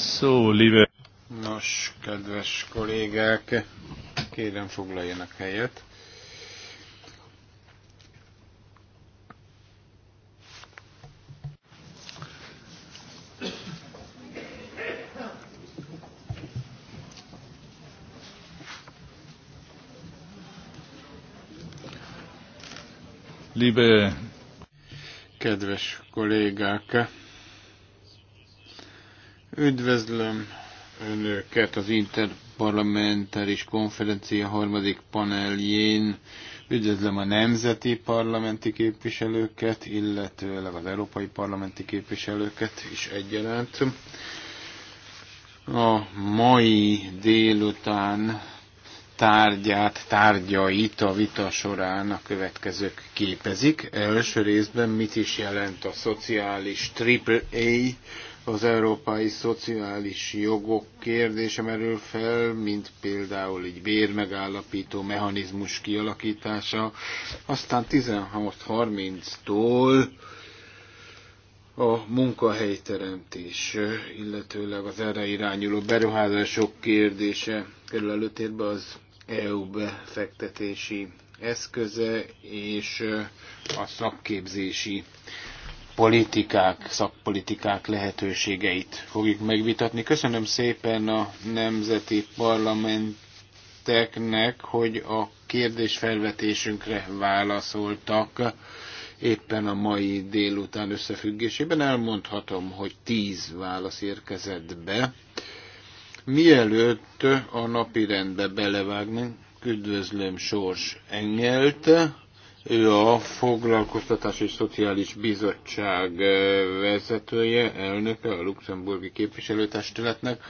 So, liebe... Nos, kedves kollégák, kérem foglaljanak helyet. Liebe... Kedves kollégák, Üdvözlöm Önöket az interparlamentaris Konferencia harmadik paneljén. Üdvözlöm a nemzeti parlamenti képviselőket, illetőleg az európai parlamenti képviselőket is egyaránt. A mai délután tárgyát, tárgyait a vita során a következők képezik. Első részben mit is jelent a szociális AAA az európai szociális jogok kérdése merül fel, mint például egy bérmegállapító mechanizmus kialakítása. Aztán 16.30-tól a munkahelyteremtés, illetőleg az erre irányuló beruházások kérdése kerül előtérbe az EU befektetési eszköze és a szakképzési politikák, szakpolitikák lehetőségeit fogjuk megvitatni. Köszönöm szépen a nemzeti parlamenteknek, hogy a kérdés felvetésünkre válaszoltak. Éppen a mai délután összefüggésében elmondhatom, hogy tíz válasz érkezett be. Mielőtt a napi rendbe belevágnánk, üdvözlöm Sors Engelt, ő a Foglalkoztatás és Szociális Bizottság eh, vezetője, elnöke a luxemburgi képviselőtestületnek,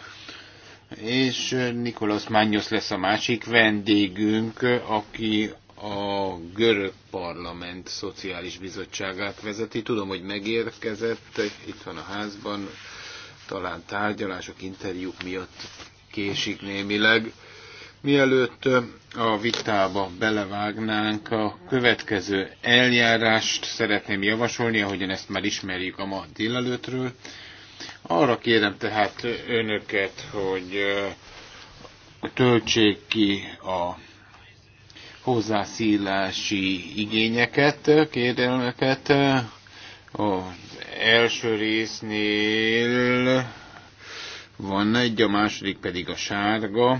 és eh, Nikolas Mányos lesz a másik vendégünk, aki a görög parlament szociális bizottságát vezeti. Tudom, hogy megérkezett itt van a házban, talán tárgyalások, interjúk miatt késik némileg. Mielőtt a vitába belevágnánk, a következő eljárást szeretném javasolni, ahogyan ezt már ismerjük a ma délelőtről. Arra kérem tehát önöket, hogy töltsék ki a hozzászílási igényeket, kérdelmeket. Az első résznél van egy, a második pedig a sárga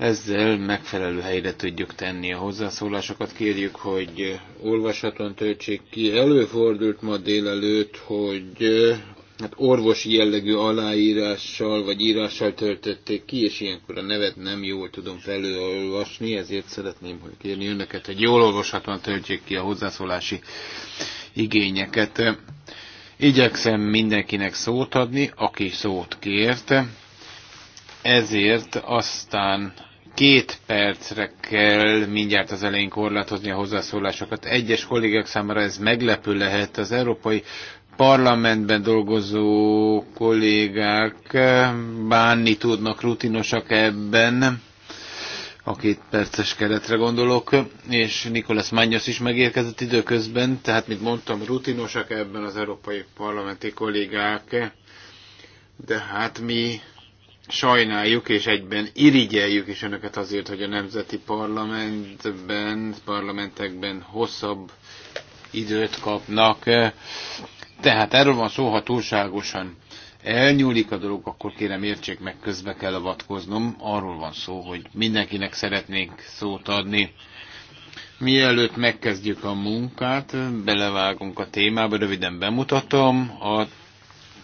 ezzel megfelelő helyre tudjuk tenni a hozzászólásokat. Kérjük, hogy olvasaton töltsék ki. Előfordult ma délelőtt, hogy eh, hát orvosi jellegű aláírással vagy írással töltötték ki, és ilyenkor a nevet nem jól tudom felolvasni, ezért szeretném hogy kérni önöket, hogy jól olvasaton töltsék ki a hozzászólási igényeket. Igyekszem mindenkinek szót adni, aki szót kérte. ezért aztán két percre kell mindjárt az elején korlátozni a hozzászólásokat. Egyes kollégák számára ez meglepő lehet. Az Európai Parlamentben dolgozó kollégák eh, bánni tudnak, rutinosak ebben. A két perces keretre gondolok, és Nikolas Mányos is megérkezett időközben, tehát, mint mondtam, rutinosak ebben az európai parlamenti kollégák, de hát mi sajnáljuk és egyben irigyeljük is önöket azért, hogy a nemzeti parlamentben, parlamentekben hosszabb időt kapnak. Tehát erről van szó, ha túlságosan elnyúlik a dolog, akkor kérem értsék meg, közbe kell avatkoznom. Arról van szó, hogy mindenkinek szeretnénk szót adni. Mielőtt megkezdjük a munkát, belevágunk a témába, röviden bemutatom. A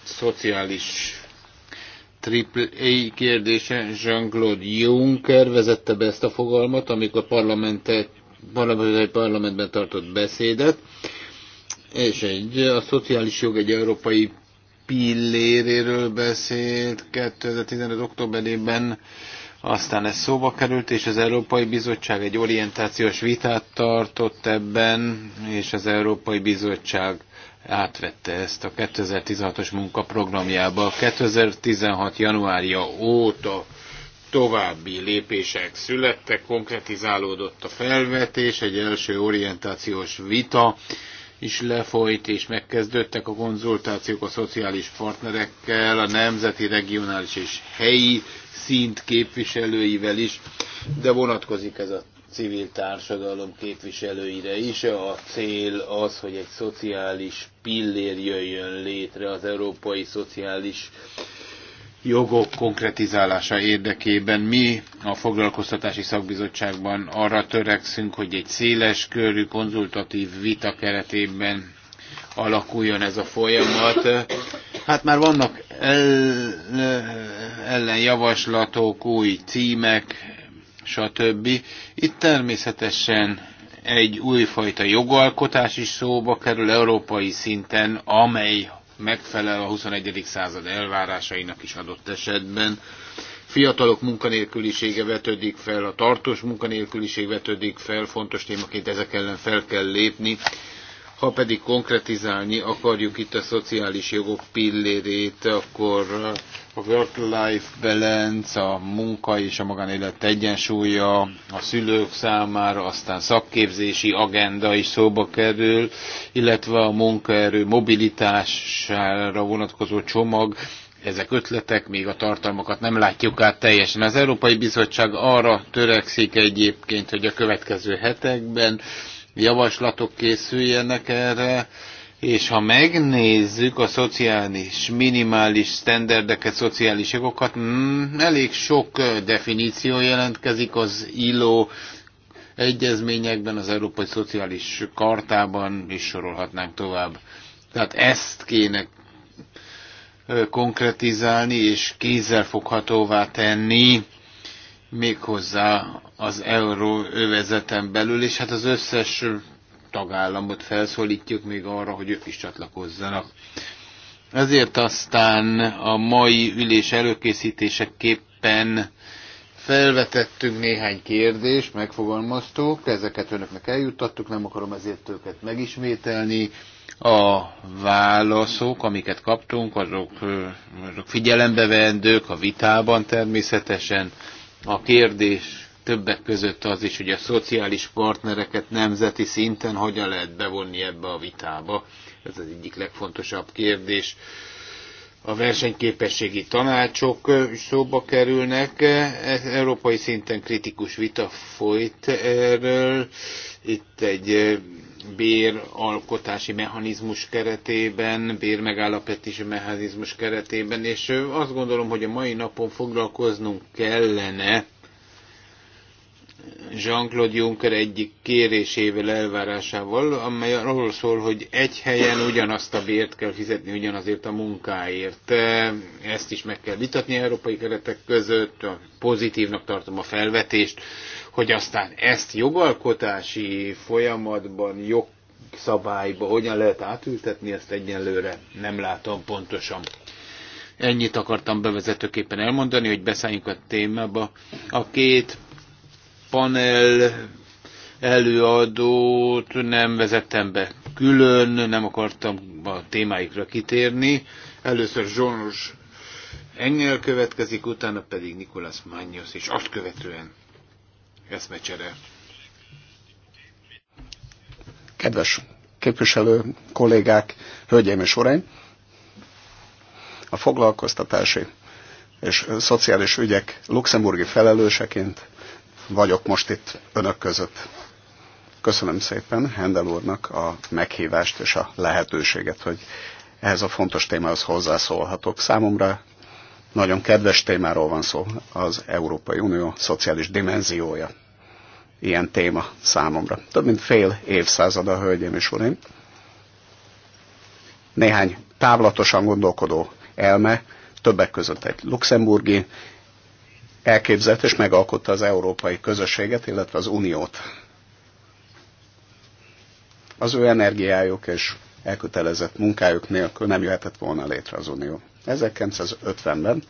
szociális AAA kérdése. Jean-Claude Juncker vezette be ezt a fogalmat, amikor parlamentet, parlamentet, parlamentben tartott beszédet, és egy, a szociális jog egy európai pilléréről beszélt 2015. októberében, aztán ez szóba került, és az Európai Bizottság egy orientációs vitát tartott ebben, és az Európai Bizottság átvette ezt a 2016-os munkaprogramjába. 2016. januárja óta további lépések születtek, konkretizálódott a felvetés, egy első orientációs vita is lefolyt, és megkezdődtek a konzultációk a szociális partnerekkel, a nemzeti, regionális és helyi szint képviselőivel is, de vonatkozik ez a civil társadalom képviselőire is. A cél az, hogy egy szociális pillér jöjjön létre az európai szociális jogok konkretizálása érdekében. Mi a foglalkoztatási szakbizottságban arra törekszünk, hogy egy széles körű konzultatív vita keretében alakuljon ez a folyamat. Hát már vannak el, ellenjavaslatok, új címek, stb. Itt természetesen egy újfajta jogalkotás is szóba kerül európai szinten, amely megfelel a 21. század elvárásainak is adott esetben. Fiatalok munkanélkülisége vetődik fel, a tartós munkanélküliség vetődik fel, fontos témaként ezek ellen fel kell lépni. Ha pedig konkretizálni akarjuk itt a szociális jogok pillérét, akkor a work-life balance, a munka és a magánélet egyensúlya a szülők számára, aztán szakképzési agenda is szóba kerül, illetve a munkaerő mobilitására vonatkozó csomag, ezek ötletek, még a tartalmakat nem látjuk át teljesen. Az Európai Bizottság arra törekszik egyébként, hogy a következő hetekben javaslatok készüljenek erre, és ha megnézzük a szociális, minimális sztenderdeket, szociális jogokat, mm, elég sok definíció jelentkezik az ILO egyezményekben, az Európai Szociális Kartában, és sorolhatnánk tovább. Tehát ezt kéne konkretizálni és kézzelfoghatóvá tenni méghozzá az euróövezeten belül, és hát az összes tagállamot felszólítjuk még arra, hogy ők is csatlakozzanak. Ezért aztán a mai ülés előkészítéseképpen felvetettünk néhány kérdést, megfogalmaztuk, ezeket önöknek eljuttattuk, nem akarom ezért őket megismételni. A válaszok, amiket kaptunk, azok, azok figyelembe vendők a vitában természetesen. A kérdés Többek között az is, hogy a szociális partnereket nemzeti szinten hogyan lehet bevonni ebbe a vitába. Ez az egyik legfontosabb kérdés. A versenyképességi tanácsok is szóba kerülnek. Európai szinten kritikus vita folyt erről. Itt egy béralkotási mechanizmus keretében, bérmegállapítási mechanizmus keretében, és azt gondolom, hogy a mai napon foglalkoznunk kellene Jean-Claude Juncker egyik kérésével, elvárásával, amely arról szól, hogy egy helyen ugyanazt a bért kell fizetni ugyanazért a munkáért. Ezt is meg kell vitatni európai keretek között, pozitívnak tartom a felvetést, hogy aztán ezt jogalkotási folyamatban, jogszabályba hogyan lehet átültetni, ezt egyenlőre nem látom pontosan ennyit akartam bevezetőképpen elmondani, hogy beszálljunk a témába. A két panel előadót nem vezettem be külön, nem akartam a témáikra kitérni. Először Zsonos Engel következik, utána pedig Nikolas Mányos, és azt követően eszmecsere. Kedves képviselő kollégák, hölgyeim és uraim! A foglalkoztatási és szociális ügyek luxemburgi felelőseként vagyok most itt önök között. Köszönöm szépen Hendel úrnak a meghívást és a lehetőséget, hogy ehhez a fontos témához hozzászólhatok. Számomra nagyon kedves témáról van szó, az Európai Unió szociális dimenziója. Ilyen téma számomra. Több mint fél évszázada, hölgyeim és uraim. Néhány távlatosan gondolkodó elme, többek között egy luxemburgi elképzelt és megalkotta az európai közösséget, illetve az uniót. Az ő energiájuk és elkötelezett munkájuk nélkül nem jöhetett volna létre az unió. 1950-ben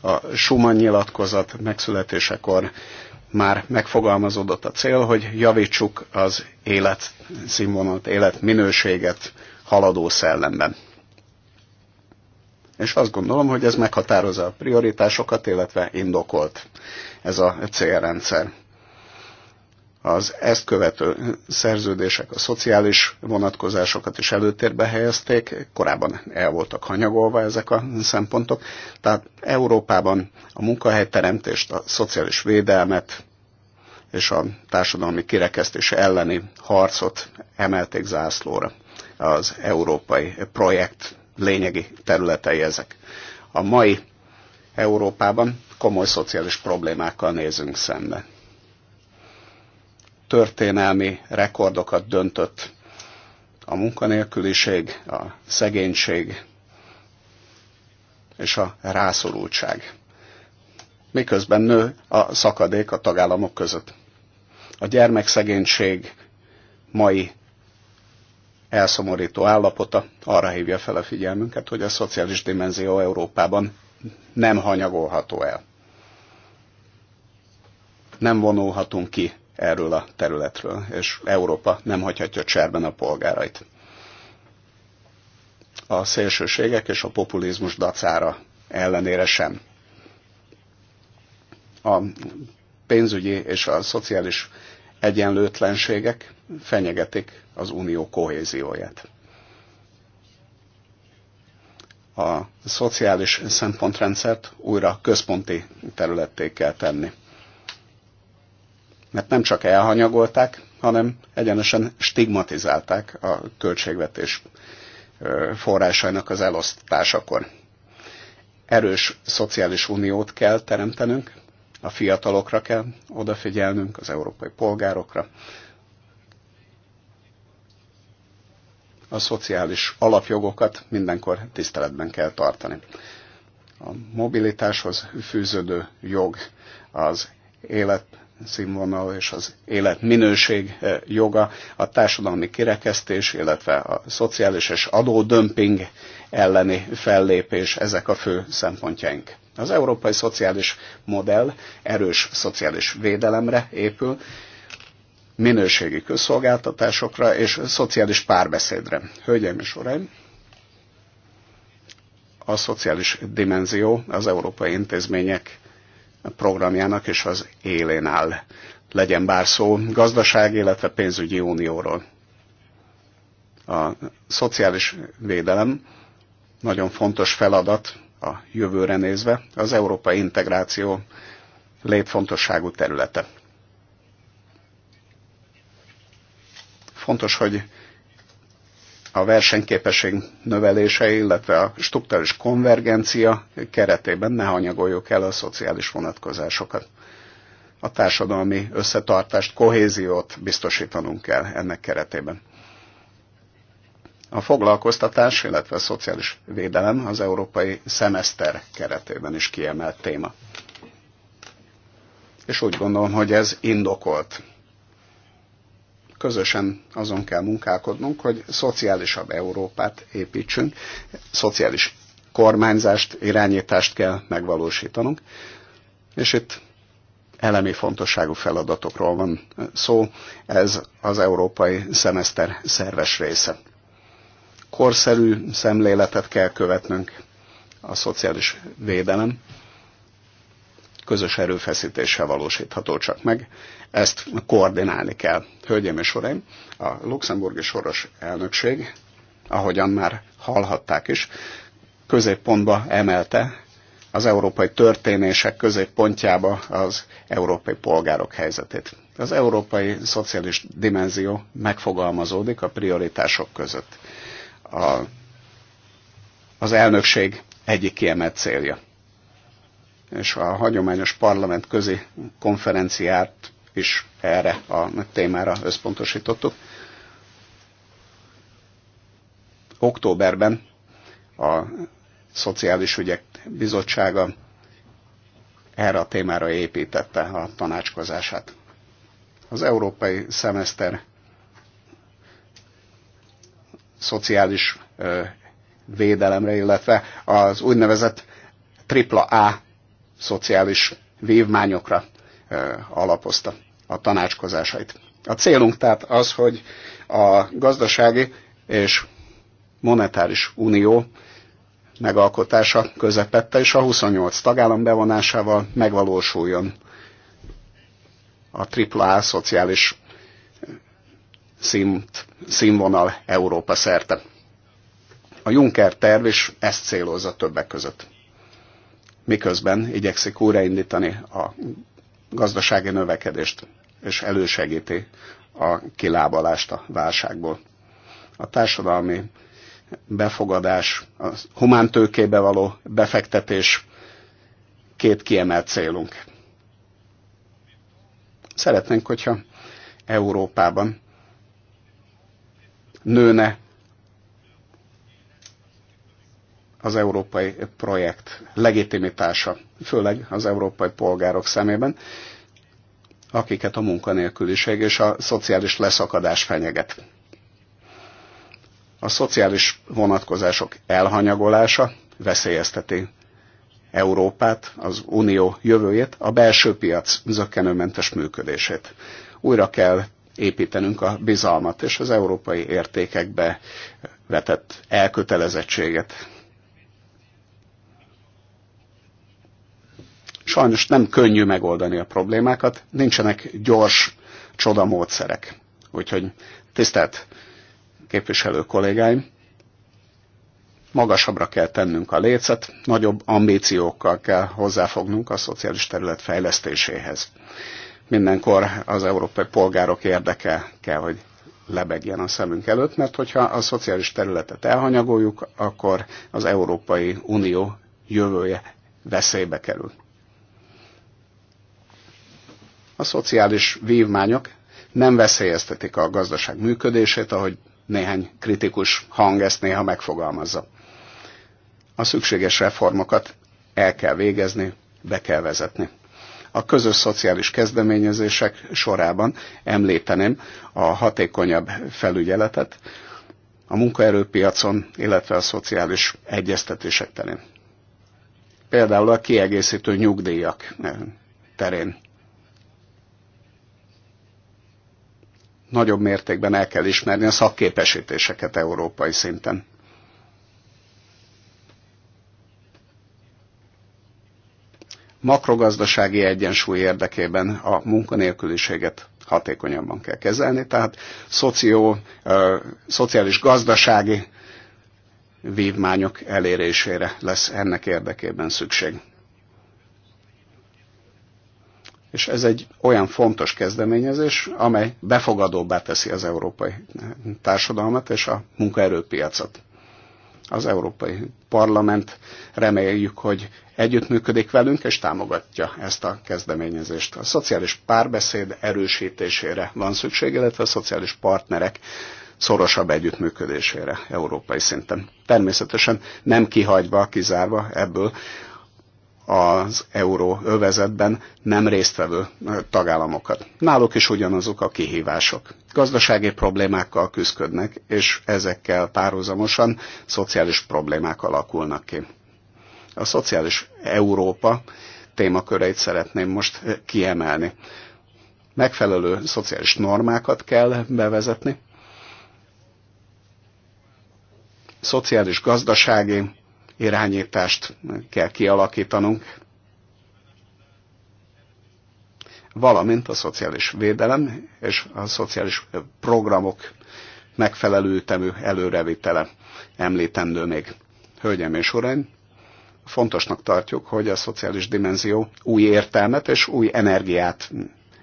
a Schumann nyilatkozat megszületésekor már megfogalmazódott a cél, hogy javítsuk az életszínvonalat, életminőséget haladó szellemben és azt gondolom, hogy ez meghatározza a prioritásokat, illetve indokolt ez a célrendszer. Az ezt követő szerződések a szociális vonatkozásokat is előtérbe helyezték, korábban el voltak hanyagolva ezek a szempontok, tehát Európában a munkahelyteremtést, a szociális védelmet és a társadalmi kirekesztés elleni harcot emelték zászlóra az európai projekt lényegi területei ezek. A mai Európában komoly szociális problémákkal nézünk szembe. Történelmi rekordokat döntött a munkanélküliség, a szegénység és a rászorultság. Miközben nő a szakadék a tagállamok között. A gyermekszegénység mai elszomorító állapota arra hívja fel a figyelmünket, hogy a szociális dimenzió Európában nem hanyagolható el. Nem vonulhatunk ki erről a területről, és Európa nem hagyhatja cserben a polgárait. A szélsőségek és a populizmus dacára ellenére sem. A pénzügyi és a szociális egyenlőtlenségek fenyegetik az unió kohézióját. A szociális szempontrendszert újra központi területté kell tenni. Mert nem csak elhanyagolták, hanem egyenesen stigmatizálták a költségvetés forrásainak az elosztásakor. Erős szociális uniót kell teremtenünk, a fiatalokra kell odafigyelnünk, az európai polgárokra. A szociális alapjogokat mindenkor tiszteletben kell tartani. A mobilitáshoz fűződő jog az élet színvonal és az életminőség eh, joga, a társadalmi kirekesztés, illetve a szociális és adódömping elleni fellépés, ezek a fő szempontjaink. Az európai szociális modell erős szociális védelemre épül, minőségi közszolgáltatásokra és szociális párbeszédre. Hölgyeim és uraim, a szociális dimenzió az európai intézmények programjának és az élén áll. Legyen bár szó gazdaság, illetve pénzügyi unióról. A szociális védelem nagyon fontos feladat a jövőre nézve, az európai integráció létfontosságú területe. Fontos, hogy a versenyképesség növelése, illetve a struktúrális konvergencia keretében ne hanyagoljuk el a szociális vonatkozásokat. A társadalmi összetartást, kohéziót biztosítanunk kell ennek keretében. A foglalkoztatás, illetve a szociális védelem az európai szemeszter keretében is kiemelt téma. És úgy gondolom, hogy ez indokolt. Közösen azon kell munkálkodnunk, hogy szociálisabb Európát építsünk, szociális kormányzást, irányítást kell megvalósítanunk. És itt elemi fontosságú feladatokról van szó, ez az európai szemeszter szerves része korszerű szemléletet kell követnünk a szociális védelem közös erőfeszítéssel valósítható csak meg. Ezt koordinálni kell. Hölgyeim és uraim, a luxemburgi soros elnökség, ahogyan már hallhatták is, középpontba emelte az európai történések középpontjába az európai polgárok helyzetét. Az európai szociális dimenzió megfogalmazódik a prioritások között a, az elnökség egyik kiemelt célja. És a hagyományos parlament közi konferenciát is erre a témára összpontosítottuk. Októberben a Szociális Ügyek Bizottsága erre a témára építette a tanácskozását. Az európai szemeszter szociális védelemre, illetve az úgynevezett tripla A szociális vívmányokra alapozta a tanácskozásait. A célunk tehát az, hogy a gazdasági és monetáris unió megalkotása közepette és a 28 tagállam bevonásával megvalósuljon a AAA szociális szint, színvonal Európa szerte. A Juncker terv is ezt célozza többek között. Miközben igyekszik újraindítani a gazdasági növekedést, és elősegíti a kilábalást a válságból. A társadalmi befogadás, a humántőkébe való befektetés két kiemelt célunk. Szeretnénk, hogyha Európában nőne az európai projekt legitimitása, főleg az európai polgárok szemében, akiket a munkanélküliség és a szociális leszakadás fenyeget. A szociális vonatkozások elhanyagolása veszélyezteti Európát, az Unió jövőjét, a belső piac zöggenőmentes működését. Újra kell építenünk a bizalmat és az európai értékekbe vetett elkötelezettséget. Sajnos nem könnyű megoldani a problémákat, nincsenek gyors csodamódszerek. Úgyhogy tisztelt képviselő kollégáim, magasabbra kell tennünk a lécet, nagyobb ambíciókkal kell hozzáfognunk a szociális terület fejlesztéséhez mindenkor az európai polgárok érdeke kell, hogy lebegjen a szemünk előtt, mert hogyha a szociális területet elhanyagoljuk, akkor az Európai Unió jövője veszélybe kerül. A szociális vívmányok nem veszélyeztetik a gazdaság működését, ahogy néhány kritikus hang ezt néha megfogalmazza. A szükséges reformokat el kell végezni, be kell vezetni. A közös szociális kezdeményezések sorában említeném a hatékonyabb felügyeletet a munkaerőpiacon, illetve a szociális egyeztetések terén. Például a kiegészítő nyugdíjak eh, terén. Nagyobb mértékben el kell ismerni a szakképesítéseket európai szinten makrogazdasági egyensúly érdekében a munkanélküliséget hatékonyabban kell kezelni, tehát szoció, szociális gazdasági vívmányok elérésére lesz ennek érdekében szükség. És ez egy olyan fontos kezdeményezés, amely befogadóbbá teszi az európai társadalmat és a munkaerőpiacot. Az Európai Parlament reméljük, hogy együttműködik velünk, és támogatja ezt a kezdeményezést. A szociális párbeszéd erősítésére van szükség, illetve a szociális partnerek szorosabb együttműködésére európai szinten. Természetesen nem kihagyva, kizárva ebből az euró övezetben nem résztvevő tagállamokat. Náluk is ugyanazok a kihívások. Gazdasági problémákkal küzdködnek, és ezekkel párhuzamosan szociális problémák alakulnak ki. A szociális Európa témaköreit szeretném most kiemelni. Megfelelő szociális normákat kell bevezetni, szociális, gazdasági, irányítást kell kialakítanunk, valamint a szociális védelem és a szociális programok megfelelő ütemű előrevitele említendő még. Hölgyem és uraim, fontosnak tartjuk, hogy a szociális dimenzió új értelmet és új energiát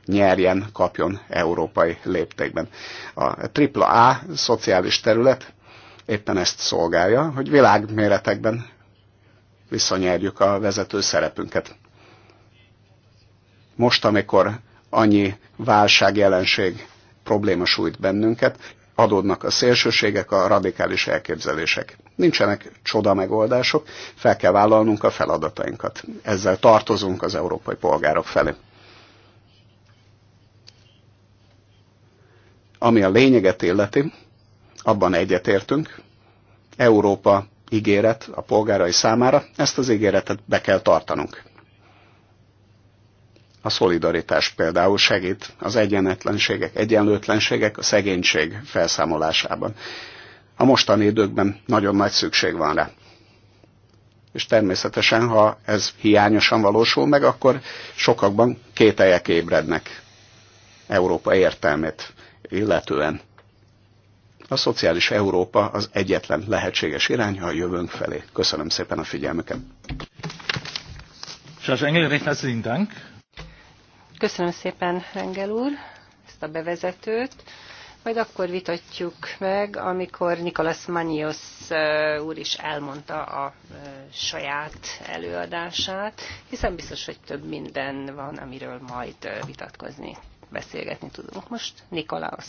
nyerjen, kapjon európai léptékben. A AAA szociális terület éppen ezt szolgálja, hogy világméretekben visszanyerjük a vezető szerepünket. Most, amikor annyi válságjelenség probléma sújt bennünket, adódnak a szélsőségek, a radikális elképzelések. Nincsenek csoda megoldások, fel kell vállalnunk a feladatainkat. Ezzel tartozunk az európai polgárok felé. Ami a lényeget illeti, abban egyetértünk, Európa ígéret a polgárai számára, ezt az ígéretet be kell tartanunk. A szolidaritás például segít az egyenetlenségek, egyenlőtlenségek, a szegénység felszámolásában. A mostani időkben nagyon nagy szükség van rá. És természetesen, ha ez hiányosan valósul meg, akkor sokakban kételjek ébrednek Európa értelmét illetően. A szociális Európa az egyetlen lehetséges irány a jövőnk felé. Köszönöm szépen a figyelmüket. Köszönöm szépen, Engel úr, ezt a bevezetőt. Majd akkor vitatjuk meg, amikor Nikolas Manios úr is elmondta a saját előadását, hiszen biztos, hogy több minden van, amiről majd vitatkozni, beszélgetni tudunk. Most Nikolas.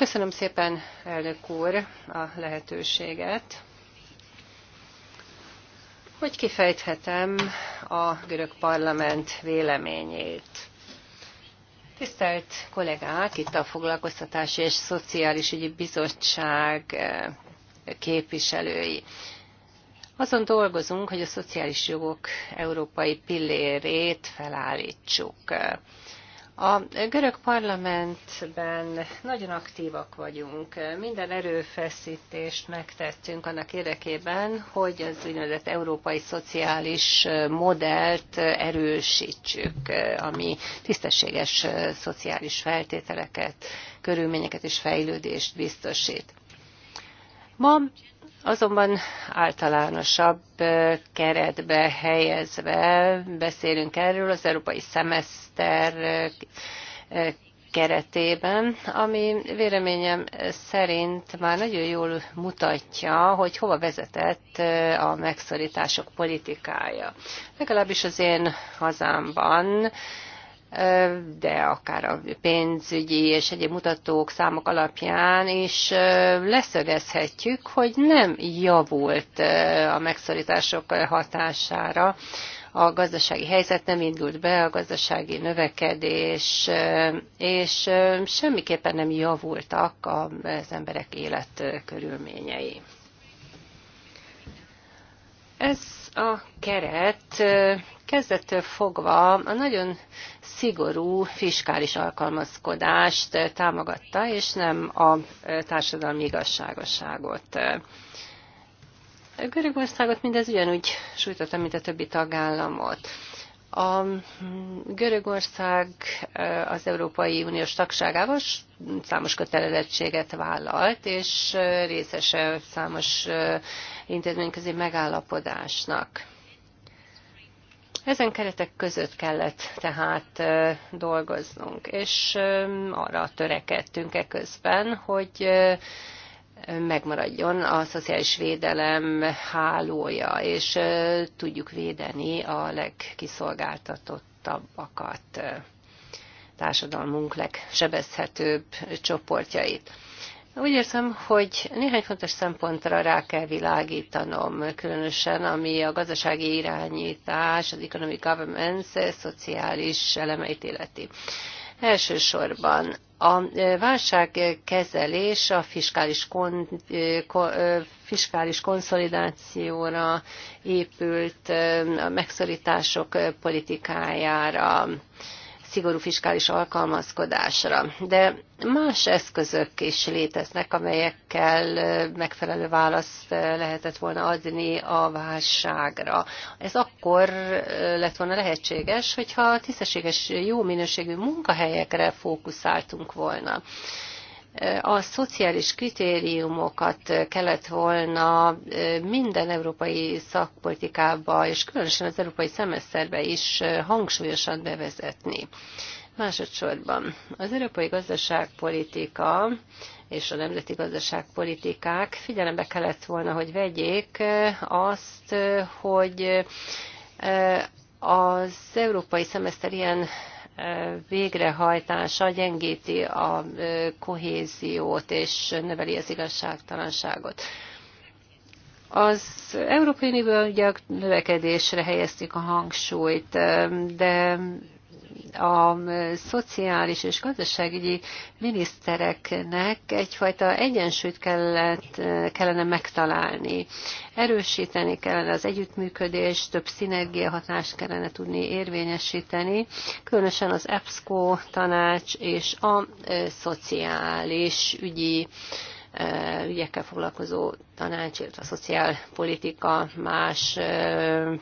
Köszönöm szépen, elnök úr, a lehetőséget, hogy kifejthetem a görög parlament véleményét. Tisztelt kollégák, itt a Foglalkoztatási és Szociális Ügyi Bizottság eh, képviselői. Azon dolgozunk, hogy a szociális jogok európai pillérét felállítsuk. A görög parlamentben nagyon aktívak vagyunk. Minden erőfeszítést megtettünk annak érdekében, hogy az úgynevezett európai szociális modellt erősítsük, ami tisztességes szociális feltételeket, körülményeket és fejlődést biztosít. Ma Azonban általánosabb keretbe helyezve beszélünk erről az európai szemeszter keretében, ami véleményem szerint már nagyon jól mutatja, hogy hova vezetett a megszorítások politikája. Legalábbis az én hazámban de akár a pénzügyi és egyéb mutatók, számok alapján is leszögezhetjük, hogy nem javult a megszorítások hatására a gazdasági helyzet nem indult be, a gazdasági növekedés, és semmiképpen nem javultak az emberek életkörülményei. Ez a keret kezdettől fogva a nagyon szigorú fiskális alkalmazkodást támogatta, és nem a e, társadalmi igazságosságot. E, Görögországot mindez ugyanúgy sújtotta, mint a többi tagállamot. A Görögország e, az Európai Uniós tagságával számos kötelezettséget vállalt, és részese számos intézményközi megállapodásnak. Ezen keretek között kellett tehát dolgoznunk, és arra törekedtünk e közben, hogy megmaradjon a szociális védelem hálója, és tudjuk védeni a legkiszolgáltatottabbakat, társadalmunk legsebezhetőbb csoportjait. Úgy érzem, hogy néhány fontos szempontra rá kell világítanom, különösen ami a gazdasági irányítás, az economic governance, szociális elemeit illeti. Elsősorban a válságkezelés a fiskális, kon, kon, fiskális konszolidációra épült, a megszorítások politikájára, szigorú fiskális alkalmazkodásra. De más eszközök is léteznek, amelyekkel megfelelő választ lehetett volna adni a válságra. Ez akkor lett volna lehetséges, hogyha tisztességes, jó minőségű munkahelyekre fókuszáltunk volna a szociális kritériumokat kellett volna minden európai szakpolitikába, és különösen az európai szemeszterbe is hangsúlyosan bevezetni. Másodszorban az európai gazdaságpolitika és a nemzeti gazdaságpolitikák figyelembe kellett volna, hogy vegyék azt, hogy az európai szemeszter ilyen végrehajtása gyengíti a kohéziót és növeli az igazságtalanságot. Az Európai Unióban ugye a növekedésre helyeztük a hangsúlyt, de a szociális és gazdaságügyi minisztereknek egyfajta egyensúlyt kellett, kellene megtalálni. Erősíteni kellene az együttműködést, több szinergiahatást kellene tudni érvényesíteni, különösen az EBSCO tanács és a e, szociális ügyi e, ügyekkel foglalkozó tanács, illetve a szociálpolitika más e,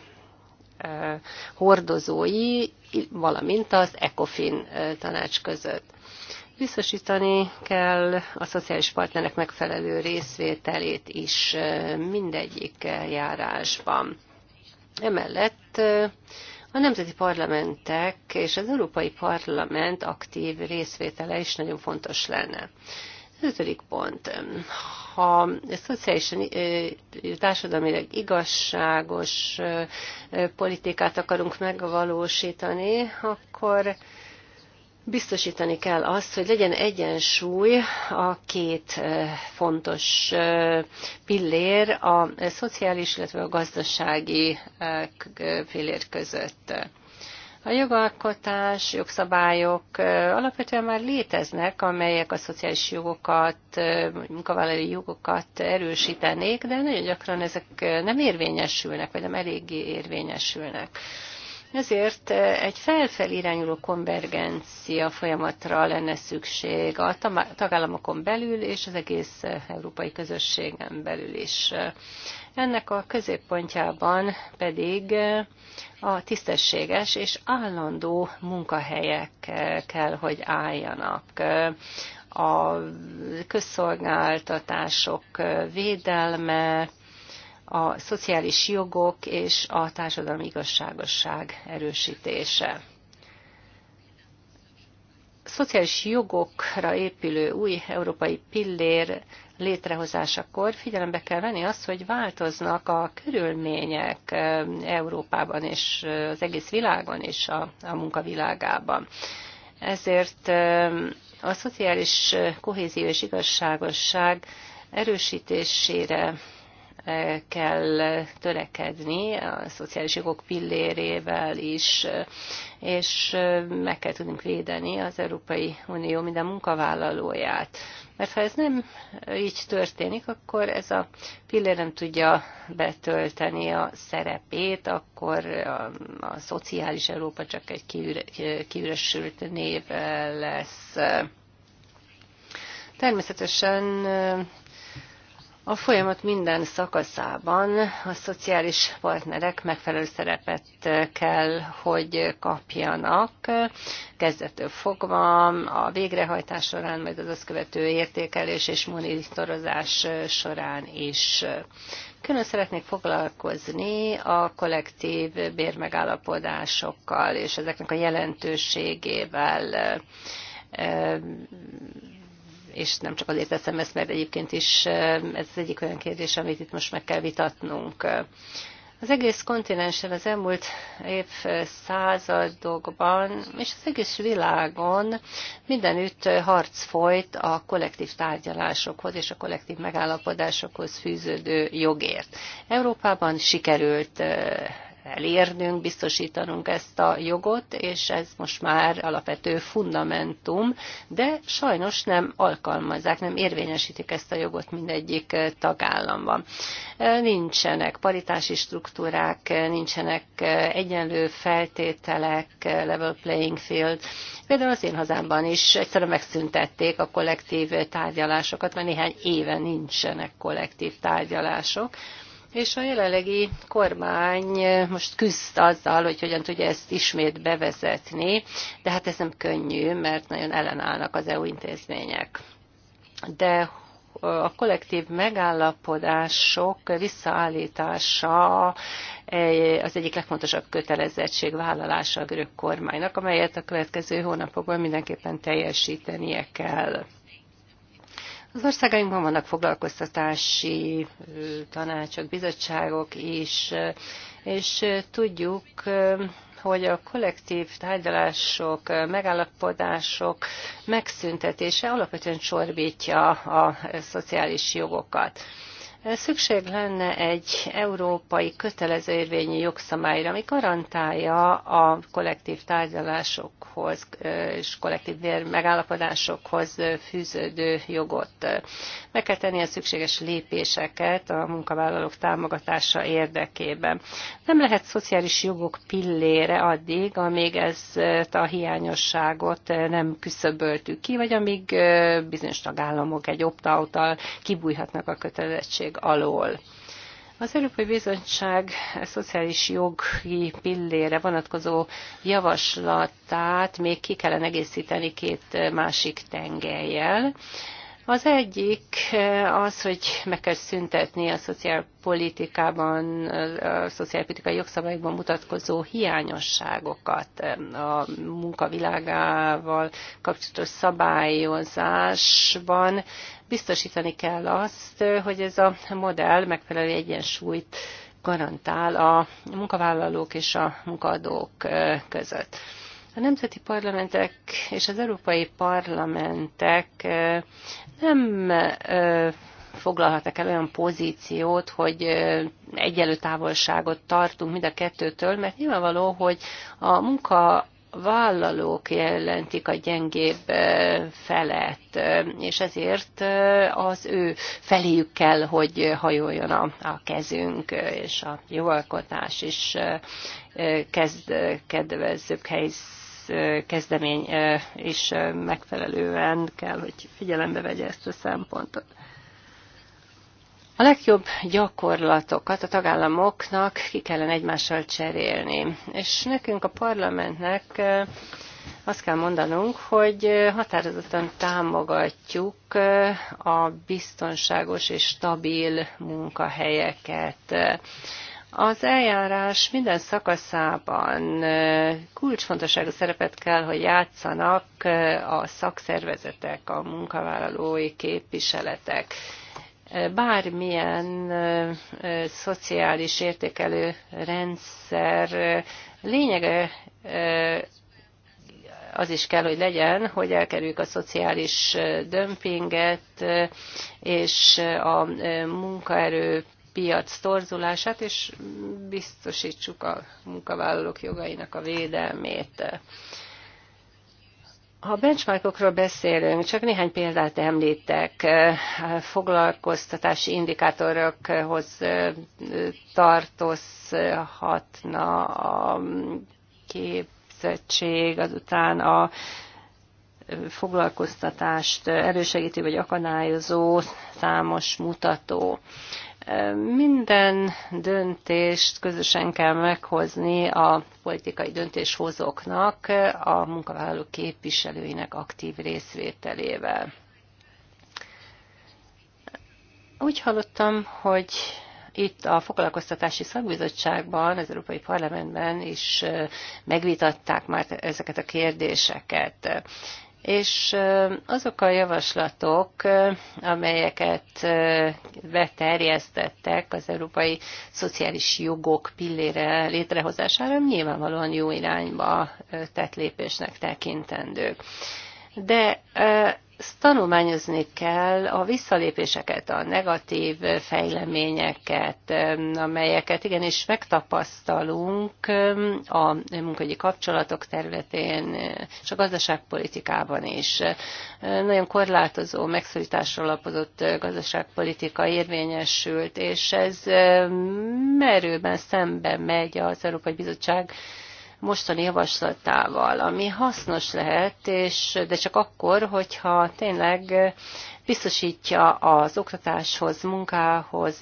hordozói, valamint az ECOFIN tanács között. Biztosítani kell a szociális partnerek megfelelő részvételét is mindegyik járásban. Emellett a nemzeti parlamentek és az Európai Parlament aktív részvétele is nagyon fontos lenne. Ötödik pont. Ha szociálisan eh, társadalmilag igazságos eh, politikát akarunk megvalósítani, akkor biztosítani kell azt, hogy legyen egyensúly a két eh, fontos pillér, a szociális, illetve a gazdasági pillér között. A jogalkotás, jogszabályok alapvetően már léteznek, amelyek a szociális jogokat, munkavállalói jogokat erősítenék, de nagyon gyakran ezek nem érvényesülnek, vagy nem eléggé érvényesülnek. Ezért eh, egy felfelé irányuló konvergencia folyamatra lenne szükség a tagállamokon belül és az egész eh, európai közösségen belül is. Ennek a középpontjában pedig eh, a tisztességes és állandó munkahelyek kell, hogy álljanak a közszolgáltatások védelme, a szociális jogok és a társadalmi igazságosság erősítése. A szociális jogokra épülő új európai pillér létrehozásakor figyelembe kell venni azt, hogy változnak a körülmények Európában és az egész világon és a, a munkavilágában. Ezért a szociális kohézió és igazságosság erősítésére kell törekedni a szociális jogok pillérével is, és meg kell tudnunk védeni az Európai Unió minden munkavállalóját. Mert ha ez nem így történik, akkor ez a pillér nem tudja betölteni a szerepét, akkor a, a szociális Európa csak egy kiüresült név lesz. Természetesen a folyamat minden szakaszában a szociális partnerek megfelelő szerepet kell, hogy kapjanak, kezdetől fogva a végrehajtás során, majd az azt követő értékelés és monitorozás során is. Külön szeretnék foglalkozni a kollektív bérmegállapodásokkal és ezeknek a jelentőségével és nem csak azért teszem ezt, mert egyébként is ez az egyik olyan kérdés, amit itt most meg kell vitatnunk. Az egész kontinensen az elmúlt századokban, és az egész világon mindenütt harc folyt a kollektív tárgyalásokhoz és a kollektív megállapodásokhoz fűződő jogért. Európában sikerült elérnünk, biztosítanunk ezt a jogot, és ez most már alapvető fundamentum, de sajnos nem alkalmazzák, nem érvényesítik ezt a jogot mindegyik tagállamban. Nincsenek paritási struktúrák, nincsenek egyenlő feltételek, level playing field. Például az én hazámban is egyszerűen megszüntették a kollektív tárgyalásokat, mert néhány éve nincsenek kollektív tárgyalások és a jelenlegi kormány eh, most küzd azzal, hogy hogyan tudja ezt ismét bevezetni, de hát ez nem könnyű, mert nagyon ellenállnak az EU intézmények. De eh, a kollektív megállapodások visszaállítása eh, az egyik legfontosabb kötelezettség vállalása a görög kormánynak, amelyet a következő hónapokban mindenképpen teljesítenie kell. Az országainkban vannak foglalkoztatási tanácsok, bizottságok is, és tudjuk, hogy a kollektív tárgyalások, megállapodások megszüntetése alapvetően csorbítja a szociális jogokat. Szükség lenne egy európai kötelező érvényű jogszabályra, ami garantálja a kollektív tárgyalásokhoz és kollektív megállapodásokhoz fűződő jogot. Meg kell tenni a szükséges lépéseket a munkavállalók támogatása érdekében. Nem lehet szociális jogok pillére addig, amíg ezt a hiányosságot nem küszöböltük ki, vagy amíg bizonyos tagállamok egy opt-out-tal kibújhatnak a kötelezettség alól. Az Európai Bizottság szociális jogi pillére vonatkozó javaslatát még ki kellene egészíteni két másik tengelyel. Az egyik e, az, hogy meg kell szüntetni a szociálpolitikában, e, a szociálpolitikai jogszabályokban mutatkozó hiányosságokat. E, a munkavilágával kapcsolatos szabályozásban biztosítani kell azt, hogy ez a modell megfelelő egyensúlyt garantál a munkavállalók és a munkadók között. A nemzeti parlamentek és az európai parlamentek nem foglalhatnak el olyan pozíciót, hogy egyenlő távolságot tartunk mind a kettőtől, mert nyilvánvaló, hogy a munka vállalók jelentik a gyengébb felet, és ezért az ő feléjük kell, hogy hajoljon a, a kezünk, és a jogalkotás is kezd kedvezőbb helyzet kezdemény is megfelelően kell, hogy figyelembe vegye ezt a szempontot. A legjobb gyakorlatokat a tagállamoknak ki kellene egymással cserélni. És nekünk a parlamentnek azt kell mondanunk, hogy határozottan támogatjuk a biztonságos és stabil munkahelyeket. Az eljárás minden szakaszában kulcsfontosságú szerepet kell, hogy játszanak a szakszervezetek, a munkavállalói képviseletek. Bármilyen szociális értékelő rendszer lényege az is kell, hogy legyen, hogy elkerüljük a szociális dömpinget és a munkaerő piac torzulását, és biztosítsuk a munkavállalók jogainak a védelmét. Ha benchmarkokról beszélünk, csak néhány példát említek. Foglalkoztatási indikátorokhoz tartozhatna a képzettség, azután a foglalkoztatást elősegítő vagy akadályozó számos mutató. Minden döntést közösen kell meghozni a politikai döntéshozóknak, a munkavállaló képviselőinek aktív részvételével. Úgy hallottam, hogy itt a foglalkoztatási szakbizottságban, az Európai Parlamentben is eh, megvitatták már ezeket a kérdéseket és azok a javaslatok, amelyeket beterjesztettek az európai szociális jogok pillére létrehozására, nyilvánvalóan jó irányba tett lépésnek tekintendők. De tanulmányozni kell a visszalépéseket, a negatív fejleményeket, amelyeket igenis megtapasztalunk um, a munkahogyi kapcsolatok területén és a gazdaságpolitikában is. Nagyon korlátozó, megszorításra alapozott gazdaságpolitika érvényesült, és ez um, merőben szembe megy az Európai Bizottság mostani javaslatával, ami hasznos lehet, és, de csak akkor, hogyha tényleg biztosítja az oktatáshoz, munkához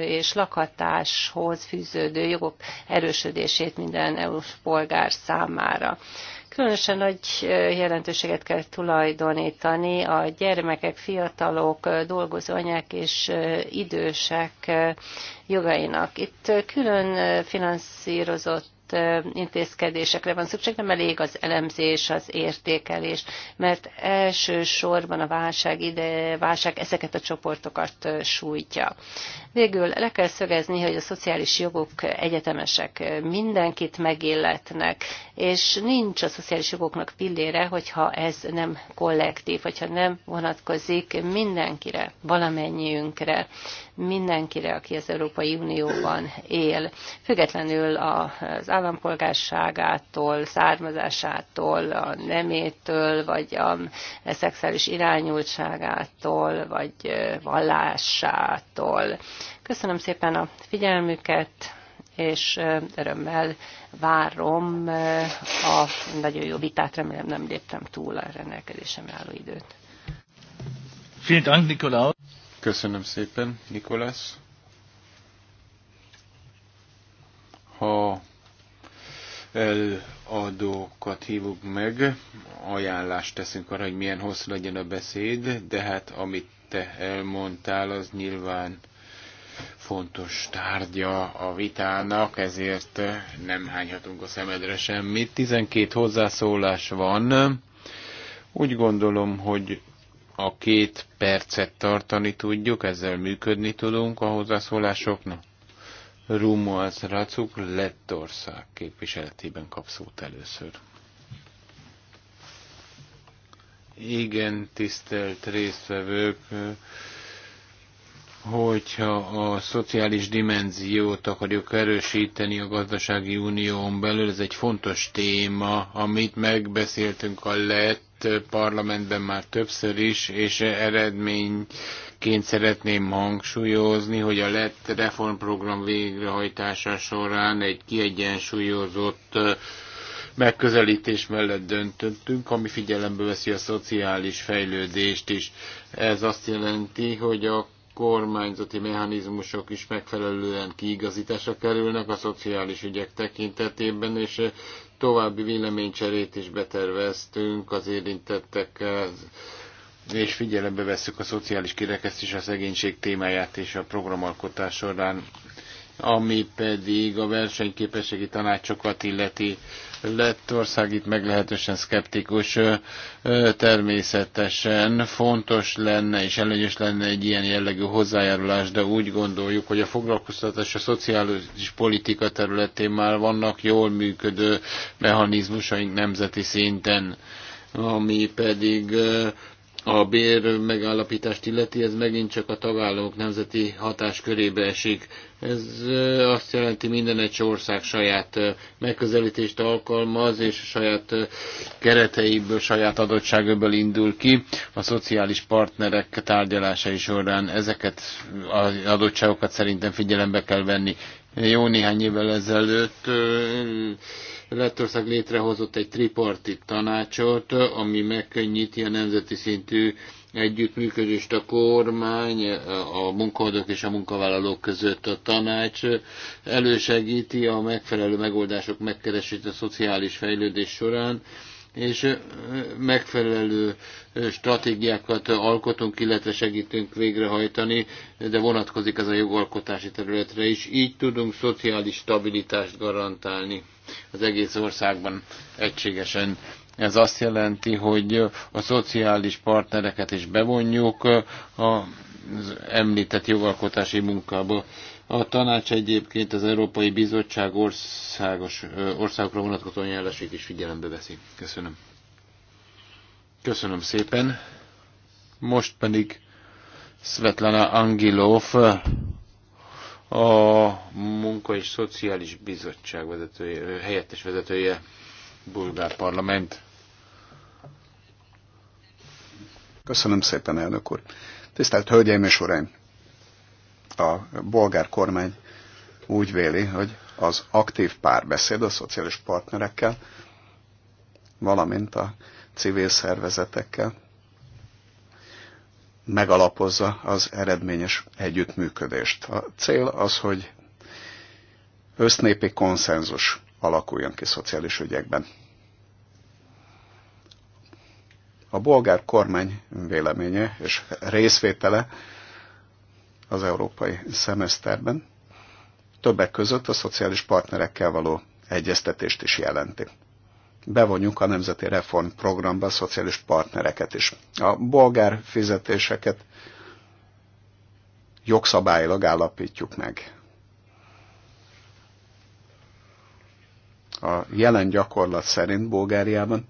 és lakhatáshoz fűződő jogok erősödését minden EU-s polgár számára. Különösen nagy jelentőséget kell tulajdonítani a gyermekek, fiatalok, dolgozó anyák és idősek jogainak. Itt külön finanszírozott konkrét intézkedésekre van szükség, nem elég az elemzés, az értékelés, mert elsősorban a válság ide, válság ezeket a csoportokat sújtja. Végül le kell szögezni, hogy a szociális jogok egyetemesek, mindenkit megilletnek, és nincs a szociális jogoknak pillére, hogyha ez nem kollektív, hogyha nem vonatkozik mindenkire, valamennyiünkre mindenkire, aki az Európai Unióban él, függetlenül az állampolgárságától, származásától, a nemétől, vagy a szexuális irányultságától, vagy vallásától. Köszönöm szépen a figyelmüket, és örömmel várom a nagyon jó vitát, remélem nem léptem túl a rendelkezésem álló időt. Vielen Dank, Nikolaus. Köszönöm szépen, Nikolász. Ha eladókat hívunk meg, ajánlást teszünk arra, hogy milyen hosszú legyen a beszéd, de hát amit te elmondtál, az nyilván fontos tárgya a vitának, ezért nem hányhatunk a szemedre semmit. 12 hozzászólás van. Úgy gondolom, hogy a két percet tartani tudjuk, ezzel működni tudunk a hozzászólásoknak. Rumuaz Racuk Lettország képviseletében kap szót először. Igen, tisztelt résztvevők, hogyha a szociális dimenziót akarjuk erősíteni a gazdasági unión belül, ez egy fontos téma, amit megbeszéltünk a lett parlamentben már többször is, és eredményként szeretném hangsúlyozni, hogy a lett reformprogram végrehajtása során egy kiegyensúlyozott megközelítés mellett döntöttünk, ami figyelembe veszi a szociális fejlődést is. Ez azt jelenti, hogy a kormányzati mechanizmusok is megfelelően kiigazításra kerülnek a szociális ügyek tekintetében, és további véleménycserét is beterveztünk az érintettekkel, és figyelembe vesszük a szociális kirekesztés, a szegénység témáját és a programalkotás során, ami pedig a versenyképességi tanácsokat illeti Lettország itt meglehetősen szkeptikus. Természetesen fontos lenne és előnyös lenne egy ilyen jellegű hozzájárulás, de úgy gondoljuk, hogy a foglalkoztatás a szociális politika területén már vannak jól működő mechanizmusaink nemzeti szinten, ami pedig a bér megállapítást illeti, ez megint csak a tagállamok nemzeti hatáskörébe esik. Ez azt jelenti, minden egy ország saját megközelítést alkalmaz, és saját kereteiből, saját adottságokból indul ki. A szociális partnerek tárgyalásai során ezeket az adottságokat szerintem figyelembe kell venni. Jó néhány évvel ezelőtt Lettország létrehozott egy tripartit tanácsot, ami megkönnyíti a nemzeti szintű együttműködést a kormány, a munkahadók és a munkavállalók között a tanács elősegíti a megfelelő megoldások megkeresését a szociális fejlődés során, és megfelelő stratégiákat alkotunk, illetve segítünk végrehajtani, de vonatkozik ez a jogalkotási területre is. Így tudunk szociális stabilitást garantálni az egész országban egységesen. Ez azt jelenti, hogy a szociális partnereket is bevonjuk az említett jogalkotási munkába. A tanács egyébként az Európai Bizottság országos, országokra vonatkozó jelesét is figyelembe veszi. Köszönöm. Köszönöm szépen. Most pedig Svetlana Angilov, a Munka és Szociális Bizottság vezetője, helyettes vezetője, Bulgár Parlament. Köszönöm szépen, elnök úr. Tisztelt Hölgyeim és Uraim! A bolgár kormány úgy véli, hogy az aktív párbeszéd a szociális partnerekkel, valamint a civil szervezetekkel megalapozza az eredményes együttműködést. A cél az, hogy össznépi konszenzus alakuljon ki szociális ügyekben. A bolgár kormány véleménye és részvétele az európai szemeszterben többek között a szociális partnerekkel való egyeztetést is jelenti. Bevonjuk a Nemzeti programba a szociális partnereket is. A bolgár fizetéseket jogszabályilag állapítjuk meg. A jelen gyakorlat szerint Bulgáriában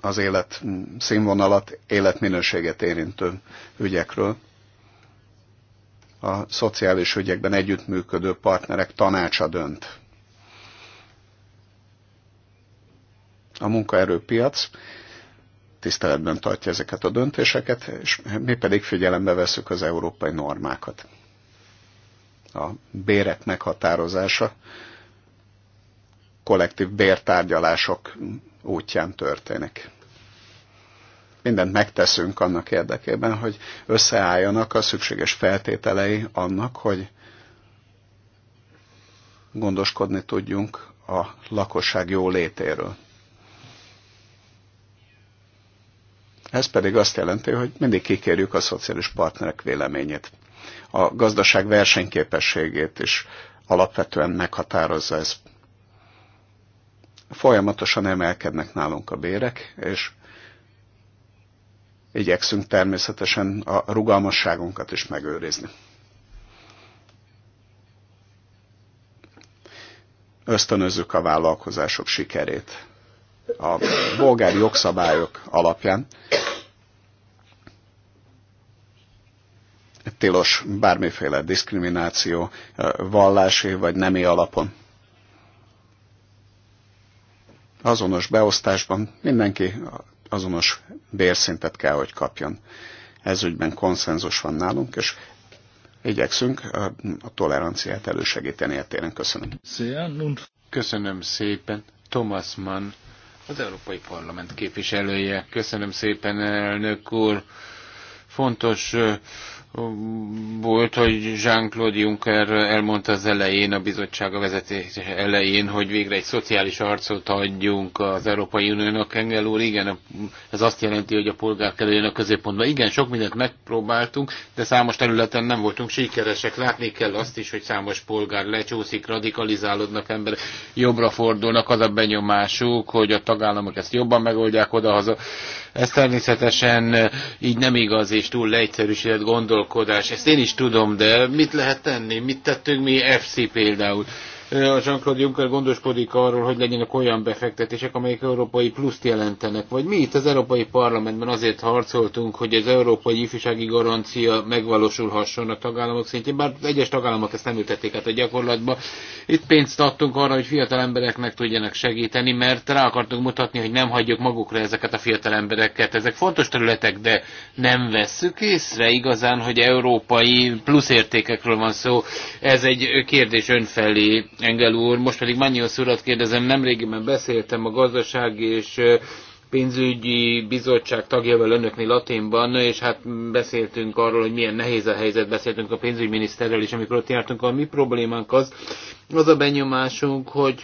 az élet színvonalat, életminőséget érintő ügyekről. A szociális ügyekben együttműködő partnerek tanácsa dönt. A munkaerőpiac tiszteletben tartja ezeket a döntéseket, és mi pedig figyelembe veszük az európai normákat. A bérek meghatározása kollektív bértárgyalások útján történik. Mindent megteszünk annak érdekében, hogy összeálljanak a szükséges feltételei annak, hogy gondoskodni tudjunk a lakosság jó létéről. Ez pedig azt jelenti, hogy mindig kikérjük a szociális partnerek véleményét. A gazdaság versenyképességét is alapvetően meghatározza ez folyamatosan emelkednek nálunk a bérek, és igyekszünk természetesen a rugalmasságunkat is megőrizni. Ösztönözzük a vállalkozások sikerét. A bolgár jogszabályok alapján tilos bármiféle diszkrimináció eh, vallási vagy nemi alapon azonos beosztásban mindenki azonos bérszintet kell, hogy kapjon. Ez ügyben konszenzus van nálunk, és igyekszünk a toleranciát elősegíteni a e téren. Köszönöm. Köszönöm szépen. Thomas Mann, az Európai Parlament képviselője. Köszönöm szépen, elnök úr. Fontos volt, hogy Jean-Claude Juncker elmondta az elején, a bizottsága vezetés elején, hogy végre egy szociális arcot adjunk az Európai Uniónak. Engel úr, igen, ez azt jelenti, hogy a polgár kerüljön a középpontba. Igen, sok mindent megpróbáltunk, de számos területen nem voltunk sikeresek. Látni kell azt is, hogy számos polgár lecsúszik, radikalizálódnak emberek, jobbra fordulnak, az a benyomásuk, hogy a tagállamok ezt jobban megoldják odahaza. Ez természetesen így nem igaz és túl leegyszerűsített gondolkodás. Ezt én is tudom, de mit lehet tenni? Mit tettünk mi FC például? A Jean-Claude Juncker gondoskodik arról, hogy legyenek olyan befektetések, amelyek európai pluszt jelentenek. Vagy mi itt az Európai Parlamentben azért harcoltunk, hogy az európai ifjúsági garancia megvalósulhasson a tagállamok szintjén, bár egyes tagállamok ezt nem ültették át a gyakorlatba. Itt pénzt adtunk arra, hogy fiatal embereknek tudjanak segíteni, mert rá akartunk mutatni, hogy nem hagyjuk magukra ezeket a fiatal embereket. Ezek fontos területek, de nem vesszük észre igazán, hogy európai pluszértékekről van szó. Ez egy kérdés önfelé Engel úr. Most pedig Mannyiusz urat kérdezem, nemrégiben beszéltem a gazdasági és pénzügyi bizottság tagjával önöknél Aténban, és hát beszéltünk arról, hogy milyen nehéz a helyzet, beszéltünk a pénzügyminiszterrel is, amikor ott jártunk, a mi problémánk az, az a benyomásunk, hogy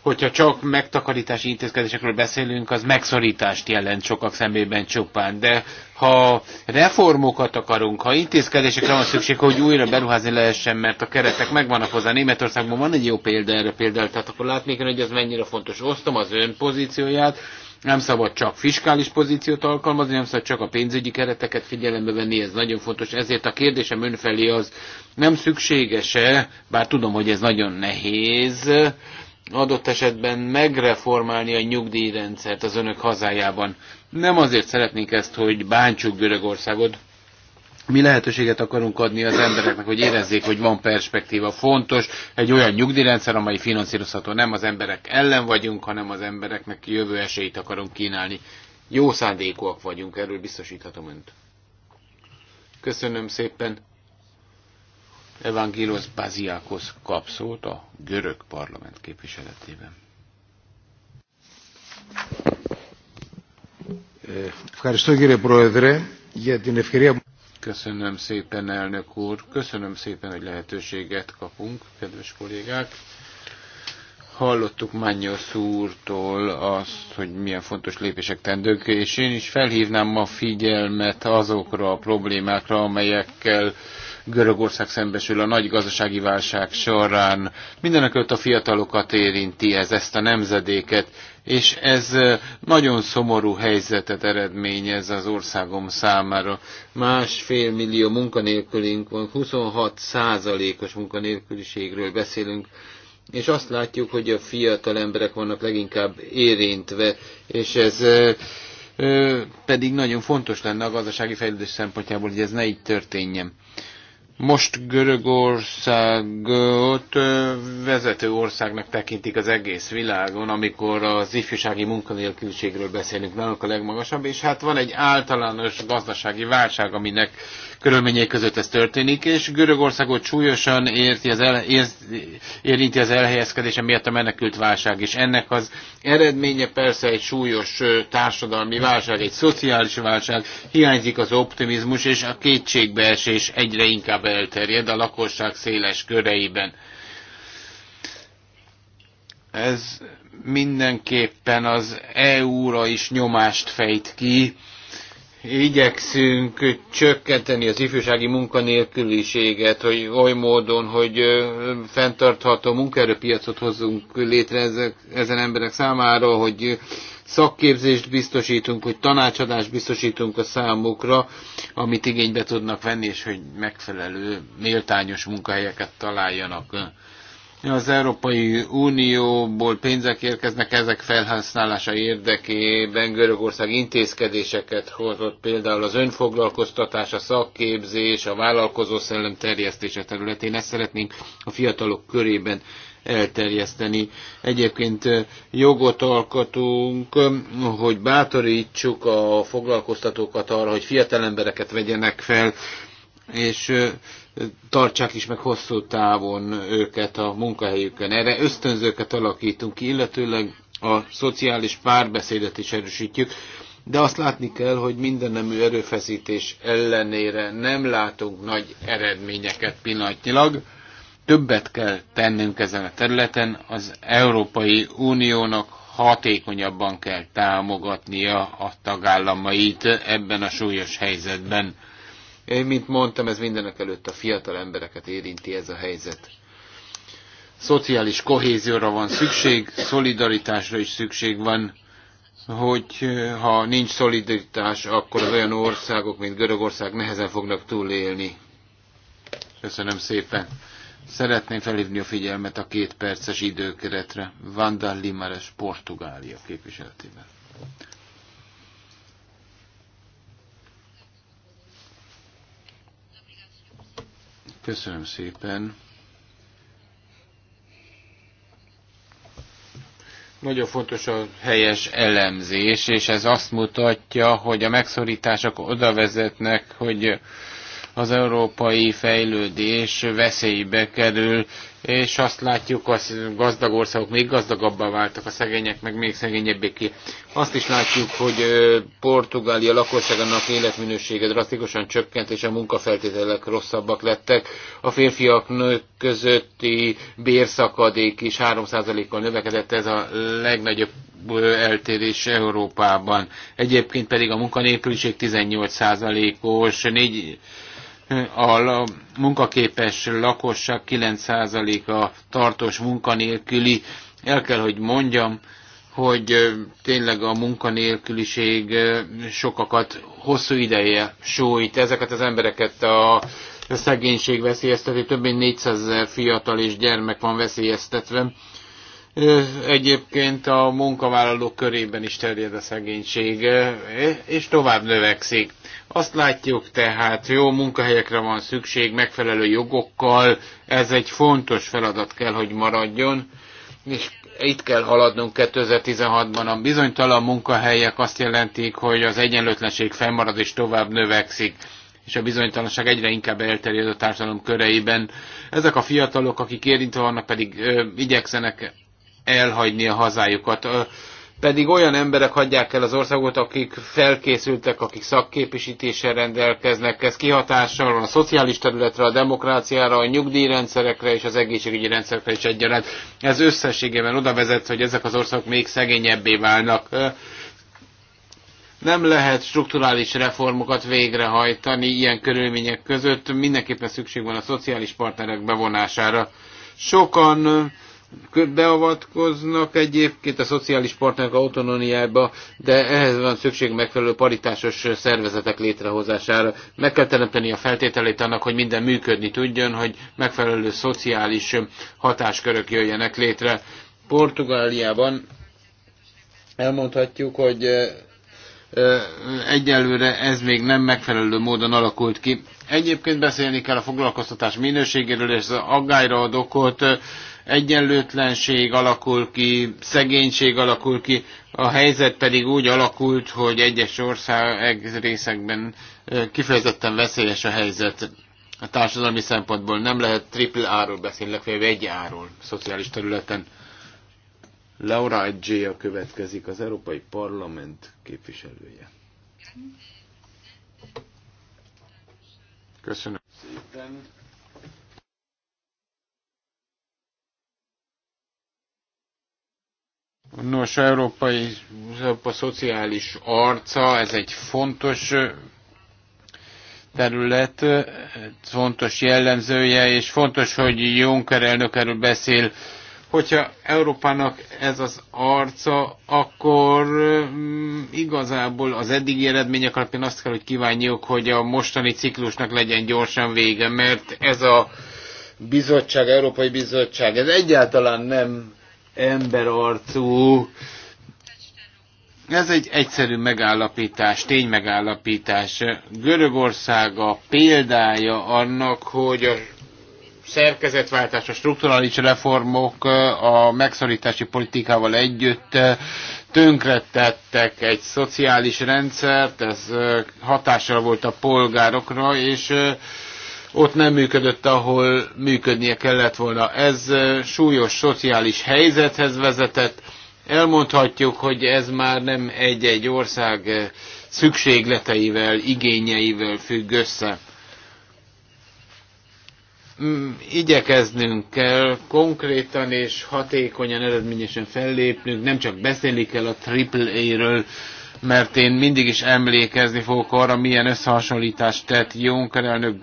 hogyha csak megtakarítási intézkedésekről beszélünk, az megszorítást jelent sokak szemében csupán, de ha reformokat akarunk, ha intézkedésekre van szükség, hogy újra beruházni lehessen, mert a keretek megvannak hozzá. Németországban van egy jó példa erre például, tehát akkor látni kell, hogy ez mennyire fontos. Osztom az ön pozícióját, nem szabad csak fiskális pozíciót alkalmazni, nem szabad csak a pénzügyi kereteket figyelembe venni, ez nagyon fontos. Ezért a kérdésem önfelé az nem szükséges-e, bár tudom, hogy ez nagyon nehéz, adott esetben megreformálni a nyugdíjrendszert az önök hazájában. Nem azért szeretnénk ezt, hogy bántsuk Görögországot, mi lehetőséget akarunk adni az embereknek, hogy érezzék, hogy van perspektíva. Fontos egy olyan nyugdíjrendszer, amely finanszírozható. Nem az emberek ellen vagyunk, hanem az embereknek jövő esélyt akarunk kínálni. Jó szándékúak vagyunk, erről biztosíthatom önt. Köszönöm szépen. Evangélos Baziákos kap szót a görög parlament képviseletében. Köszönöm szépen, elnök úr. Köszönöm szépen, hogy lehetőséget kapunk, kedves kollégák. Hallottuk Mányosz úrtól azt, hogy milyen fontos lépések tendők, és én is felhívnám a figyelmet azokra a problémákra, amelyekkel Görögország szembesül a nagy gazdasági válság során. Mindenekelőtt a fiatalokat érinti ez, ezt a nemzedéket és ez nagyon szomorú helyzetet eredményez az országom számára. Másfél millió munkanélkülünk van, 26 százalékos munkanélküliségről beszélünk, és azt látjuk, hogy a fiatal emberek vannak leginkább érintve, és ez pedig nagyon fontos lenne a gazdasági fejlődés szempontjából, hogy ez ne így történjen. Most Görögországot vezető országnak tekintik az egész világon, amikor az ifjúsági munkanélküliségről beszélünk, nálunk a legmagasabb, és hát van egy általános gazdasági válság, aminek körülmények között ez történik, és Görögországot súlyosan érti az el, ér, érinti az elhelyezkedése miatt a menekült válság, és ennek az eredménye persze egy súlyos társadalmi válság, egy szociális válság, hiányzik az optimizmus, és a kétségbeesés egyre inkább elterjed a lakosság széles köreiben. Ez mindenképpen az EU-ra is nyomást fejt ki, igyekszünk csökkenteni az ifjúsági munkanélküliséget, hogy oly módon, hogy fenntartható munkaerőpiacot hozzunk létre ezek, ezen emberek számára, hogy szakképzést biztosítunk, hogy tanácsadást biztosítunk a számukra, amit igénybe tudnak venni, és hogy megfelelő, méltányos munkahelyeket találjanak. Az Európai Unióból pénzek érkeznek ezek felhasználása érdekében. Görögország intézkedéseket hozott, például az önfoglalkoztatás, a szakképzés, a vállalkozó szellem terjesztése területén. Ezt szeretnénk a fiatalok körében elterjeszteni. Egyébként jogot alkotunk, hogy bátorítsuk a foglalkoztatókat arra, hogy fiatal embereket vegyenek fel, és tartsák is meg hosszú távon őket a munkahelyükön. Erre ösztönzőket alakítunk ki, illetőleg a szociális párbeszédet is erősítjük, de azt látni kell, hogy mindennemű erőfeszítés ellenére nem látunk nagy eredményeket pillanatnyilag. Többet kell tennünk ezen a területen, az Európai Uniónak hatékonyabban kell támogatnia a tagállamait ebben a súlyos helyzetben én, mint mondtam, ez mindenek előtt a fiatal embereket érinti ez a helyzet. Szociális kohézióra van szükség, szolidaritásra is szükség van, hogy eh, ha nincs szolidaritás, akkor az olyan országok, mint Görögország nehezen fognak túlélni. Köszönöm szépen. Szeretném felhívni a figyelmet a két perces időkeretre. Vanda Limares, Portugália képviseletében. Köszönöm szépen. Nagyon fontos a helyes elemzés, és ez azt mutatja, hogy a megszorítások oda vezetnek, hogy az európai fejlődés veszélybe kerül, és azt látjuk, hogy gazdag országok még gazdagabbá váltak, a szegények meg még szegényebbé ki. Azt is látjuk, hogy Portugália lakosságának életminősége drasztikusan csökkent, és a munkafeltételek rosszabbak lettek. A férfiak nők közötti bérszakadék is 3%-kal növekedett, ez a legnagyobb eltérés Európában. Egyébként pedig a munkanélküliség 18%-os, 4 a munkaképes lakosság 9%-a tartós munkanélküli. El kell, hogy mondjam, hogy tényleg a munkanélküliség sokakat hosszú ideje sújt. Ezeket az embereket a szegénység veszélyezteti, több mint 400 ezer fiatal és gyermek van veszélyeztetve. Egyébként a munkavállalók körében is terjed a szegénység, és tovább növekszik. Azt látjuk tehát, jó munkahelyekre van szükség, megfelelő jogokkal, ez egy fontos feladat kell, hogy maradjon, és itt kell haladnunk 2016-ban. A bizonytalan munkahelyek azt jelentik, hogy az egyenlőtlenség fennmarad és tovább növekszik és a bizonytalanság egyre inkább elterjed a társadalom köreiben. Ezek a fiatalok, akik érintve vannak, pedig ö, igyekszenek elhagyni a hazájukat. Ö, pedig olyan emberek hagyják el az országot, akik felkészültek, akik szakképesítéssel rendelkeznek. Ez kihatással van a szociális területre, a demokráciára, a nyugdíjrendszerekre és az egészségügyi rendszerekre is egyaránt. Ez összességében oda vezet, hogy ezek az országok még szegényebbé válnak. Nem lehet strukturális reformokat végrehajtani ilyen körülmények között. Mindenképpen szükség van a szociális partnerek bevonására. Sokan beavatkoznak egyébként a szociális partnerek autonómiába, de ehhez van szükség megfelelő paritásos szervezetek létrehozására. Meg kell teremteni a feltételét annak, hogy minden működni tudjon, hogy megfelelő szociális hatáskörök jöjjenek létre. Portugáliában elmondhatjuk, hogy egyelőre ez még nem megfelelő módon alakult ki. Egyébként beszélni kell a foglalkoztatás minőségéről, és az aggályra ad okot egyenlőtlenség alakul ki, szegénység alakul ki, a helyzet pedig úgy alakult, hogy egyes ország részekben kifejezetten veszélyes a helyzet. A társadalmi szempontból nem lehet triple A-ról beszélni, legfeljebb egy A-ról, szociális területen. Laura Adjéja következik, az Európai Parlament képviselője. Köszönöm szépen. Nos, európai a szociális arca, ez egy fontos terület, fontos jellemzője, és fontos, hogy Juncker elnök erről beszél. Hogyha Európának ez az arca, akkor mm, igazából az eddigi eredmények alapján azt kell, hogy kívánjuk, hogy a mostani ciklusnak legyen gyorsan vége, mert ez a bizottság, Európai Bizottság, ez egyáltalán nem emberarcú. Ez egy egyszerű megállapítás, ténymegállapítás. Görögország a példája annak, hogy a szerkezetváltás, a strukturális reformok eh, a megszorítási politikával együtt eh, tönkretettek egy szociális rendszert, ez eh, hatással volt a polgárokra, és ott nem működött, ahol működnie kellett volna. Ez súlyos szociális helyzethez vezetett. Elmondhatjuk, hogy ez már nem egy-egy ország szükségleteivel, igényeivel függ össze. Igyekeznünk kell konkrétan és hatékonyan, eredményesen fellépnünk, nem csak beszélni kell a AAA-ről, mert én mindig is emlékezni fogok arra, milyen összehasonlítást tett Juncker elnök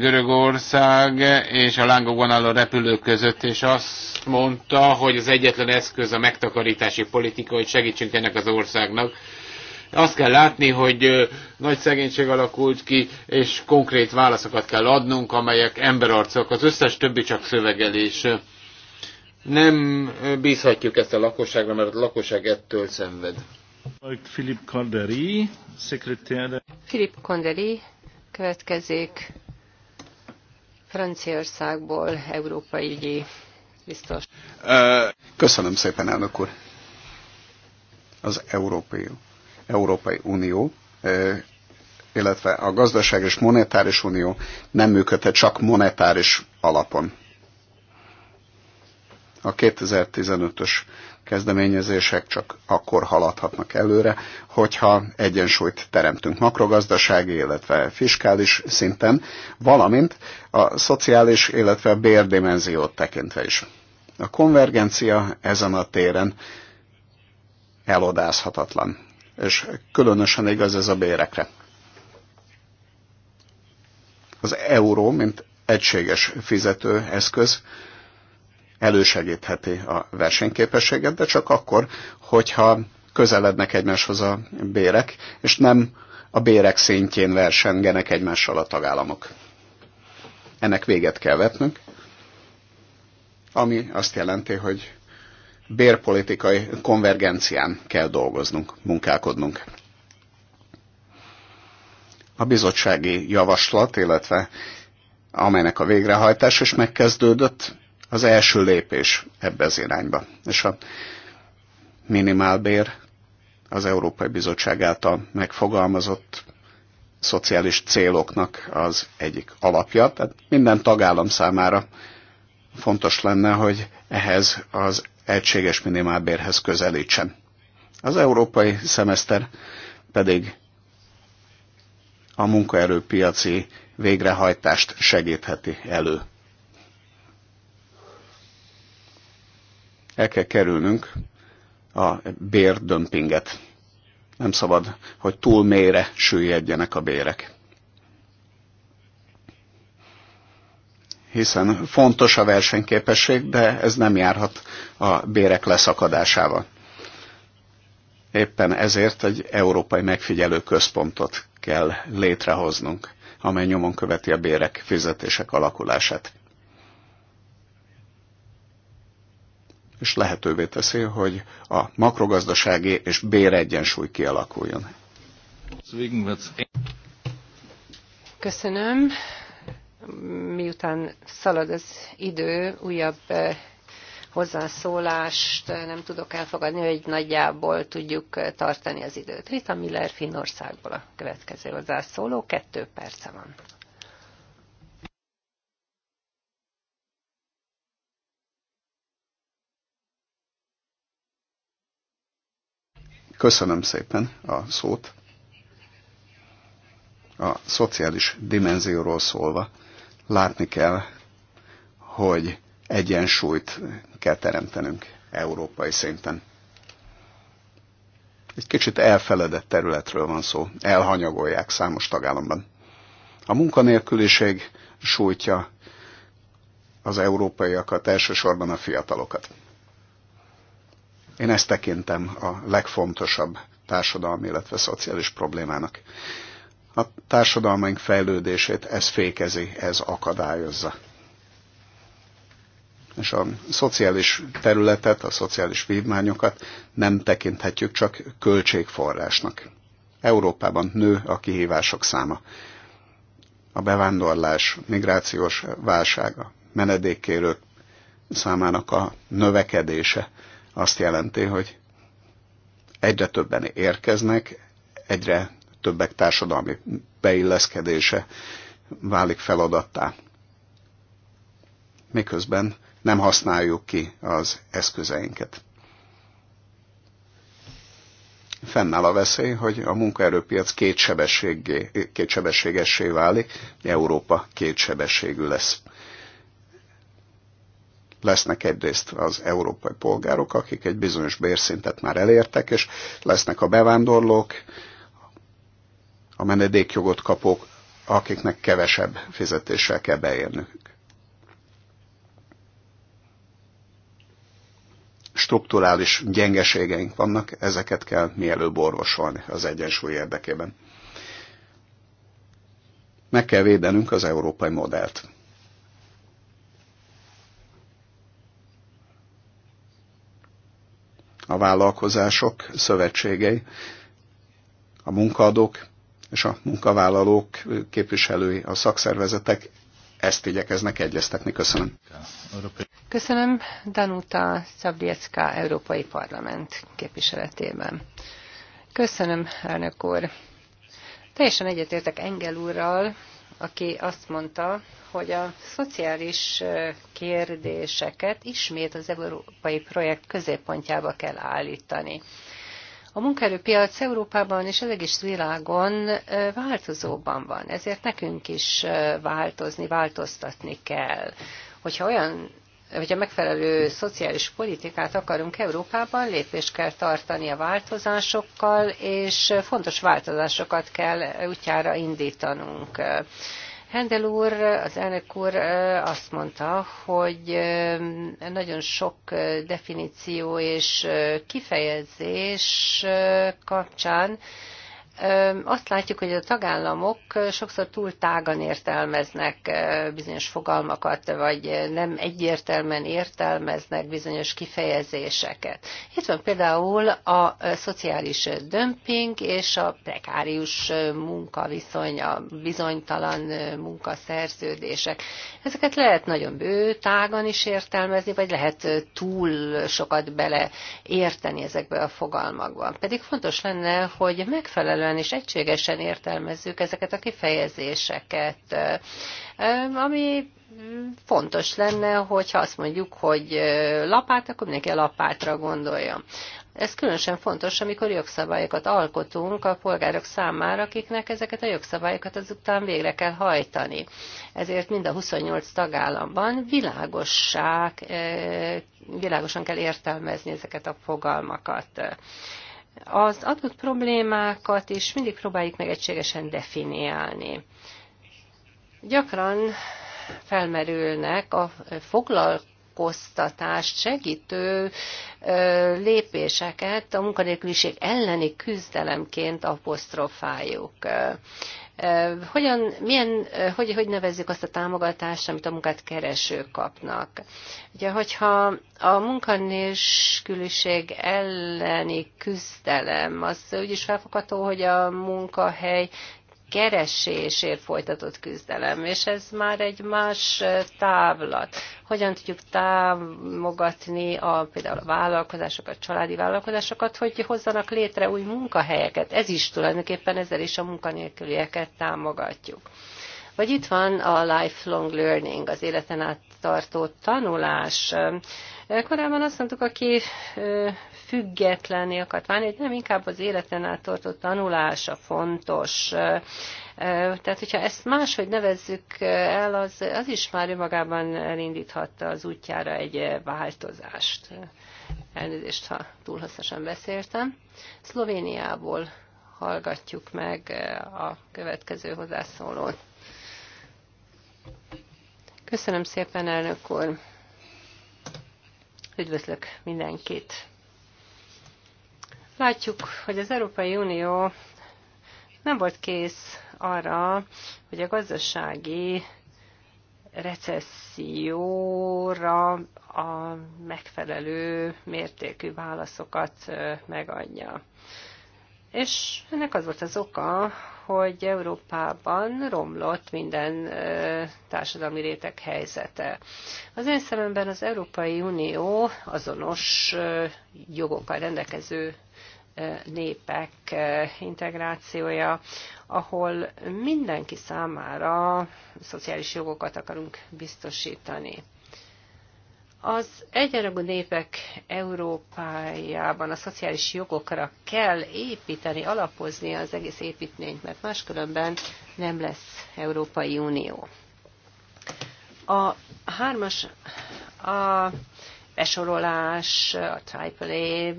Görögország és a lángokban álló repülők között, és azt mondta, hogy az egyetlen eszköz a megtakarítási politika, hogy segítsünk ennek az országnak azt kell látni, hogy nagy szegénység alakult ki, és konkrét válaszokat kell adnunk, amelyek emberarcok, az összes többi csak szövegelés. Nem bízhatjuk ezt a lakosságra, mert a lakosság ettől szenved. Philip Konderi, szekretár. Philip Konderi következik Franciaországból, európai ügyi biztos. Köszönöm szépen, elnök úr. Az Európai, európai Unió illetve a gazdaság és monetáris unió nem működhet csak monetáris alapon. A 2015-ös kezdeményezések csak akkor haladhatnak előre, hogyha egyensúlyt teremtünk makrogazdasági, illetve fiskális szinten, valamint a szociális, illetve a bérdimenziót tekintve is. A konvergencia ezen a téren elodázhatatlan, és különösen igaz ez a bérekre. Az euró, mint egységes fizetőeszköz, elősegítheti a versenyképességet, de csak akkor, hogyha közelednek egymáshoz a bérek, és nem a bérek szintjén versengenek egymással a tagállamok. Ennek véget kell vetnünk, ami azt jelenti, hogy bérpolitikai konvergencián kell dolgoznunk, munkálkodnunk. A bizottsági javaslat, illetve amelynek a végrehajtás is megkezdődött, az első lépés ebbe az irányba. És a minimálbér az Európai Bizottság által megfogalmazott szociális céloknak az egyik alapja. Tehát minden tagállam számára fontos lenne, hogy ehhez az egységes minimálbérhez közelítsen. Az európai szemeszter pedig a munkaerőpiaci végrehajtást segítheti elő. El kell kerülnünk a bérdömpinget. Nem szabad, hogy túl mélyre süllyedjenek a bérek. Hiszen fontos a versenyképesség, de ez nem járhat a bérek leszakadásával. Éppen ezért egy európai megfigyelő központot kell létrehoznunk, amely nyomon követi a bérek fizetések alakulását. és lehetővé teszi, hogy a makrogazdasági és béregyensúly kialakuljon. Köszönöm. Miután szalad az idő, újabb eh, hozzászólást eh, nem tudok elfogadni, hogy nagyjából tudjuk eh, tartani az időt. Rita Miller Finnországból a következő hozzászóló, kettő perce van. Köszönöm szépen a szót. A szociális dimenzióról szólva látni kell, hogy egyensúlyt kell teremtenünk európai szinten. Egy kicsit elfeledett területről van szó, elhanyagolják számos tagállamban. A munkanélküliség sújtja az európaiakat, elsősorban a fiatalokat. Én ezt tekintem a legfontosabb társadalmi, illetve szociális problémának. A társadalmaink fejlődését ez fékezi, ez akadályozza. És a szociális területet, a szociális vívmányokat nem tekinthetjük csak költségforrásnak. Európában nő a kihívások száma. A bevándorlás, migrációs válsága, menedékkérők számának a növekedése, azt jelenti, hogy egyre többen érkeznek, egyre többek társadalmi beilleszkedése válik feladattá. Miközben nem használjuk ki az eszközeinket. Fennáll a veszély, hogy a munkaerőpiac kétsebességessé válik, Európa kétsebességű lesz. Lesznek egyrészt az európai polgárok, akik egy bizonyos bérszintet már elértek, és lesznek a bevándorlók, a menedékjogot kapók, akiknek kevesebb fizetéssel kell beérnünk. Strukturális gyengeségeink vannak, ezeket kell mielőbb orvosolni az egyensúly érdekében. Meg kell védenünk az európai modellt. a vállalkozások szövetségei, a munkaadók és a munkavállalók képviselői, a szakszervezetek ezt igyekeznek egyeztetni. Köszönöm. Köszönöm Danuta Szabriecka Európai Parlament képviseletében. Köszönöm, elnök úr. Teljesen egyetértek Engel úrral, aki azt mondta, hogy a szociális kérdéseket ismét az európai projekt középpontjába kell állítani. A munkaerőpiac Európában és az egész világon változóban van, ezért nekünk is változni, változtatni kell. Hogyha olyan hogyha megfelelő szociális politikát akarunk Európában, lépést kell tartani a változásokkal, és fontos változásokat kell útjára indítanunk. Hendel úr, az elnök úr azt mondta, hogy nagyon sok definíció és kifejezés kapcsán azt látjuk, hogy a tagállamok sokszor túl tágan értelmeznek bizonyos fogalmakat, vagy nem egyértelműen értelmeznek bizonyos kifejezéseket. Itt van például a szociális dömping és a prekárius munkaviszony, a bizonytalan munkaszerződések. Ezeket lehet nagyon bő tágan is értelmezni, vagy lehet túl sokat bele érteni ezekbe a fogalmakba. Pedig fontos lenne, hogy megfelelően megfelelően és egységesen értelmezzük ezeket a kifejezéseket. Ami fontos lenne, hogyha azt mondjuk, hogy lapát, akkor mindenki a lapátra gondolja. Ez különösen fontos, amikor jogszabályokat alkotunk a polgárok számára, akiknek ezeket a jogszabályokat azután végre kell hajtani. Ezért mind a 28 tagállamban világosság, világosan kell értelmezni ezeket a fogalmakat az adott problémákat is mindig próbáljuk meg egységesen definiálni. Gyakran felmerülnek a foglalkozások, foglalkoztatást segítő lépéseket a munkanélküliség elleni küzdelemként apostrofáljuk. Hogyan, milyen, hogy, hogy nevezzük azt a támogatást, amit a munkát keresők kapnak? Ugye, hogyha a munkanélküliség elleni küzdelem, az úgyis felfogható, hogy a munkahely keresésért folytatott küzdelem, és ez már egy más távlat. Hogyan tudjuk támogatni a, például a vállalkozásokat, a családi vállalkozásokat, hogy hozzanak létre új munkahelyeket. Ez is tulajdonképpen ezzel is a munkanélkülieket támogatjuk. Vagy itt van a lifelong learning, az életen át tartó tanulás. Korábban azt mondtuk, aki függetlenné akart válni, hogy nem inkább az életen át tartott tanulása fontos. Tehát, hogyha ezt máshogy nevezzük el, az, az is már önmagában elindíthatta az útjára egy változást. Elnézést, ha túl hosszasan beszéltem. Szlovéniából hallgatjuk meg a következő hozzászólót. Köszönöm szépen, elnök úr! Üdvözlök mindenkit! Látjuk, hogy az Európai Unió nem volt kész arra, hogy a gazdasági recesszióra a megfelelő mértékű válaszokat megadja. És ennek az volt az oka, hogy Európában romlott minden társadalmi réteg helyzete. Az én szememben az Európai Unió azonos jogokkal rendelkező népek eh, integrációja, ahol mindenki számára szociális jogokat akarunk biztosítani. Az egyenrangú népek Európájában a szociális jogokra kell építeni, alapozni az egész építményt, mert máskülönben nem lesz Európai Unió. A hármas a besorolás, a AAA eh,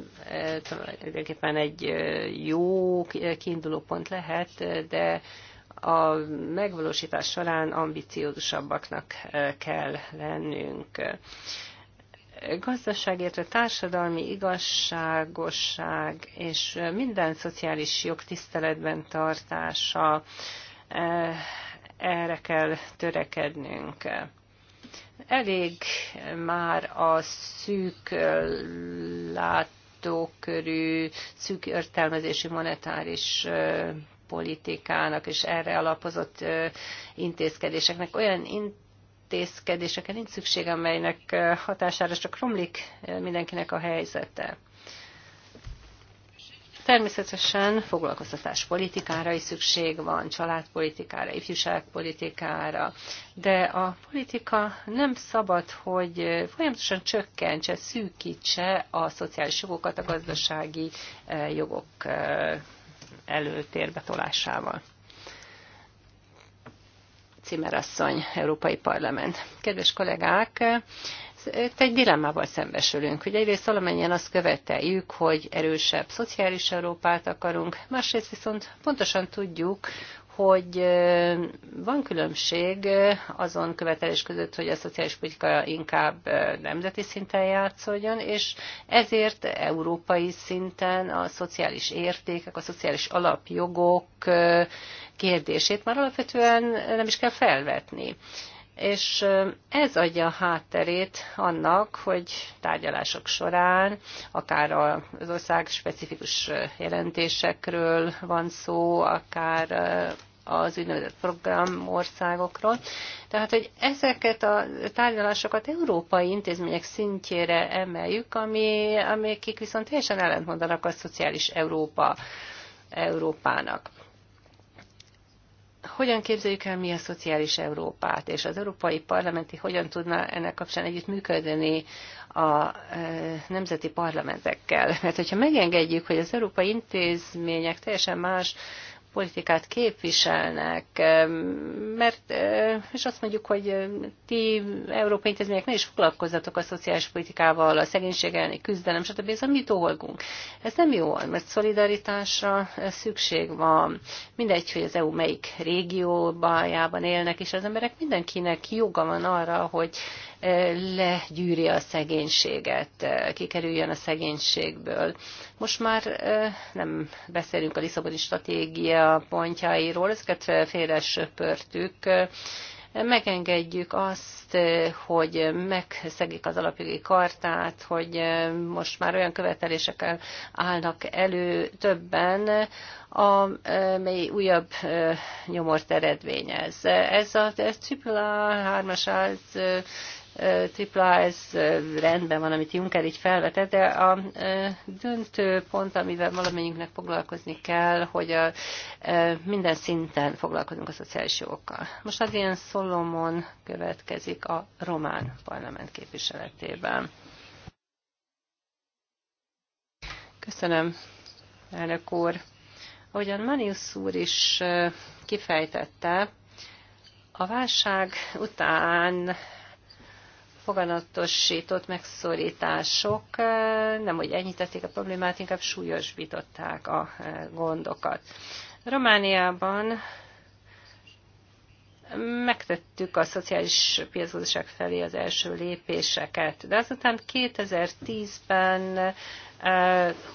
tulajdonképpen egy eh, jó kiinduló pont lehet, de a megvalósítás során ambiciózusabbaknak eh, kell lennünk. a társadalmi igazságosság és minden szociális jog tiszteletben tartása, erre kell törekednünk Elég már a szűk látókörű, szűk értelmezési monetáris politikának és erre alapozott intézkedéseknek olyan intézkedéseknek, nincs szükség, amelynek hatására csak romlik mindenkinek a helyzete. Természetesen foglalkoztatás politikára is szükség van, családpolitikára, ifjúságpolitikára, de a politika nem szabad, hogy folyamatosan csökkentse, szűkítse a szociális jogokat a gazdasági eh, jogok eh, előtérbe tolásával. Cimerasszony, Európai Parlament. Kedves kollégák, itt egy dilemmával szembesülünk. Ugye egyrészt valamennyien azt követeljük, hogy erősebb szociális Európát akarunk, másrészt viszont pontosan tudjuk, hogy van különbség azon követelés között, hogy a szociális politika inkább nemzeti szinten játszódjon, és ezért európai szinten a szociális értékek, a szociális alapjogok kérdését már alapvetően nem is kell felvetni és ez adja a hátterét annak, hogy tárgyalások során, akár az ország specifikus jelentésekről van szó, akár az úgynevezett programországokról. Tehát, hogy ezeket a tárgyalásokat európai intézmények szintjére emeljük, ami, amikik viszont teljesen ellentmondanak a szociális Európa Európának hogyan képzeljük el mi a szociális Európát, és az Európai Parlamenti hogyan tudna ennek kapcsán együtt működni a e, nemzeti parlamentekkel. Mert hogyha megengedjük, hogy az európai intézmények teljesen más politikát képviselnek, mert, és azt mondjuk, hogy ti európai intézmények ne is foglalkozzatok a szociális politikával, a szegénység elleni küzdelem, stb. Ez a mi dolgunk. Ez nem jó, mert szolidaritásra szükség van. Mindegy, hogy az EU melyik régióban élnek, és az emberek mindenkinek joga van arra, hogy legyűri a szegénységet, kikerüljön a szegénységből. Most már nem beszélünk a Lisszaboni stratégia pontjairól, ezeket félre söpörtük, megengedjük azt, hogy megszegik az alapjogi kartát, hogy most már olyan követelésekkel állnak elő többen, amely újabb nyomort eredményez. Ez a AAA 3-as tripla, ez rendben van, amit Juncker így felvetett, de a döntő pont, amivel valamennyiünknek foglalkozni kell, hogy a, minden szinten foglalkozunk a szociális jogokkal. Most az ilyen Szolomon következik a román parlament képviseletében. Köszönöm, elnök úr. Ahogyan Manius úr is kifejtette, a válság után foganatosított megszorítások eh, nem, hogy enyhítették a problémát, inkább súlyosbították a eh, gondokat. Romániában megtettük a szociális piacgazdaság felé az első lépéseket, de azután 2010-ben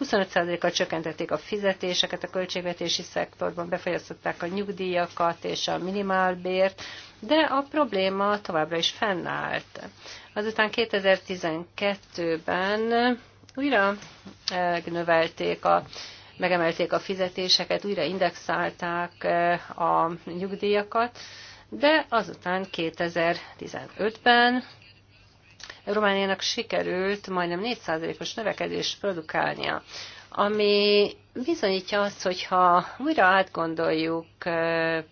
25%-kal eh, csökkentették a fizetéseket a költségvetési szektorban, befolyasztották a nyugdíjakat és a minimálbért, de a probléma továbbra is fennállt. Azután 2012-ben újra eh, növelték a megemelték a fizetéseket, újra indexálták eh, a nyugdíjakat, de azután 2015-ben Romániának sikerült majdnem 4%-os növekedést produkálnia, ami bizonyítja azt, hogyha újra átgondoljuk eh,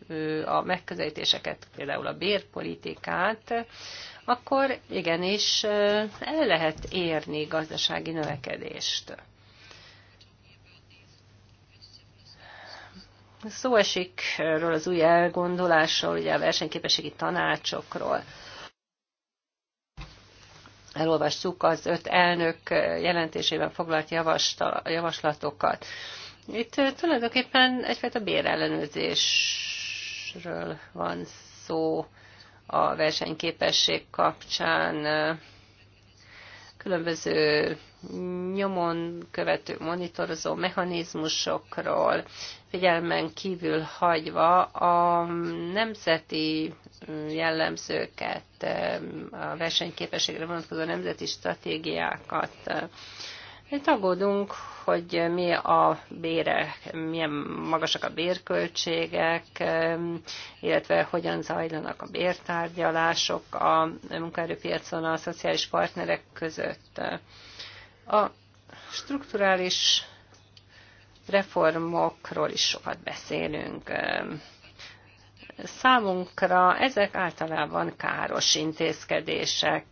a megközelítéseket, például a bérpolitikát, akkor igenis el lehet érni gazdasági növekedést. Szó esik erről az új elgondolásról, ugye a versenyképességi tanácsokról. Elolvastuk az öt elnök jelentésében foglalt javaslatokat. Itt tulajdonképpen egyfajta bérellenőzésről van szó a versenyképesség kapcsán különböző nyomon követő monitorozó mechanizmusokról, figyelmen kívül hagyva a nemzeti jellemzőket, a versenyképességre vonatkozó nemzeti stratégiákat. Itt aggódunk, hogy mi a bére, milyen magasak a bérköltségek, illetve hogyan zajlanak a bértárgyalások a munkaerőpiacon a szociális partnerek között. A strukturális reformokról is sokat beszélünk Számunkra ezek általában káros intézkedések.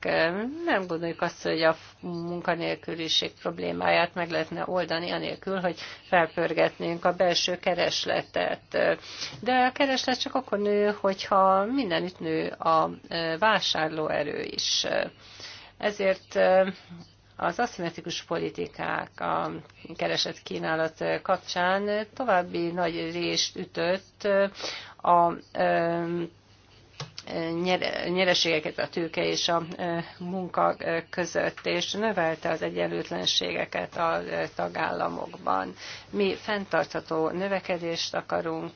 Nem gondoljuk azt, hogy a munkanélküliség problémáját meg lehetne oldani, anélkül, hogy felpörgetnénk a belső keresletet. De a kereslet csak akkor nő, hogyha mindenütt nő a vásárlóerő is. Ezért az aszimetrikus politikák a keresett kínálat kapcsán további nagy részt ütött a nyereségeket a tőke és a munka között, és növelte az egyenlőtlenségeket a tagállamokban. Mi fenntartható növekedést akarunk,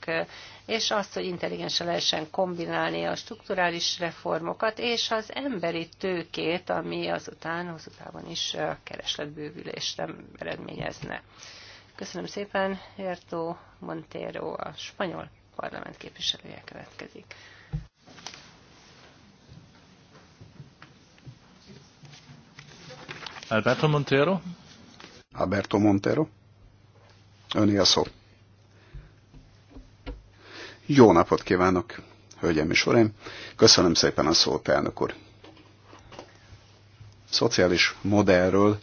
és azt, hogy intelligensen lehessen kombinálni a strukturális reformokat és az emberi tőkét, ami azután azután távon is keresletbővülést eredményezne. Köszönöm szépen, Hertó Montero, a spanyol parlament képviselője következik. Alberto Montero. Alberto Montero. Öné a szó. Jó napot kívánok, hölgyem és uraim. Köszönöm szépen a szót, elnök úr. Szociális modellről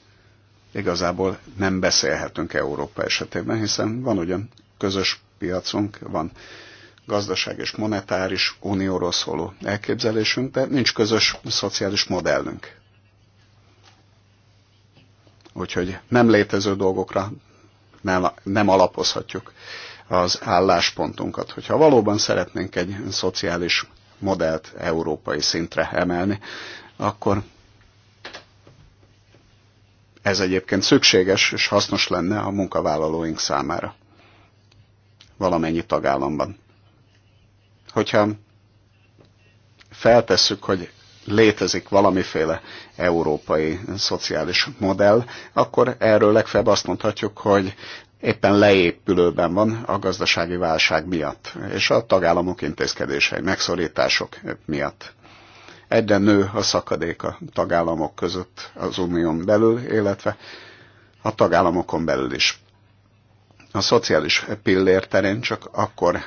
igazából nem beszélhetünk Európa esetében, hiszen van ugyan közös piacunk, van gazdaság és monetáris unióról szóló elképzelésünk, de nincs közös szociális modellünk. Úgyhogy nem létező dolgokra nem, nem alapozhatjuk az álláspontunkat. Hogyha valóban szeretnénk egy szociális modellt európai szintre emelni, akkor ez egyébként szükséges és hasznos lenne a munkavállalóink számára valamennyi tagállamban. Hogyha feltesszük, hogy létezik valamiféle európai szociális modell, akkor erről legfeljebb azt mondhatjuk, hogy éppen leépülőben van a gazdasági válság miatt, és a tagállamok intézkedései, megszorítások miatt. Egyre nő a szakadék a tagállamok között az unión belül, illetve a tagállamokon belül is. A szociális pillér terén csak akkor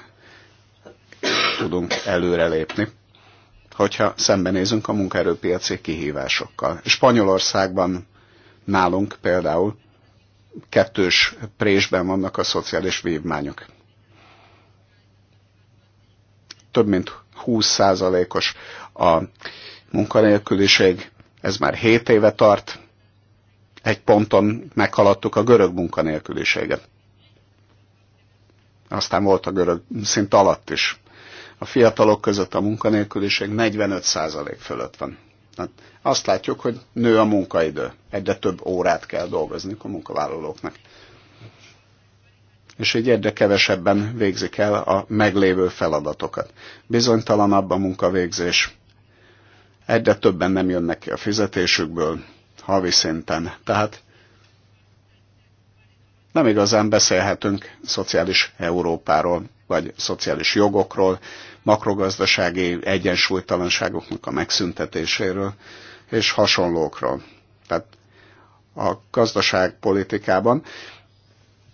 tudunk előrelépni, hogyha szembenézünk a munkaerőpiaci kihívásokkal. Spanyolországban nálunk például kettős présben vannak a szociális vívmányok. Több mint 20%-os a munkanélküliség, ez már 7 éve tart, egy ponton meghaladtuk a görög munkanélküliséget. Aztán volt a görög szint alatt is a fiatalok között a munkanélküliség 45% fölött van. Tehát azt látjuk, hogy nő a munkaidő. Egyre több órát kell dolgozni a munkavállalóknak. És így egyre kevesebben végzik el a meglévő feladatokat. Bizonytalanabb a munkavégzés. Egyre többen nem jönnek ki a fizetésükből havi szinten. Tehát nem igazán beszélhetünk szociális Európáról, vagy szociális jogokról, makrogazdasági egyensúlytalanságoknak a megszüntetéséről, és hasonlókról. Tehát a gazdaságpolitikában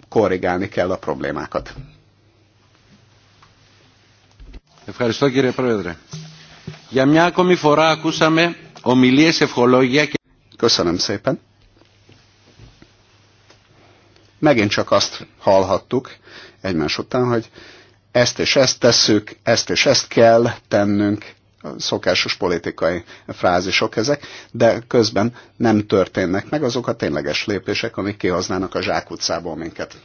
korrigálni kell a problémákat. Köszönöm szépen megint csak azt hallhattuk egymás után, hogy ezt és ezt tesszük, ezt és ezt kell tennünk, szokásos politikai frázisok ezek, de közben nem történnek meg azok a tényleges lépések, amik kihoznának a zsákutcából minket.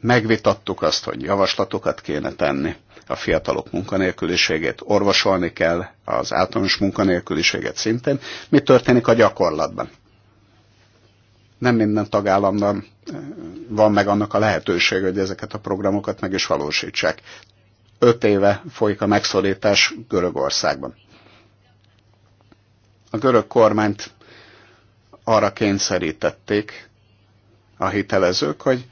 Megvitattuk azt, hogy javaslatokat kéne tenni a fiatalok munkanélküliségét, orvosolni kell az általános munkanélküliséget szintén. Mi történik a gyakorlatban? nem minden tagállamban eh, van meg annak a lehetőség, hogy ezeket a programokat meg is valósítsák. Öt éve folyik a megszorítás Görögországban. A görög kormányt arra kényszerítették a hitelezők, hogy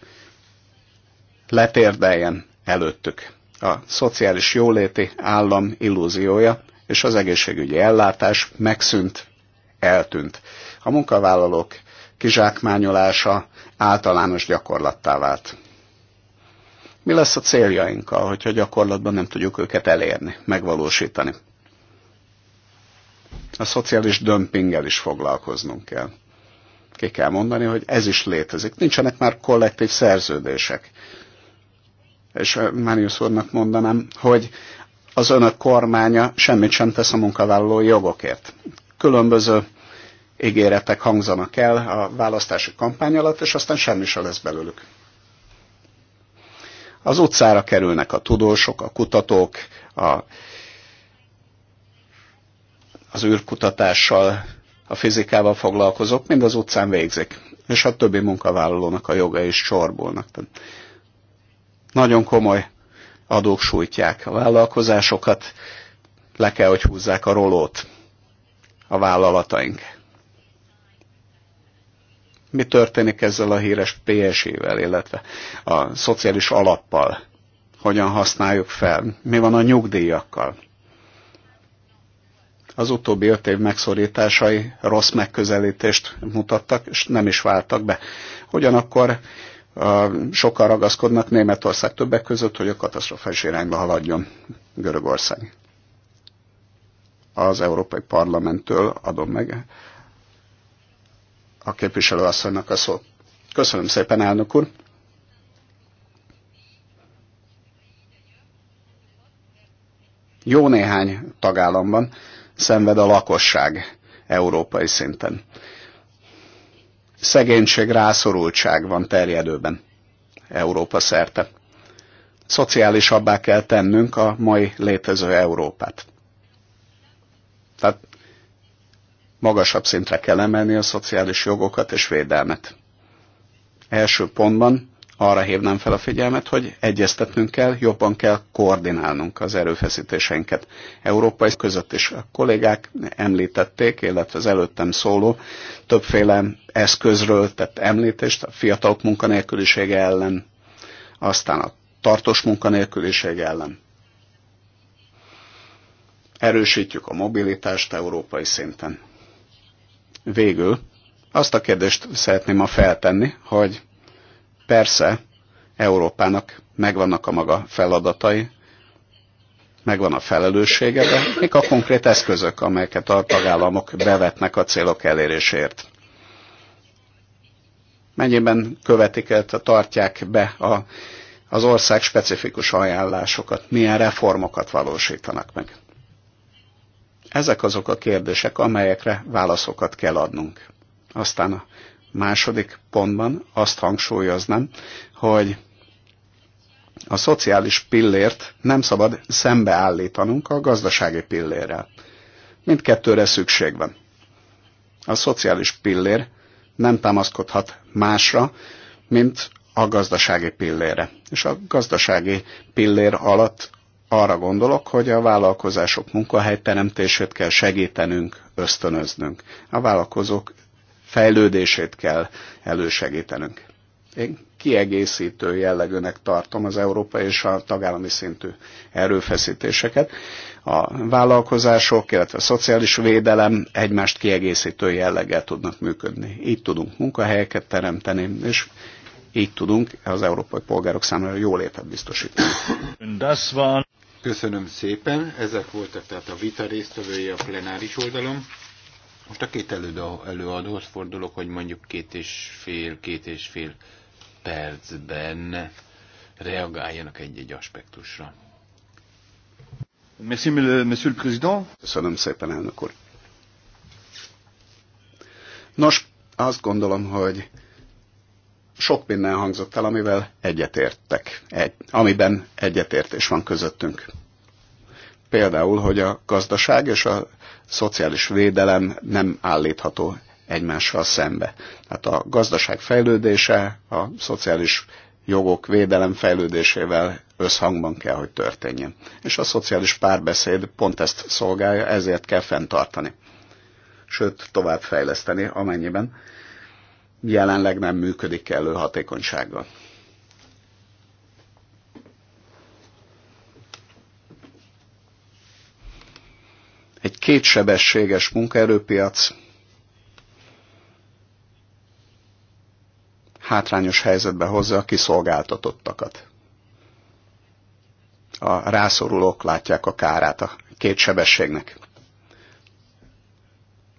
letérdeljen előttük a szociális jóléti állam illúziója, és az egészségügyi ellátás megszűnt, eltűnt. A munkavállalók kizsákmányolása általános gyakorlattá vált. Mi lesz a céljainkkal, hogyha gyakorlatban nem tudjuk őket elérni, megvalósítani? A szociális dömpinggel is foglalkoznunk kell. Ki kell mondani, hogy ez is létezik. Nincsenek már kollektív szerződések. És eh, Máriusz úrnak mondanám, hogy az önök kormánya semmit sem tesz a munkavállalói jogokért. Különböző ígéretek hangzanak el a választási kampány alatt, és aztán semmi se lesz belőlük. Az utcára kerülnek a tudósok, a kutatók, a, az űrkutatással, a fizikával foglalkozók, mind az utcán végzik. És a többi munkavállalónak a joga is csorbulnak. Tehát nagyon komoly adók sújtják a vállalkozásokat, le kell, hogy húzzák a rolót a vállalataink mi történik ezzel a híres PSI-vel, illetve a szociális alappal, hogyan használjuk fel, mi van a nyugdíjakkal. Az utóbbi öt év megszorításai rossz megközelítést mutattak, és nem is váltak be. Ugyanakkor sokan ragaszkodnak Németország többek között, hogy a katasztrofális irányba haladjon Görögország. Az Európai Parlamenttől adom meg a képviselő asszonynak a szót. Köszönöm szépen, elnök úr! Jó néhány tagállamban szenved a lakosság európai szinten. Szegénység, rászorultság van terjedőben Európa szerte. Szociálisabbá kell tennünk a mai létező Európát. Tehát magasabb szintre kell emelni a szociális jogokat és védelmet. Első pontban arra hívnám fel a figyelmet, hogy egyeztetnünk kell, jobban kell koordinálnunk az erőfeszítéseinket. Európai között is a kollégák említették, illetve az előttem szóló többféle eszközről tett említést, a fiatalok munkanélkülisége ellen, aztán a tartós munkanélkülisége ellen. Erősítjük a mobilitást európai szinten. Végül azt a kérdést szeretném ma feltenni, hogy persze Európának megvannak a maga feladatai, megvan a felelőssége, de mik a konkrét eszközök, amelyeket a tagállamok bevetnek a célok elérésért? Mennyiben követik, el, tartják be a, az ország specifikus ajánlásokat? Milyen reformokat valósítanak meg? Ezek azok a kérdések, amelyekre válaszokat kell adnunk. Aztán a második pontban azt hangsúlyoznám, hogy a szociális pillért nem szabad szembeállítanunk a gazdasági pillérrel. Mindkettőre szükség van. A szociális pillér nem támaszkodhat másra, mint a gazdasági pillére. És a gazdasági pillér alatt arra gondolok, hogy a vállalkozások munkahelyteremtését kell segítenünk, ösztönöznünk. A vállalkozók fejlődését kell elősegítenünk. Én kiegészítő jellegűnek tartom az európai és a tagállami szintű erőfeszítéseket. A vállalkozások, illetve a szociális védelem egymást kiegészítő jelleggel tudnak működni. Így tudunk munkahelyeket teremteni, és így tudunk az európai polgárok számára jól értet biztosítani. Köszönöm szépen, ezek voltak tehát a vita résztvevői a plenáris oldalon. Most a két előadóhoz fordulok, hogy mondjuk két és fél, két és fél percben reagáljanak egy-egy aspektusra. Merci, monsieur le président. Köszönöm szépen, elnök úr. Nos, azt gondolom, hogy sok minden hangzott el, amivel egyetértek, egy, amiben egyetértés van közöttünk. Például, hogy a gazdaság és a szociális védelem nem állítható egymással szembe. Tehát a gazdaság fejlődése a szociális jogok védelem fejlődésével összhangban kell, hogy történjen. És a szociális párbeszéd pont ezt szolgálja, ezért kell fenntartani. Sőt, tovább fejleszteni, amennyiben jelenleg nem működik kellő hatékonysággal. Egy kétsebességes munkaerőpiac hátrányos helyzetbe hozza a kiszolgáltatottakat. A rászorulók látják a kárát a kétsebességnek.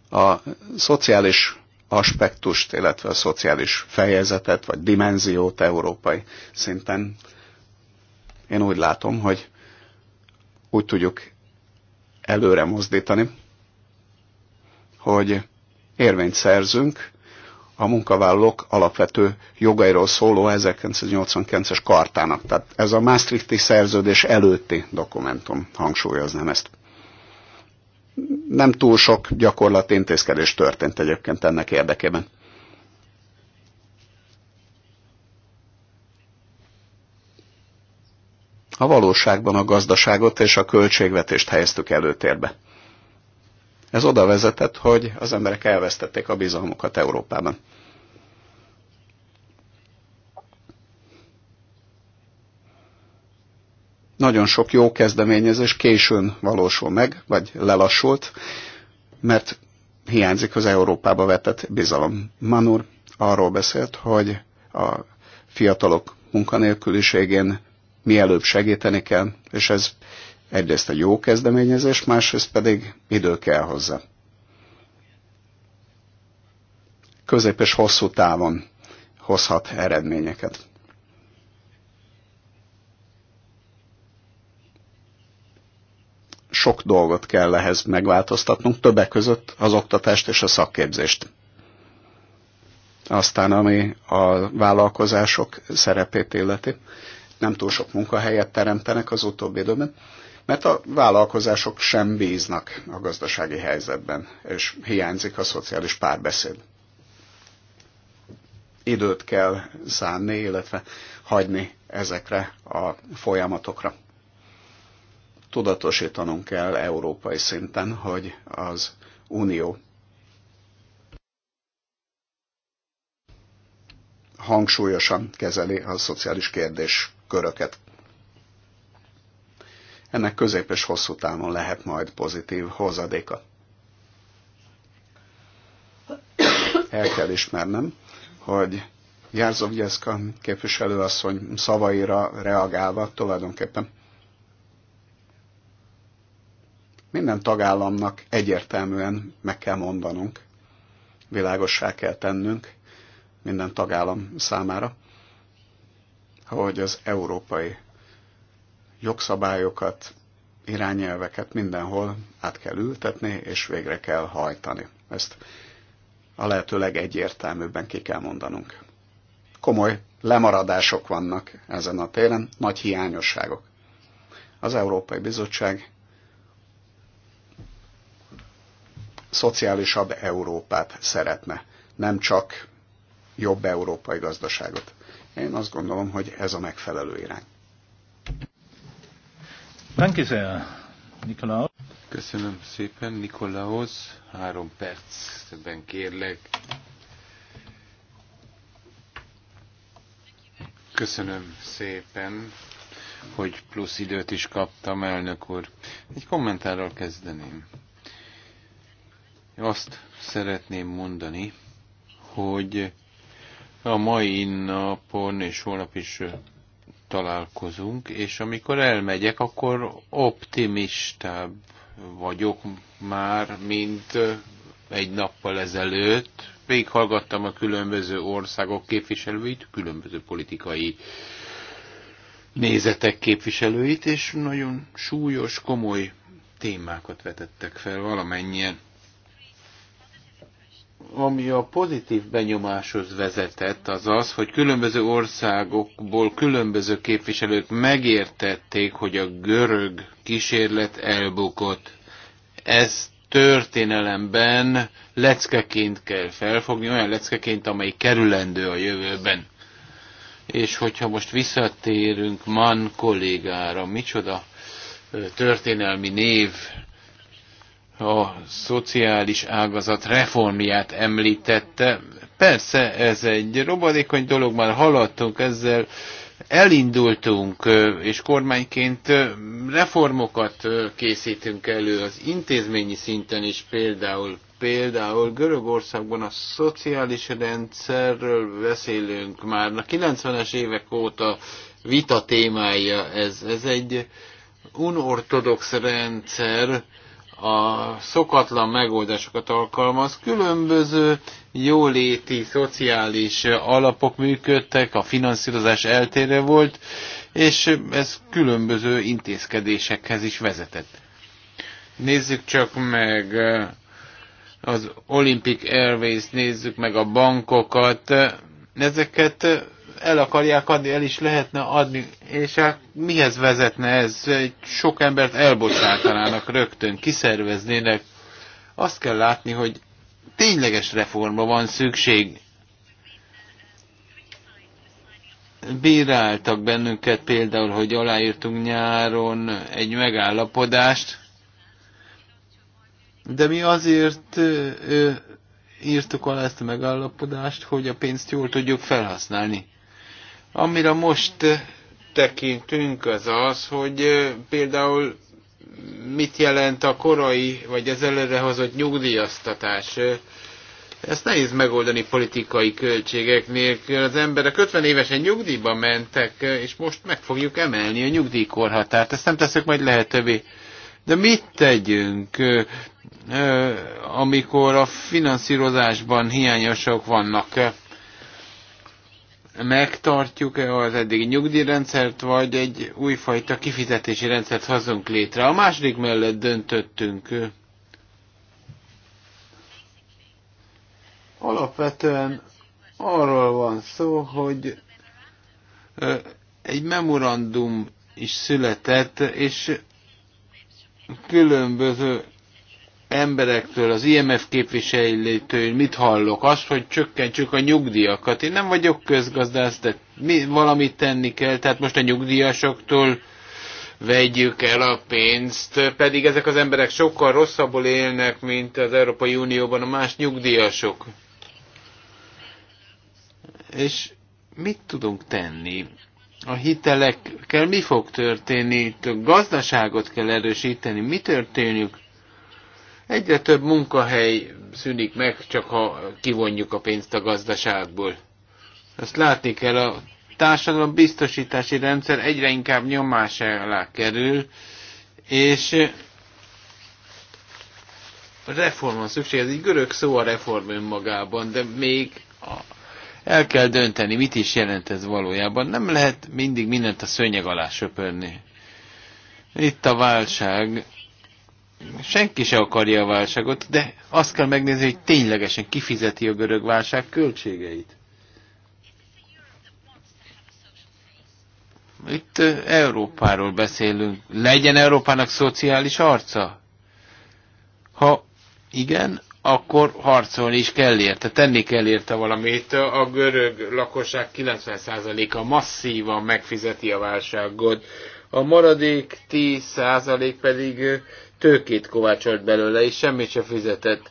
A szociális aspektust, illetve a szociális fejezetet, vagy dimenziót európai szinten. Én úgy látom, hogy úgy tudjuk előre mozdítani, hogy érvényt szerzünk a munkavállalók alapvető jogairól szóló 1989-es kartának. Tehát ez a Maastrichti szerződés előtti dokumentum, hangsúlyoznám ezt nem túl sok gyakorlati intézkedés történt egyébként ennek érdekében. A valóságban a gazdaságot és a költségvetést helyeztük előtérbe. Ez oda vezetett, hogy az emberek elvesztették a bizalmukat Európában. Nagyon sok jó kezdeményezés későn valósul meg, vagy lelassult, mert hiányzik az Európába vetett bizalom. Manur arról beszélt, hogy a fiatalok munkanélküliségén mielőbb segíteni kell, és ez egyrészt egy jó kezdeményezés, másrészt pedig idő kell hozzá. Közép és hosszú távon hozhat eredményeket. sok dolgot kell ehhez megváltoztatnunk, többek között az oktatást és a szakképzést. Aztán, ami a vállalkozások szerepét illeti, nem túl sok munkahelyet teremtenek az utóbbi időben, mert a vállalkozások sem bíznak a gazdasági helyzetben, és hiányzik a szociális párbeszéd. Időt kell szánni, illetve hagyni ezekre a folyamatokra tudatosítanunk kell európai szinten, hogy az Unió hangsúlyosan kezeli a szociális kérdés köröket. Ennek közép és hosszú távon lehet majd pozitív hozadéka. El kell ismernem, hogy Járzovgyeszka képviselőasszony szavaira reagálva tulajdonképpen minden tagállamnak egyértelműen meg kell mondanunk, világossá kell tennünk minden tagállam számára, hogy az európai jogszabályokat, irányelveket mindenhol át kell ültetni, és végre kell hajtani. Ezt a lehető legegyértelműbben ki kell mondanunk. Komoly lemaradások vannak ezen a téren, nagy hiányosságok. Az Európai Bizottság szociálisabb Európát szeretne, nem csak jobb európai gazdaságot. Én azt gondolom, hogy ez a megfelelő irány. Köszönöm szépen, Nikolaus. Három percben kérlek. Köszönöm szépen, hogy plusz időt is kaptam, elnök úr. Egy kommentárral kezdeném. Azt szeretném mondani, hogy a mai napon és holnap is találkozunk, és amikor elmegyek, akkor optimistább vagyok már, mint egy nappal ezelőtt. hallgattam a különböző országok képviselőit, különböző politikai nézetek képviselőit, és nagyon súlyos, komoly témákat vetettek fel valamennyien ami a pozitív benyomáshoz vezetett, az az, hogy különböző országokból különböző képviselők megértették, hogy a görög kísérlet elbukott. Ez történelemben leckeként kell felfogni, olyan leckeként, amely kerülendő a jövőben. És hogyha most visszatérünk Mann kollégára, micsoda történelmi név, a szociális ágazat reformját említette. Persze ez egy robadékony dolog, már haladtunk ezzel, elindultunk, és kormányként reformokat készítünk elő az intézményi szinten is például. Például Görögországban a szociális rendszerről beszélünk már. A 90-es évek óta vita témája ez. Ez egy unortodox rendszer, a szokatlan megoldásokat alkalmaz. Különböző jóléti, szociális alapok működtek, a finanszírozás eltérő volt, és ez különböző intézkedésekhez is vezetett. Nézzük csak meg az Olympic Airways, nézzük meg a bankokat. Ezeket el akarják adni, el is lehetne adni, és hát mihez vezetne ez? Sok embert elbocsátanának rögtön, kiszerveznének. Azt kell látni, hogy tényleges reformba van szükség. Bíráltak bennünket például, hogy aláírtunk nyáron egy megállapodást, de mi azért ö, ö, írtuk alá ezt a megállapodást, hogy a pénzt jól tudjuk felhasználni. Amire most eh, tekintünk az az, hogy eh, például mit jelent a korai vagy az előrehozott nyugdíjaztatás. Eh, ezt nehéz megoldani politikai költségek nélkül. Az emberek 50 évesen nyugdíjba mentek, és most meg fogjuk emelni a nyugdíjkorhatárt. Ezt nem teszek majd lehetővé. De mit tegyünk, amikor a finanszírozásban hiányosok vannak? megtartjuk-e az eddigi nyugdíjrendszert, vagy egy újfajta kifizetési rendszert hozunk létre. A második mellett döntöttünk. Alapvetően arról van szó, hogy egy memorandum is született, és különböző emberektől, az IMF képviselőtől mit hallok? Azt, hogy csökkentsük a nyugdíjakat. Én nem vagyok közgazdász, de mi, valamit tenni kell, tehát most a nyugdíjasoktól vegyük el a pénzt, pedig ezek az emberek sokkal rosszabbul élnek, mint az Európai Unióban a más nyugdíjasok. És mit tudunk tenni? A hitelekkel mi fog történni? A gazdaságot kell erősíteni. Mi történik? Egyre több munkahely szűnik meg, csak ha kivonjuk a pénzt a gazdaságból. Azt látni kell, a társadalom biztosítási rendszer egyre inkább nyomás alá kerül, és reform van szükség, ez egy görög szó a reform önmagában, de még a, el kell dönteni, mit is jelent ez valójában. Nem lehet mindig mindent a szőnyeg alá söpörni. Itt a válság senki se akarja a válságot, de azt kell megnézni, hogy ténylegesen kifizeti a görög válság költségeit. Itt Európáról beszélünk. Legyen Európának szociális arca? Ha igen, akkor harcolni is kell érte, tenni kell érte valamit. A görög lakosság 90%-a masszívan megfizeti a válságot, a maradék 10% pedig tőkét kovácsolt belőle, és semmit se fizetett.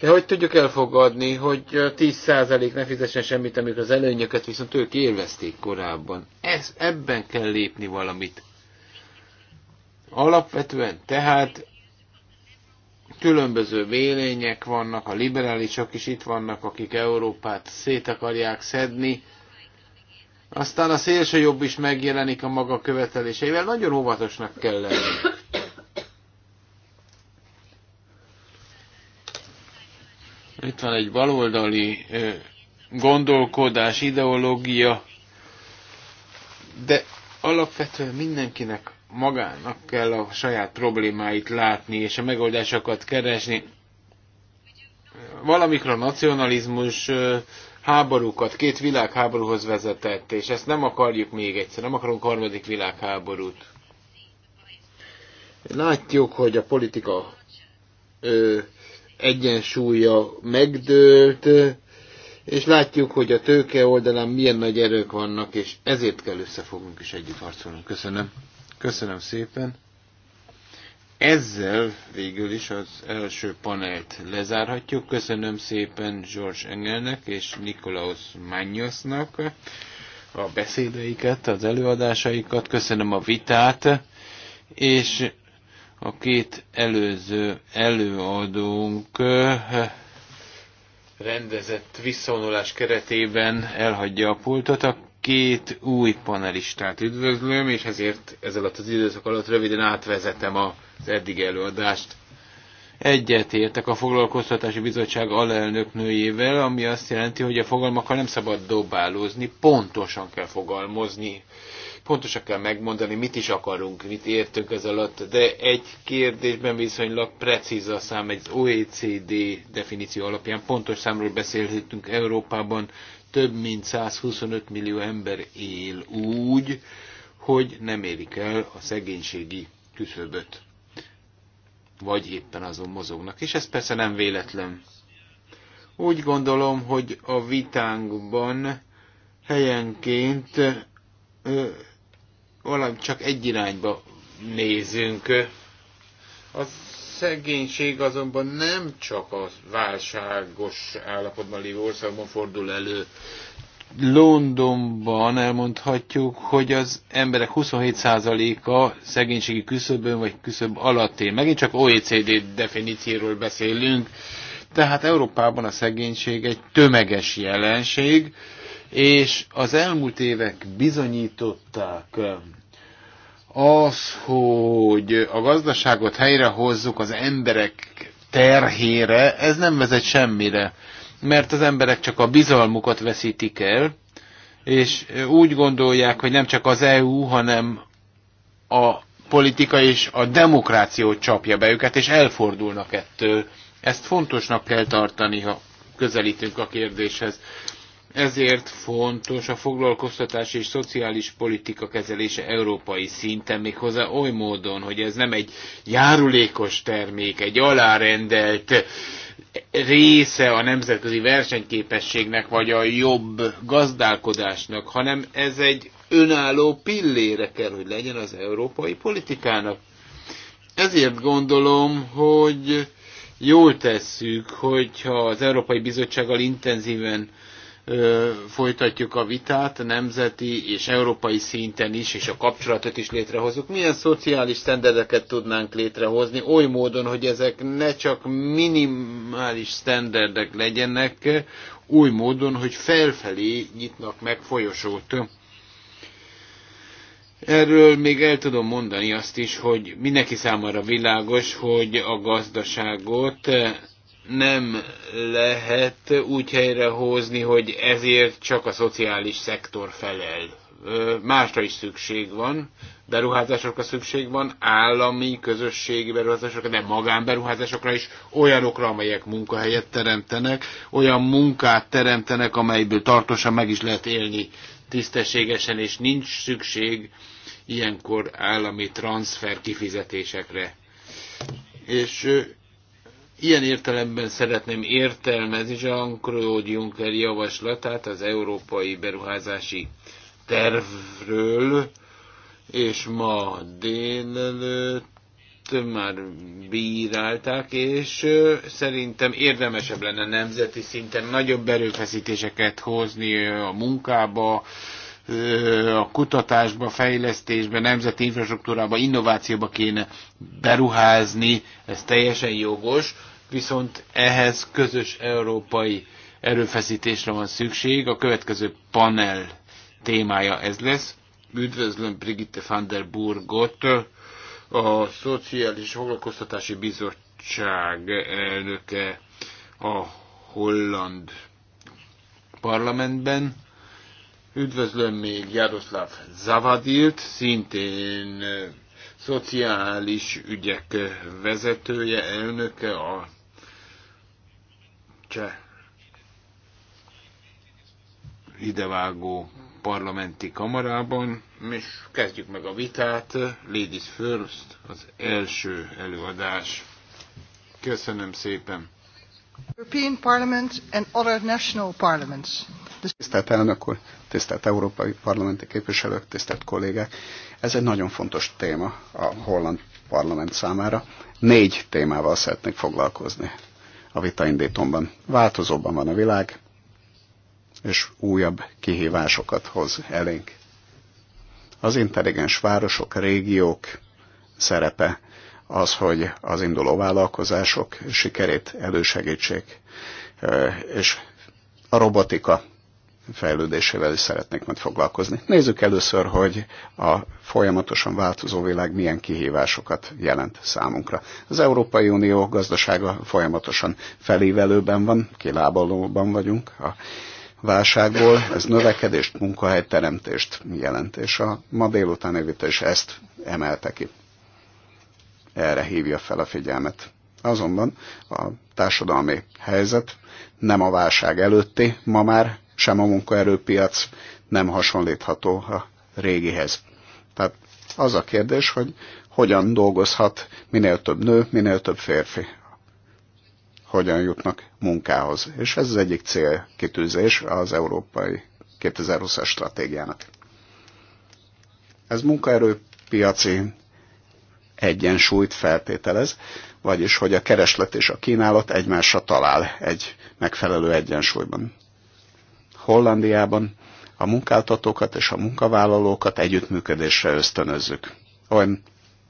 De hogy tudjuk elfogadni, hogy 10% ne fizessen semmit, amikor az előnyöket viszont ők élvezték korábban. Ez, ebben kell lépni valamit. Alapvetően tehát különböző vélények vannak, a liberálisok is itt vannak, akik Európát szét akarják szedni, aztán a szélső jobb is megjelenik a maga követeléseivel, nagyon óvatosnak kell lenni. Itt van egy baloldali gondolkodás, ideológia, de alapvetően mindenkinek magának kell a saját problémáit látni és a megoldásokat keresni. Valamikor a nacionalizmus háborúkat, két világháborúhoz vezetett, és ezt nem akarjuk még egyszer, nem akarunk harmadik világháborút. Látjuk, hogy a politika ö, egyensúlya megdőlt, és látjuk, hogy a tőke oldalán milyen nagy erők vannak, és ezért kell összefognunk és együtt harcolni. Köszönöm. Köszönöm szépen. Ezzel végül is az első panelt lezárhatjuk. Köszönöm szépen George Engelnek és Nikolaus Mányosnak a beszédeiket, az előadásaikat. Köszönöm a vitát, és a két előző előadónk eh, rendezett visszavonulás keretében elhagyja a pultot. A két új panelistát üdvözlöm, és ezért ezzel az időszak alatt röviden átvezetem az eddig előadást. Egyetértek a Foglalkoztatási Bizottság alelnök nőjével, ami azt jelenti, hogy a fogalmakkal nem szabad dobálózni, pontosan kell fogalmazni, pontosan kell megmondani, mit is akarunk, mit értünk ez alatt, de egy kérdésben viszonylag precíz a szám, egy OECD definíció alapján pontos számról beszélhetünk Európában, több mint 125 millió ember él úgy, hogy nem érik el a szegénységi küszöböt, vagy éppen azon mozognak, és ez persze nem véletlen. Úgy gondolom, hogy a vitánkban helyenként valami csak egy irányba nézünk. A szegénység azonban nem csak a válságos állapotban lévő országban fordul elő. Londonban elmondhatjuk, hogy az emberek 27%-a szegénységi küszöbön vagy küszöb alatt él. Megint csak OECD definícióról beszélünk, tehát Európában a szegénység egy tömeges jelenség, és az elmúlt évek bizonyították az, hogy a gazdaságot helyrehozzuk az emberek terhére, ez nem vezet semmire, mert az emberek csak a bizalmukat veszítik el, és úgy gondolják, hogy nem csak az EU, hanem a politika és a demokráció csapja be őket, és elfordulnak ettől. Ezt fontosnak kell tartani, ha közelítünk a kérdéshez. Ezért fontos a foglalkoztatás és szociális politika kezelése európai szinten, méghozzá oly módon, hogy ez nem egy járulékos termék, egy alárendelt része a nemzetközi versenyképességnek, vagy a jobb gazdálkodásnak, hanem ez egy önálló pillére kell, hogy legyen az európai politikának. Ezért gondolom, hogy jól tesszük, hogyha az Európai Bizottsággal intenzíven folytatjuk a vitát nemzeti és európai szinten is, és a kapcsolatot is létrehozunk. Milyen szociális sztenderdeket tudnánk létrehozni oly módon, hogy ezek ne csak minimális sztenderdek legyenek, új módon, hogy felfelé nyitnak meg folyosót. Erről még el tudom mondani azt is, hogy mindenki számára világos, hogy a gazdaságot nem lehet úgy helyrehozni, hogy ezért csak a szociális szektor felel. Másra is szükség van, beruházásokra szükség van, állami, közösségi beruházásokra, de magánberuházásokra is, olyanokra, amelyek munkahelyet teremtenek, olyan munkát teremtenek, amelyből tartósan meg is lehet élni tisztességesen, és nincs szükség ilyenkor állami transfer kifizetésekre. És Ilyen értelemben szeretném értelmezni Jean-Claude Juncker javaslatát az európai beruházási tervről, és ma délelőtt már bírálták, és szerintem érdemesebb lenne nemzeti szinten nagyobb erőfeszítéseket hozni a munkába, a kutatásba, fejlesztésbe, nemzeti infrastruktúrába, innovációba kéne beruházni, ez teljesen jogos, viszont ehhez közös európai erőfeszítésre van szükség. A következő panel témája ez lesz. Üdvözlöm Brigitte van der Burgot, a Szociális Foglalkoztatási Bizottság elnöke a holland parlamentben. Üdvözlöm még Jaroszláv Zavadilt, szintén szociális ügyek vezetője, elnöke a cseh idevágó parlamenti kamarában, és kezdjük meg a vitát. Ladies first, az első előadás. Köszönöm szépen. European Parliament and other national parliaments. Tisztelt elnök úr, tisztelt európai parlamenti képviselők, tisztelt kollégák! Ez egy nagyon fontos téma a holland parlament számára. Négy témával szeretnék foglalkozni a vitaindítomban. Változóban van a világ, és újabb kihívásokat hoz elénk. Az intelligens városok, régiók szerepe az, hogy az induló vállalkozások sikerét elősegítsék, és a robotika fejlődésével is szeretnék majd foglalkozni. Nézzük először, hogy a folyamatosan változó világ milyen kihívásokat jelent számunkra. Az Európai Unió gazdasága folyamatosan felévelőben van, kilábalóban vagyunk a válságból, ez növekedést, munkahelyteremtést jelent, és a ma délután vita is ezt emelte ki. Erre hívja fel a figyelmet. Azonban a társadalmi helyzet nem a válság előtti, ma már sem a munkaerőpiac nem hasonlítható a régihez. Tehát az a kérdés, hogy hogyan dolgozhat minél több nő, minél több férfi, hogyan jutnak munkához. És ez az egyik célkitűzés az európai 2020-as stratégiának. Ez munkaerőpiaci egyensúlyt feltételez, vagyis hogy a kereslet és a kínálat egymásra talál egy megfelelő egyensúlyban. Hollandiában a munkáltatókat és a munkavállalókat együttműködésre ösztönözzük. Olyan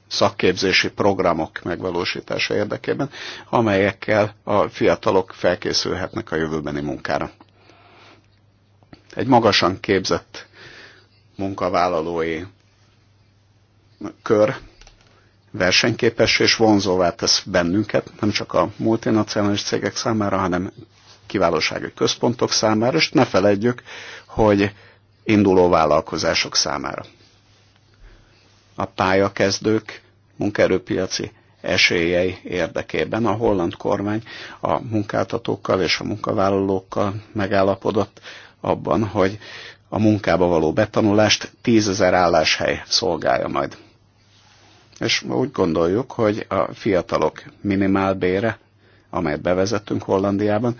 szakképzési programok megvalósítása érdekében, amelyekkel a fiatalok felkészülhetnek a jövőbeni munkára. Egy magasan képzett munkavállalói kör versenyképes és vonzóvá tesz bennünket, nem csak a multinacionális cégek számára, hanem kiválósági központok számára, és ne feledjük, hogy induló vállalkozások számára. A pályakezdők munkaerőpiaci esélyei érdekében a holland kormány a munkáltatókkal és a munkavállalókkal megállapodott abban, hogy a munkába való betanulást tízezer álláshely szolgálja majd. És úgy gondoljuk, hogy a fiatalok minimálbére, amelyet bevezettünk Hollandiában,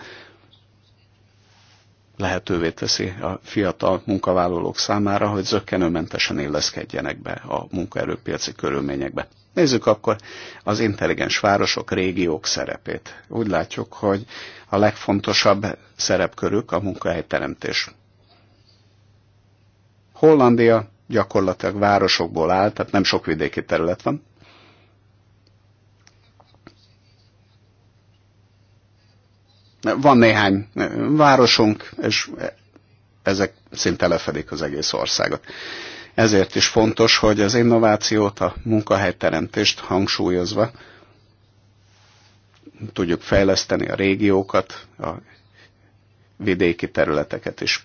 lehetővé teszi a fiatal munkavállalók számára, hogy zöggenőmentesen illeszkedjenek be a munkaerőpiaci körülményekbe. Nézzük akkor az intelligens városok, régiók szerepét. Úgy látjuk, hogy a legfontosabb szerepkörük a munkahelyteremtés. Hollandia gyakorlatilag városokból áll, tehát nem sok vidéki terület van, Van néhány eh, városunk, és ezek szinte lefedik az egész országot. Ezért is fontos, hogy az innovációt, a munkahelyteremtést hangsúlyozva tudjuk fejleszteni a régiókat, a vidéki területeket is.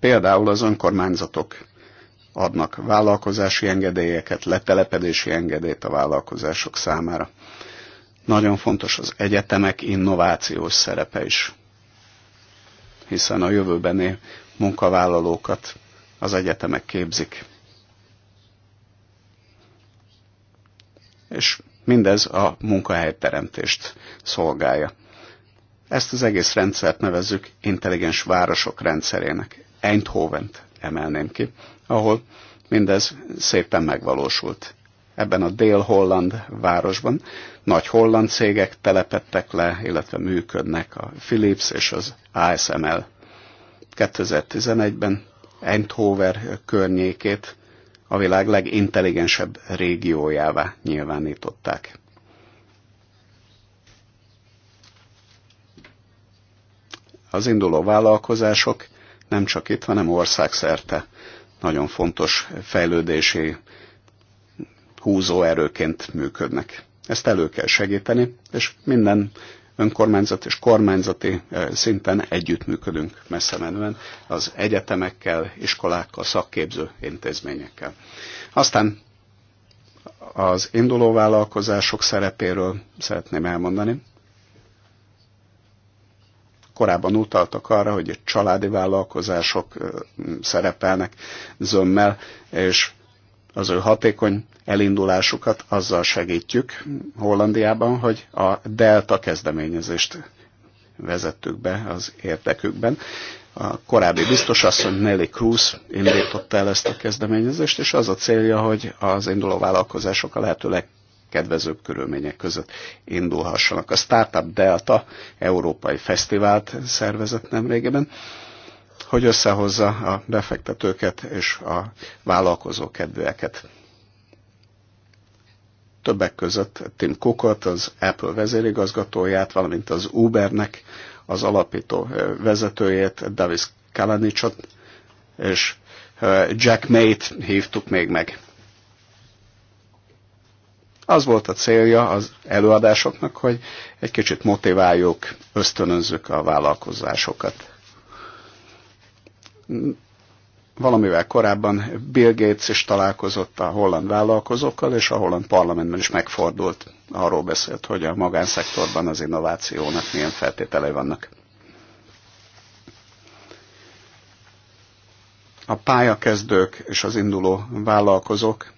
Például az önkormányzatok adnak vállalkozási engedélyeket, letelepedési engedélyt a vállalkozások számára. Nagyon fontos az egyetemek innovációs szerepe is, hiszen a jövőbeni munkavállalókat az egyetemek képzik. És mindez a munkahelyteremtést szolgálja. Ezt az egész rendszert nevezzük intelligens városok rendszerének. Eindhoven-t emelném ki, ahol mindez szépen megvalósult. Ebben a dél-holland városban nagy holland cégek telepettek le, illetve működnek a Philips és az ASML. 2011-ben Eindhoven környékét a világ legintelligensebb régiójává nyilvánították. Az induló vállalkozások nem csak itt, hanem országszerte nagyon fontos fejlődési húzóerőként működnek. Ezt elő kell segíteni, és minden önkormányzat és kormányzati eh, szinten együttműködünk messze menően az egyetemekkel, iskolákkal, szakképző intézményekkel. Aztán az induló vállalkozások szerepéről szeretném elmondani. Korábban utaltak arra, hogy családi vállalkozások eh, szerepelnek zömmel, és az ő hatékony elindulásukat azzal segítjük Hollandiában, hogy a Delta kezdeményezést vezettük be az érdekükben. A korábbi biztosasszony Nelly Cruz indította el ezt a kezdeményezést, és az a célja, hogy az induló vállalkozások a lehető legkedvezőbb körülmények között indulhassanak. A Startup Delta Európai Fesztivált szervezett nemrégében, hogy összehozza a befektetőket és a vállalkozó kedvéket. Többek között Tim Cookot, az Apple vezérigazgatóját, valamint az Ubernek az alapító vezetőjét, Davis Kalanicsot és Jack Mayt t hívtuk még meg. Az volt a célja az előadásoknak, hogy egy kicsit motiváljuk, ösztönözzük a vállalkozásokat valamivel korábban Bill Gates is találkozott a holland vállalkozókkal, és a holland parlamentben is megfordult. Arról beszélt, hogy a magánszektorban az innovációnak milyen feltételei vannak. A pályakezdők és az induló vállalkozók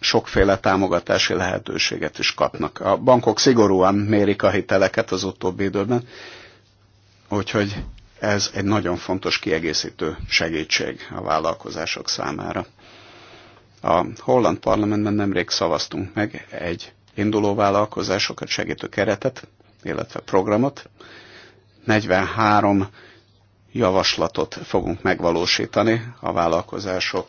sokféle támogatási lehetőséget is kapnak. A bankok szigorúan mérik a hiteleket az utóbbi időben, úgyhogy ez egy nagyon fontos kiegészítő segítség a vállalkozások számára. A holland parlamentben nemrég szavaztunk meg egy induló vállalkozásokat segítő keretet, illetve programot. 43 javaslatot fogunk megvalósítani a vállalkozások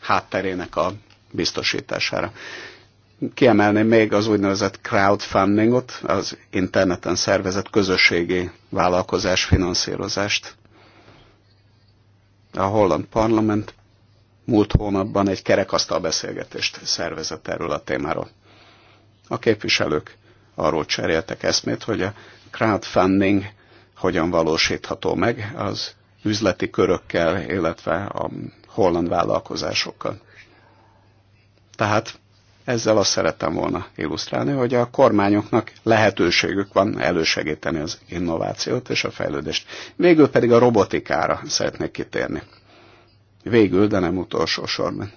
hátterének a biztosítására. Kiemelném még az úgynevezett crowdfundingot, az interneten szervezett közösségi vállalkozás finanszírozást. A holland parlament múlt hónapban egy kerekasztal beszélgetést szervezett erről a témáról. A képviselők arról cseréltek eszmét, hogy a crowdfunding hogyan valósítható meg az üzleti körökkel, illetve a holland vállalkozásokkal. Tehát ezzel azt szerettem volna illusztrálni, hogy a kormányoknak lehetőségük van elősegíteni az innovációt és a fejlődést. Végül pedig a robotikára szeretnék kitérni. Végül, de nem utolsó sorban.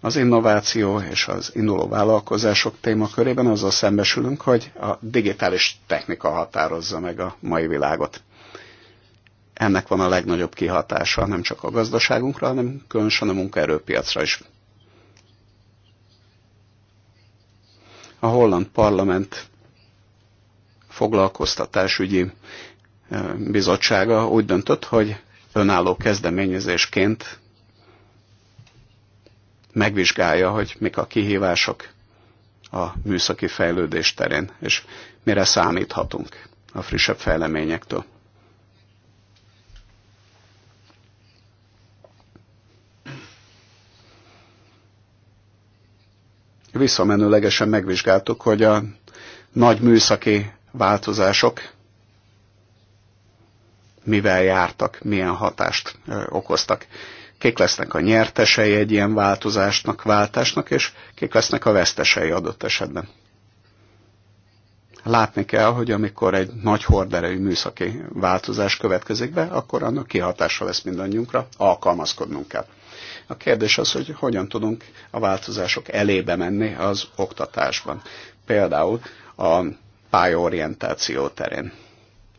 az innováció és az induló vállalkozások témakörében azzal szembesülünk, hogy a digitális technika határozza meg a mai világot ennek van a legnagyobb kihatása nem csak a gazdaságunkra, hanem különösen a munkaerőpiacra is. A holland parlament foglalkoztatásügyi bizottsága úgy döntött, hogy önálló kezdeményezésként megvizsgálja, hogy mik a kihívások a műszaki fejlődés terén, és mire számíthatunk a frissebb fejleményektől. visszamenőlegesen megvizsgáltuk, hogy a nagy műszaki változások mivel jártak, milyen hatást okoztak. Kik lesznek a nyertesei egy ilyen változásnak, váltásnak, és kik lesznek a vesztesei adott esetben. Látni kell, hogy amikor egy nagy horderejű műszaki változás következik be, akkor annak kihatása lesz mindannyiunkra, alkalmazkodnunk kell. A kérdés az, hogy hogyan tudunk a változások elébe menni az oktatásban. Például a pályorientáció terén.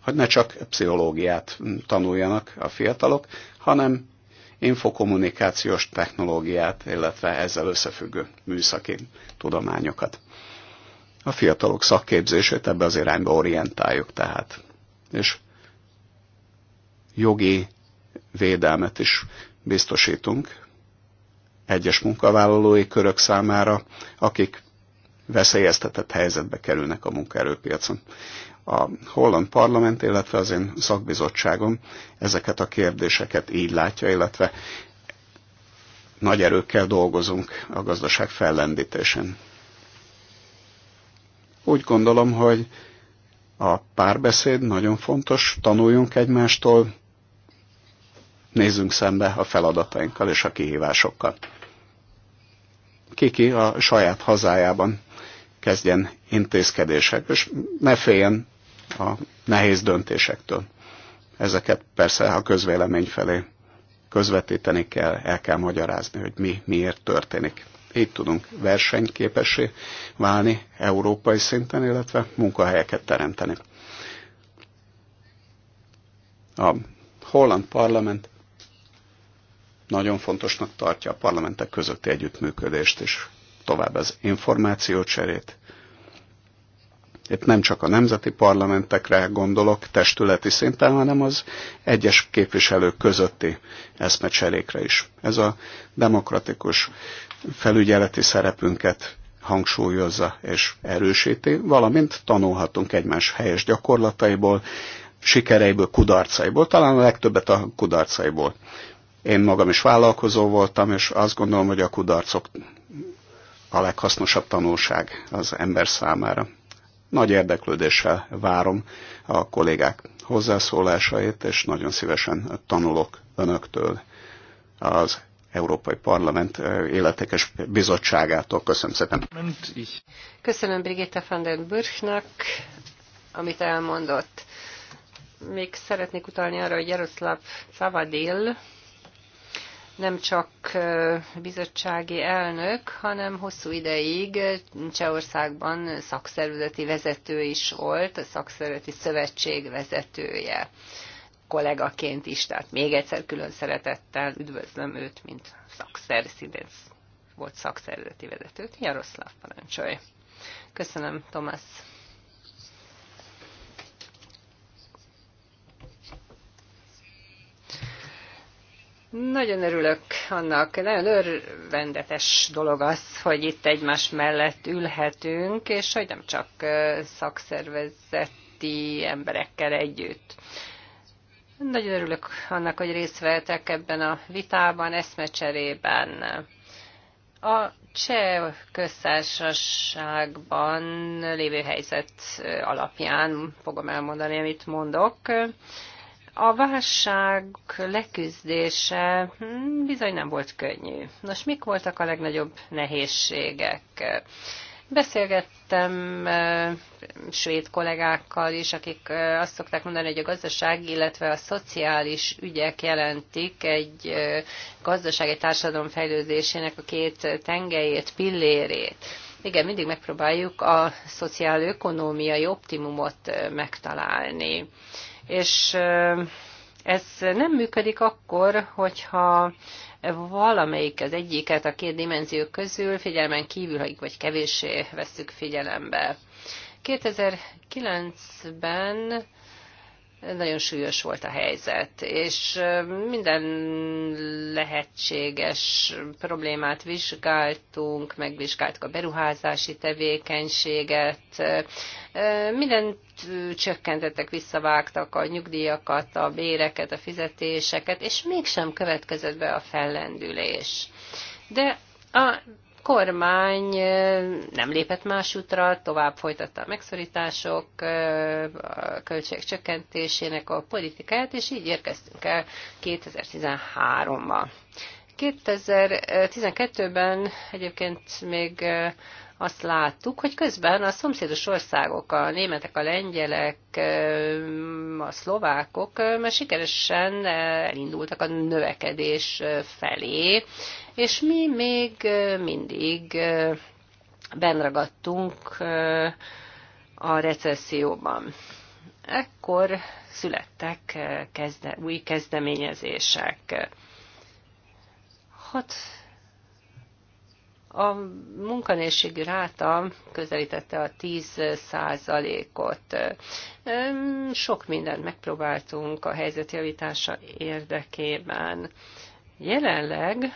Hogy ne csak pszichológiát mm, tanuljanak a fiatalok, hanem infokommunikációs technológiát, illetve ezzel összefüggő műszaki tudományokat. A fiatalok szakképzését ebbe az irányba orientáljuk tehát. És jogi védelmet is biztosítunk egyes munkavállalói körök számára, akik veszélyeztetett helyzetbe kerülnek a munkaerőpiacon. A holland parlament, illetve az én szakbizottságom ezeket a kérdéseket így látja, illetve nagy erőkkel dolgozunk a gazdaság fellendítésen. Úgy gondolom, hogy a párbeszéd nagyon fontos, tanuljunk egymástól, nézzünk szembe a feladatainkkal és a kihívásokkal kiki a saját hazájában kezdjen intézkedések, és ne féljen a nehéz döntésektől. Ezeket persze a közvélemény felé közvetíteni kell, el kell magyarázni, hogy mi miért történik. Így tudunk versenyképessé válni európai szinten, illetve munkahelyeket teremteni. A holland parlament nagyon fontosnak tartja a parlamentek közötti együttműködést is, tovább az információcserét. Itt nem csak a nemzeti parlamentekre gondolok testületi szinten, hanem az egyes képviselők közötti eszmecserékre is. Ez a demokratikus felügyeleti szerepünket hangsúlyozza és erősíti, valamint tanulhatunk egymás helyes gyakorlataiból, sikereiből, kudarcaiból, talán a legtöbbet a kudarcaiból én magam is vállalkozó voltam, és azt gondolom, hogy a kudarcok a leghasznosabb tanulság az ember számára. Nagy érdeklődéssel várom a kollégák hozzászólásait, és nagyon szívesen tanulok önöktől az Európai Parlament életékes bizottságától. Köszönöm szépen. Köszönöm Brigitte van den Burchnak, amit elmondott. Még szeretnék utalni arra, hogy Jaroszláv Cavadil nem csak bizottsági elnök, hanem hosszú ideig Csehországban szakszervezeti vezető is volt, a szakszervezeti szövetség vezetője kollégaként is, tehát még egyszer külön szeretettel üdvözlöm őt, mint szakszervezet, volt szakszervezeti vezetőt. Jaroszláv parancsolj. Köszönöm, Tomasz. Nagyon örülök annak, nagyon örvendetes dolog az, hogy itt egymás mellett ülhetünk, és hogy nem csak szakszervezeti emberekkel együtt. Nagyon örülök annak, hogy részt vehetek ebben a vitában, eszmecserében. A cseh köztársaságban lévő helyzet alapján fogom elmondani, amit mondok. A válság leküzdése hmm, bizony nem volt könnyű. Nos, mik voltak a legnagyobb nehézségek? Beszélgettem eh, svéd kollégákkal is, akik eh, azt szokták mondani, hogy a gazdaság, illetve a szociális ügyek jelentik egy eh, gazdasági társadalom fejlődésének a két tengelyét, pillérét. Igen, mindig megpróbáljuk a szociál szociál-ökonómiai optimumot megtalálni és ez nem működik akkor, hogyha valamelyik az egyiket a két dimenzió közül figyelmen kívül, vagy kevéssé vesszük figyelembe. 2009-ben nagyon súlyos volt a helyzet, és minden lehetséges problémát vizsgáltunk, megvizsgáltuk a beruházási tevékenységet, mindent csökkentettek, visszavágtak a nyugdíjakat, a béreket, a fizetéseket, és mégsem következett be a fellendülés. De a kormány nem lépett más útra, tovább folytatta a megszorítások, a költségek csökkentésének a politikáját, és így érkeztünk el 2013-ba. 2012-ben egyébként még azt láttuk, hogy közben a szomszédos országok, a németek, a lengyelek, a szlovákok már sikeresen elindultak a növekedés felé, és mi még mindig benragadtunk a recesszióban. Ekkor születtek kezde, új kezdeményezések. Hat a munkanélségi ráta közelítette a 10 százalékot. Sok mindent megpróbáltunk a helyzet javítása érdekében. Jelenleg,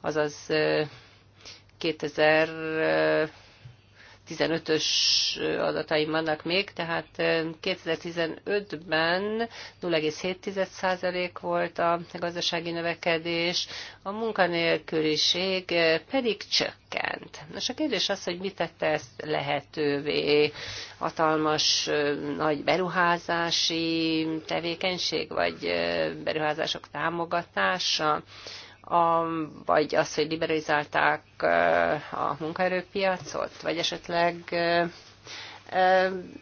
azaz 2000 15-ös adataim vannak még, tehát 2015-ben 0,7% volt a gazdasági növekedés, a munkanélküliség pedig csökkent. Nos, a kérdés az, hogy mit tette ezt lehetővé, hatalmas nagy beruházási tevékenység, vagy beruházások támogatása, a, vagy az, hogy liberalizálták a munkaerőpiacot, vagy esetleg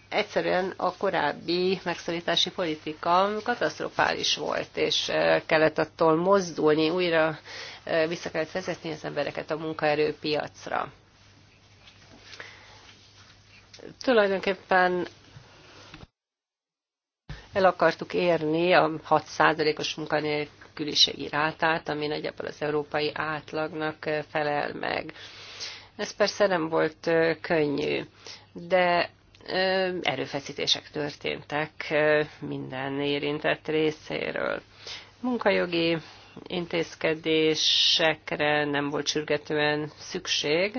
egyszerűen a korábbi megszorítási politika katasztrofális volt, és kellett attól mozdulni, újra vissza kellett vezetni az embereket a munkaerőpiacra. Tulajdonképpen el akartuk érni a 6%-os munkanélkül munkanélküliségi rátát, ami nagyjából az európai átlagnak felel meg. Ez persze nem volt könnyű, de erőfeszítések történtek minden érintett részéről. Munkajogi intézkedésekre nem volt sürgetően szükség,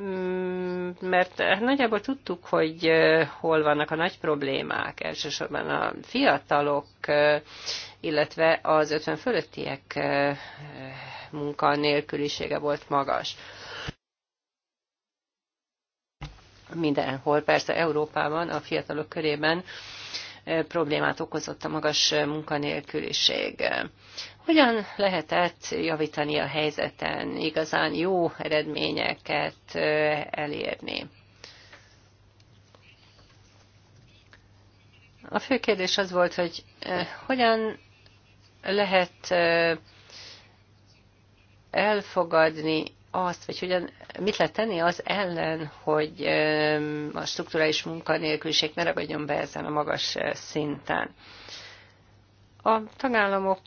Mm, mert eh, nagyjából tudtuk, hogy eh, hol vannak a nagy problémák, elsősorban a fiatalok, eh, illetve az 50 fölöttiek munkanélkülisége volt magas. Mindenhol, persze Európában, a fiatalok körében problémát okozott a magas munkanélküliség. Hogyan lehetett javítani a helyzeten, igazán jó eredményeket elérni? A fő kérdés az volt, hogy hogyan lehet elfogadni azt, vagy hogyan, mit lehet tenni az ellen, hogy a strukturális munkanélküliség ne ragadjon be ezen a magas szinten. A tagállamok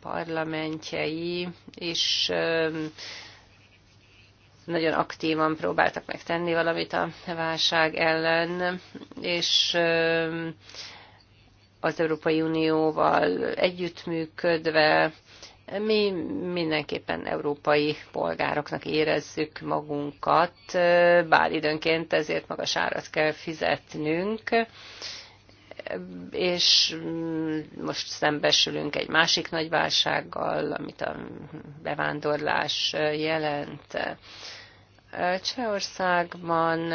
parlamentjei is nagyon aktívan próbáltak megtenni valamit a válság ellen, és az Európai Unióval együttműködve mi mindenképpen európai polgároknak érezzük magunkat, bár időnként ezért magas árat kell fizetnünk, és mm, most szembesülünk egy másik nagy válsággal, amit a bevándorlás jelent. Csehországban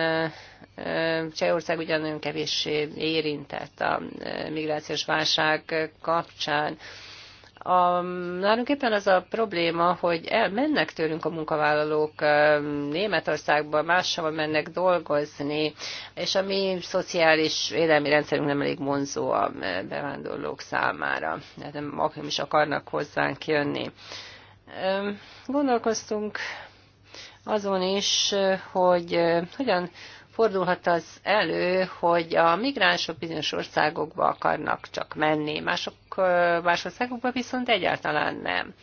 Csehország ugyanolyan kevéssé érintett a migrációs válság kapcsán, a, nálunk éppen az a probléma, hogy elmennek tőlünk a munkavállalók Németországba, máshova mennek dolgozni, és a mi szociális védelmi rendszerünk nem elég vonzó a bevándorlók számára. Nem, nem is akarnak hozzánk jönni. Gondolkoztunk azon is, hogy hogyan fordulhat az elő, hogy a migránsok bizonyos országokba akarnak csak menni, mások más országokba viszont egyáltalán nem.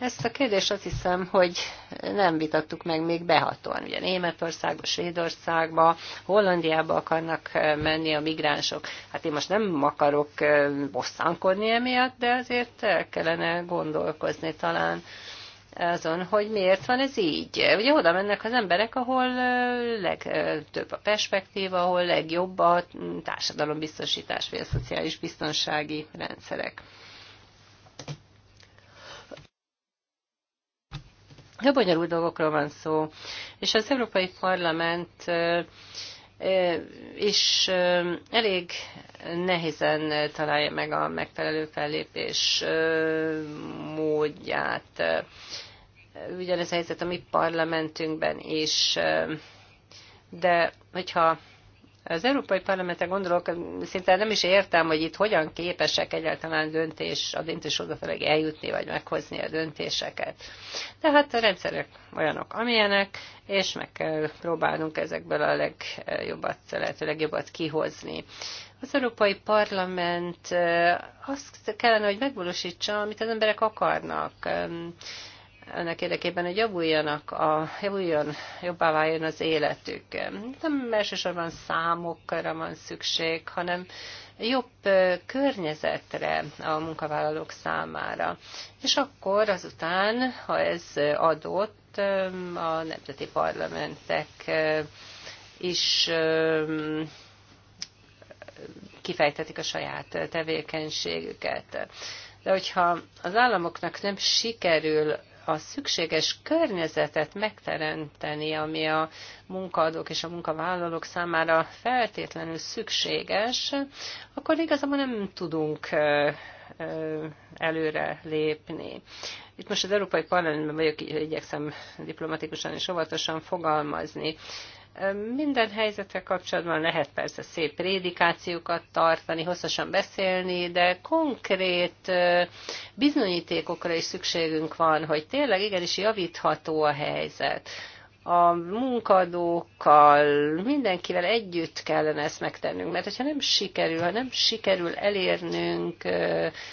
Ezt a kérdést azt hiszem, hogy nem vitattuk meg még behatóan. Ugye Németországba, Svédországba, Hollandiába akarnak menni a migránsok. Hát én most nem akarok bosszankodni emiatt, de azért el kellene gondolkozni talán azon, hogy miért van ez így. Ugye oda mennek az emberek, ahol legtöbb a perspektíva, ahol legjobb a társadalombiztosítás vagy a szociális biztonsági rendszerek. Több bonyolult dolgokról van szó, és az Európai Parlament és elég nehézen találja meg a megfelelő fellépés módját. Ugyanez a helyzet a mi parlamentünkben is, de hogyha az Európai Parlamentre gondolok, szinte nem is értem, hogy itt hogyan képesek egyáltalán döntés, a felé eljutni, vagy meghozni a döntéseket. De hát a rendszerek olyanok, amilyenek, és meg kell próbálnunk ezekből a legjobbat, lehető legjobbat kihozni. Az Európai Parlament eh, azt kellene, hogy megvalósítsa, amit az emberek akarnak ennek érdekében, hogy javuljanak a, javuljon, jobbá váljon az életük. Nem elsősorban számokra van szükség, hanem jobb környezetre a munkavállalók számára. És akkor azután, ha ez adott, a nemzeti parlamentek is kifejtetik a saját tevékenységüket. De hogyha az államoknak nem sikerül a szükséges környezetet megteremteni, ami a munkaadók és a munkavállalók számára feltétlenül szükséges, akkor igazából nem tudunk előre lépni. Itt most az Európai Parlamentben vagyok, igyekszem diplomatikusan és óvatosan fogalmazni. Minden helyzetek kapcsolatban lehet persze szép prédikációkat tartani, hosszasan beszélni, de konkrét bizonyítékokra is szükségünk van, hogy tényleg igenis javítható a helyzet a munkadókkal, mindenkivel együtt kellene ezt megtennünk, mert ha nem sikerül, ha nem sikerül elérnünk,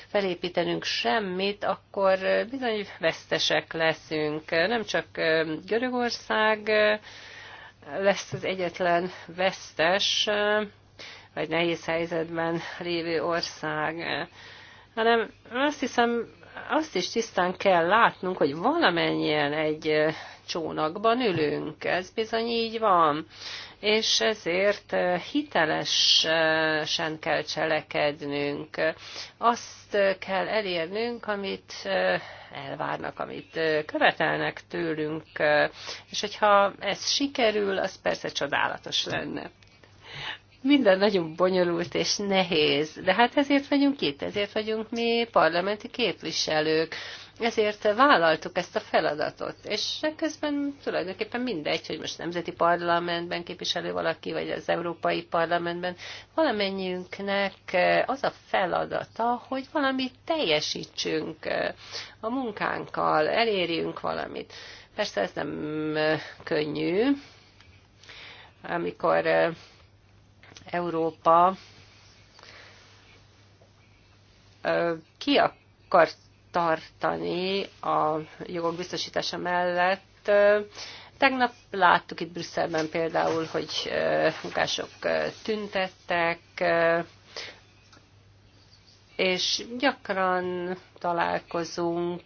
felépítenünk semmit, akkor bizony vesztesek leszünk. Nem csak Görögország lesz az egyetlen vesztes, vagy nehéz helyzetben lévő ország, hanem azt hiszem, azt is tisztán kell látnunk, hogy valamennyien egy csónakban ülünk. Ez bizony így van. És ezért eh, hitelesen kell cselekednünk. Azt eh, kell elérnünk, amit eh, elvárnak, amit követelnek tőlünk. És hogyha ez sikerül, az persze csodálatos lenne minden nagyon bonyolult és nehéz, de hát ezért vagyunk itt, ezért vagyunk mi parlamenti képviselők, ezért vállaltuk ezt a feladatot, és közben tulajdonképpen mindegy, hogy most nemzeti parlamentben képviselő valaki, vagy az Európai Parlamentben, valamennyiünknek az a feladata, hogy valamit teljesítsünk a munkánkkal, elérjünk valamit. Persze ez nem könnyű, amikor Európa ki akart tartani a jogok biztosítása mellett. Tegnap láttuk itt Brüsszelben például, hogy eh, munkások eh, tüntettek, eh, és gyakran találkozunk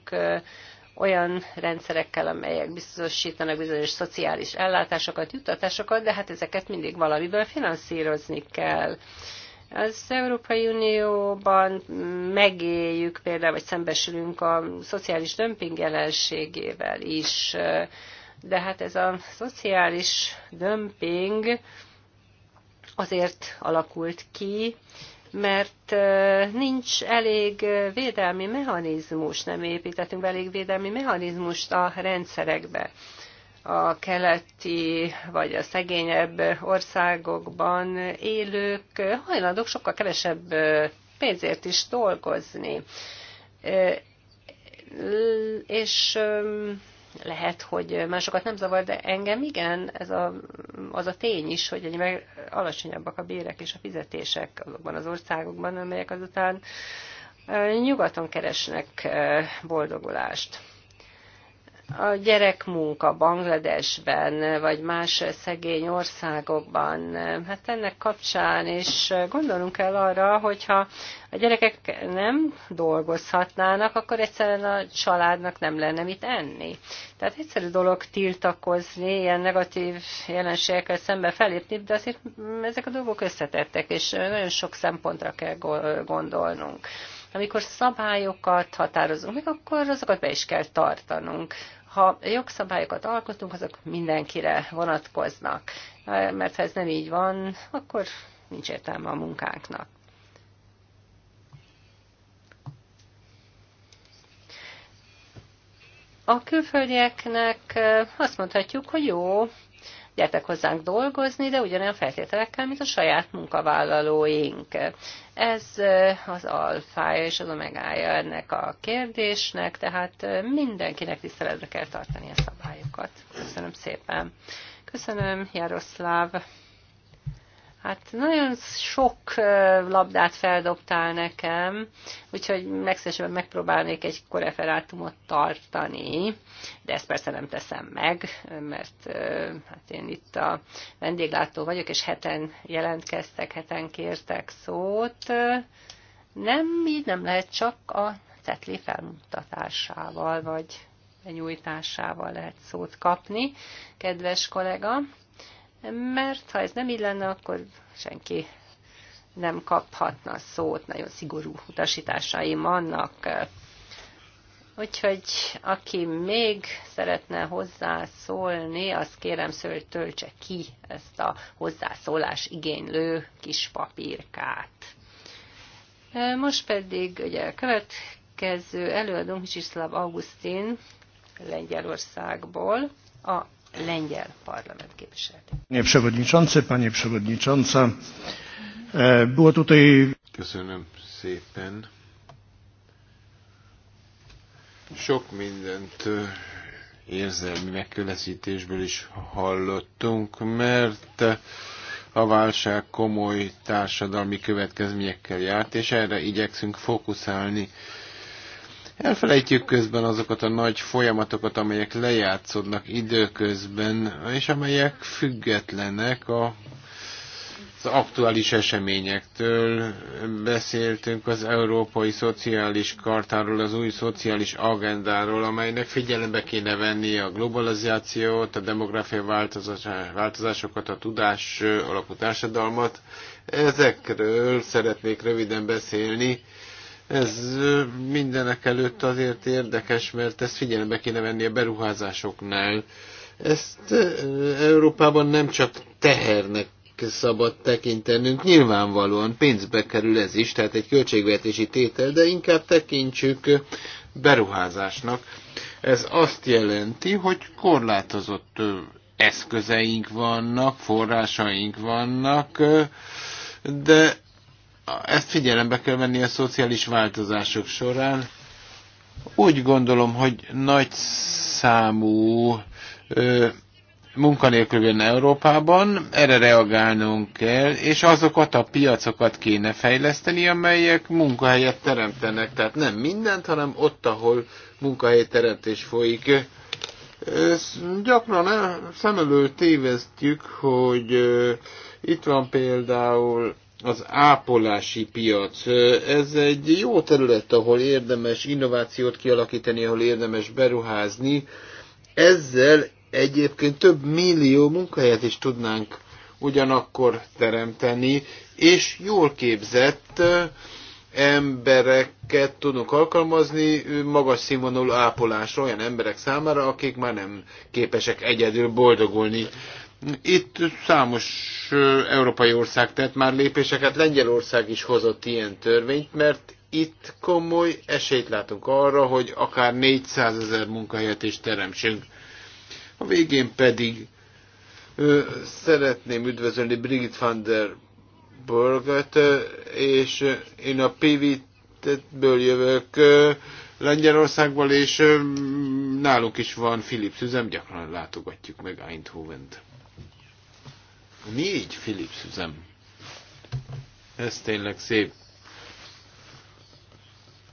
olyan rendszerekkel, amelyek biztosítanak bizonyos szociális ellátásokat, juttatásokat, de hát ezeket mindig valamiből finanszírozni kell. Az Európai Unióban megéljük például, vagy szembesülünk a szociális dömping jelenségével is, de hát ez a szociális dömping azért alakult ki, mert nincs elég védelmi mechanizmus, nem építettünk be elég védelmi mechanizmust a rendszerekbe a keleti vagy a szegényebb országokban élők hajlandók sokkal kevesebb pénzért is dolgozni. És lehet, hogy másokat nem zavar, de engem igen, ez a, az a tény is, hogy egy alacsonyabbak a bérek és a fizetések azokban az országokban, amelyek azután nyugaton keresnek boldogulást. A gyerekmunka Bangladesben, vagy más szegény országokban, hát ennek kapcsán is gondolunk kell arra, hogyha a gyerekek nem dolgozhatnának, akkor egyszerűen a családnak nem lenne mit enni. Tehát egyszerű dolog tiltakozni, ilyen negatív jelenségekkel szembe felépni, de azért ezek a dolgok összetettek, és nagyon sok szempontra kell gondolnunk. Amikor szabályokat határozunk meg, akkor azokat be is kell tartanunk. Ha jogszabályokat alkotunk, azok mindenkire vonatkoznak, mert ha ez nem így van, akkor nincs értelme a munkánknak. A külföldieknek azt mondhatjuk, hogy jó, gyertek hozzánk dolgozni, de ugyanolyan feltételekkel, mint a saját munkavállalóink. Ez az alfája és az omegája ennek a kérdésnek, tehát mindenkinek tiszteletre kell tartani a szabályokat. Köszönöm szépen. Köszönöm, Jaroszláv. Hát nagyon sok labdát feldobtál nekem, úgyhogy legszívesebben megpróbálnék egy koreferátumot tartani, de ezt persze nem teszem meg, mert hát én itt a vendéglátó vagyok, és heten jelentkeztek, heten kértek szót. Nem, így nem lehet csak a cetli felmutatásával, vagy benyújtásával lehet szót kapni, kedves kollega mert ha ez nem így lenne, akkor senki nem kaphatna szót, nagyon szigorú utasításaim vannak. Úgyhogy aki még szeretne hozzászólni, azt kérem szól, töltse ki ezt a hozzászólás igénylő kis papírkát. Most pedig ugye a következő előadónk Micsiszláv Augustin Lengyelországból, a lengyel parlament képviseleti. Panie przewodniczący, panie przewodnicząca, e, było tutaj... Köszönöm szépen. Sok mindent e, érzelmi megkülesítésből is hallottunk, mert a válság komoly társadalmi következményekkel járt, és erre igyekszünk fókuszálni. Elfelejtjük közben azokat a nagy folyamatokat, amelyek lejátszódnak időközben, és amelyek függetlenek a az aktuális eseményektől beszéltünk az Európai Szociális Kartáról, az új szociális agendáról, amelynek figyelembe kéne venni a globalizációt, a demográfiai változásokat, a tudás alapú társadalmat. Ezekről szeretnék röviden beszélni, ez mindenek előtt azért érdekes, mert ezt figyelembe kéne venni a beruházásoknál. Ezt Európában nem csak tehernek szabad tekintenünk, nyilvánvalóan pénzbe kerül ez is, tehát egy költségvetési tétel, de inkább tekintsük beruházásnak. Ez azt jelenti, hogy korlátozott eszközeink vannak, forrásaink vannak, de ezt figyelembe kell venni a szociális változások során. Úgy gondolom, hogy nagy számú munkanélkül jön Európában, erre reagálnunk kell, és azokat a piacokat kéne fejleszteni, amelyek munkahelyet teremtenek. Tehát nem mindent, hanem ott, ahol teremtés folyik. Ezt gyakran szem előtt tévesztjük, hogy itt van például az ápolási piac. Ez egy jó terület, ahol érdemes innovációt kialakítani, ahol érdemes beruházni. Ezzel egyébként több millió munkahelyet is tudnánk ugyanakkor teremteni, és jól képzett eh, embereket tudunk alkalmazni eh, magas színvonalú ápolásra olyan emberek számára, akik már nem képesek egyedül boldogulni. Itt számos európai ország tett már lépéseket, Lengyelország is hozott ilyen törvényt, mert itt komoly esélyt látunk arra, hogy akár 400 ezer munkahelyet is teremtsünk. A végén pedig ö, szeretném üdvözölni Brigitte van der Burgert, és én a PV-ből jövök ö, Lengyelországból, és ö, nálunk is van Philips üzem, gyakran látogatjuk meg Eindhoven-t. Négy Philips üzem. Ez tényleg szép.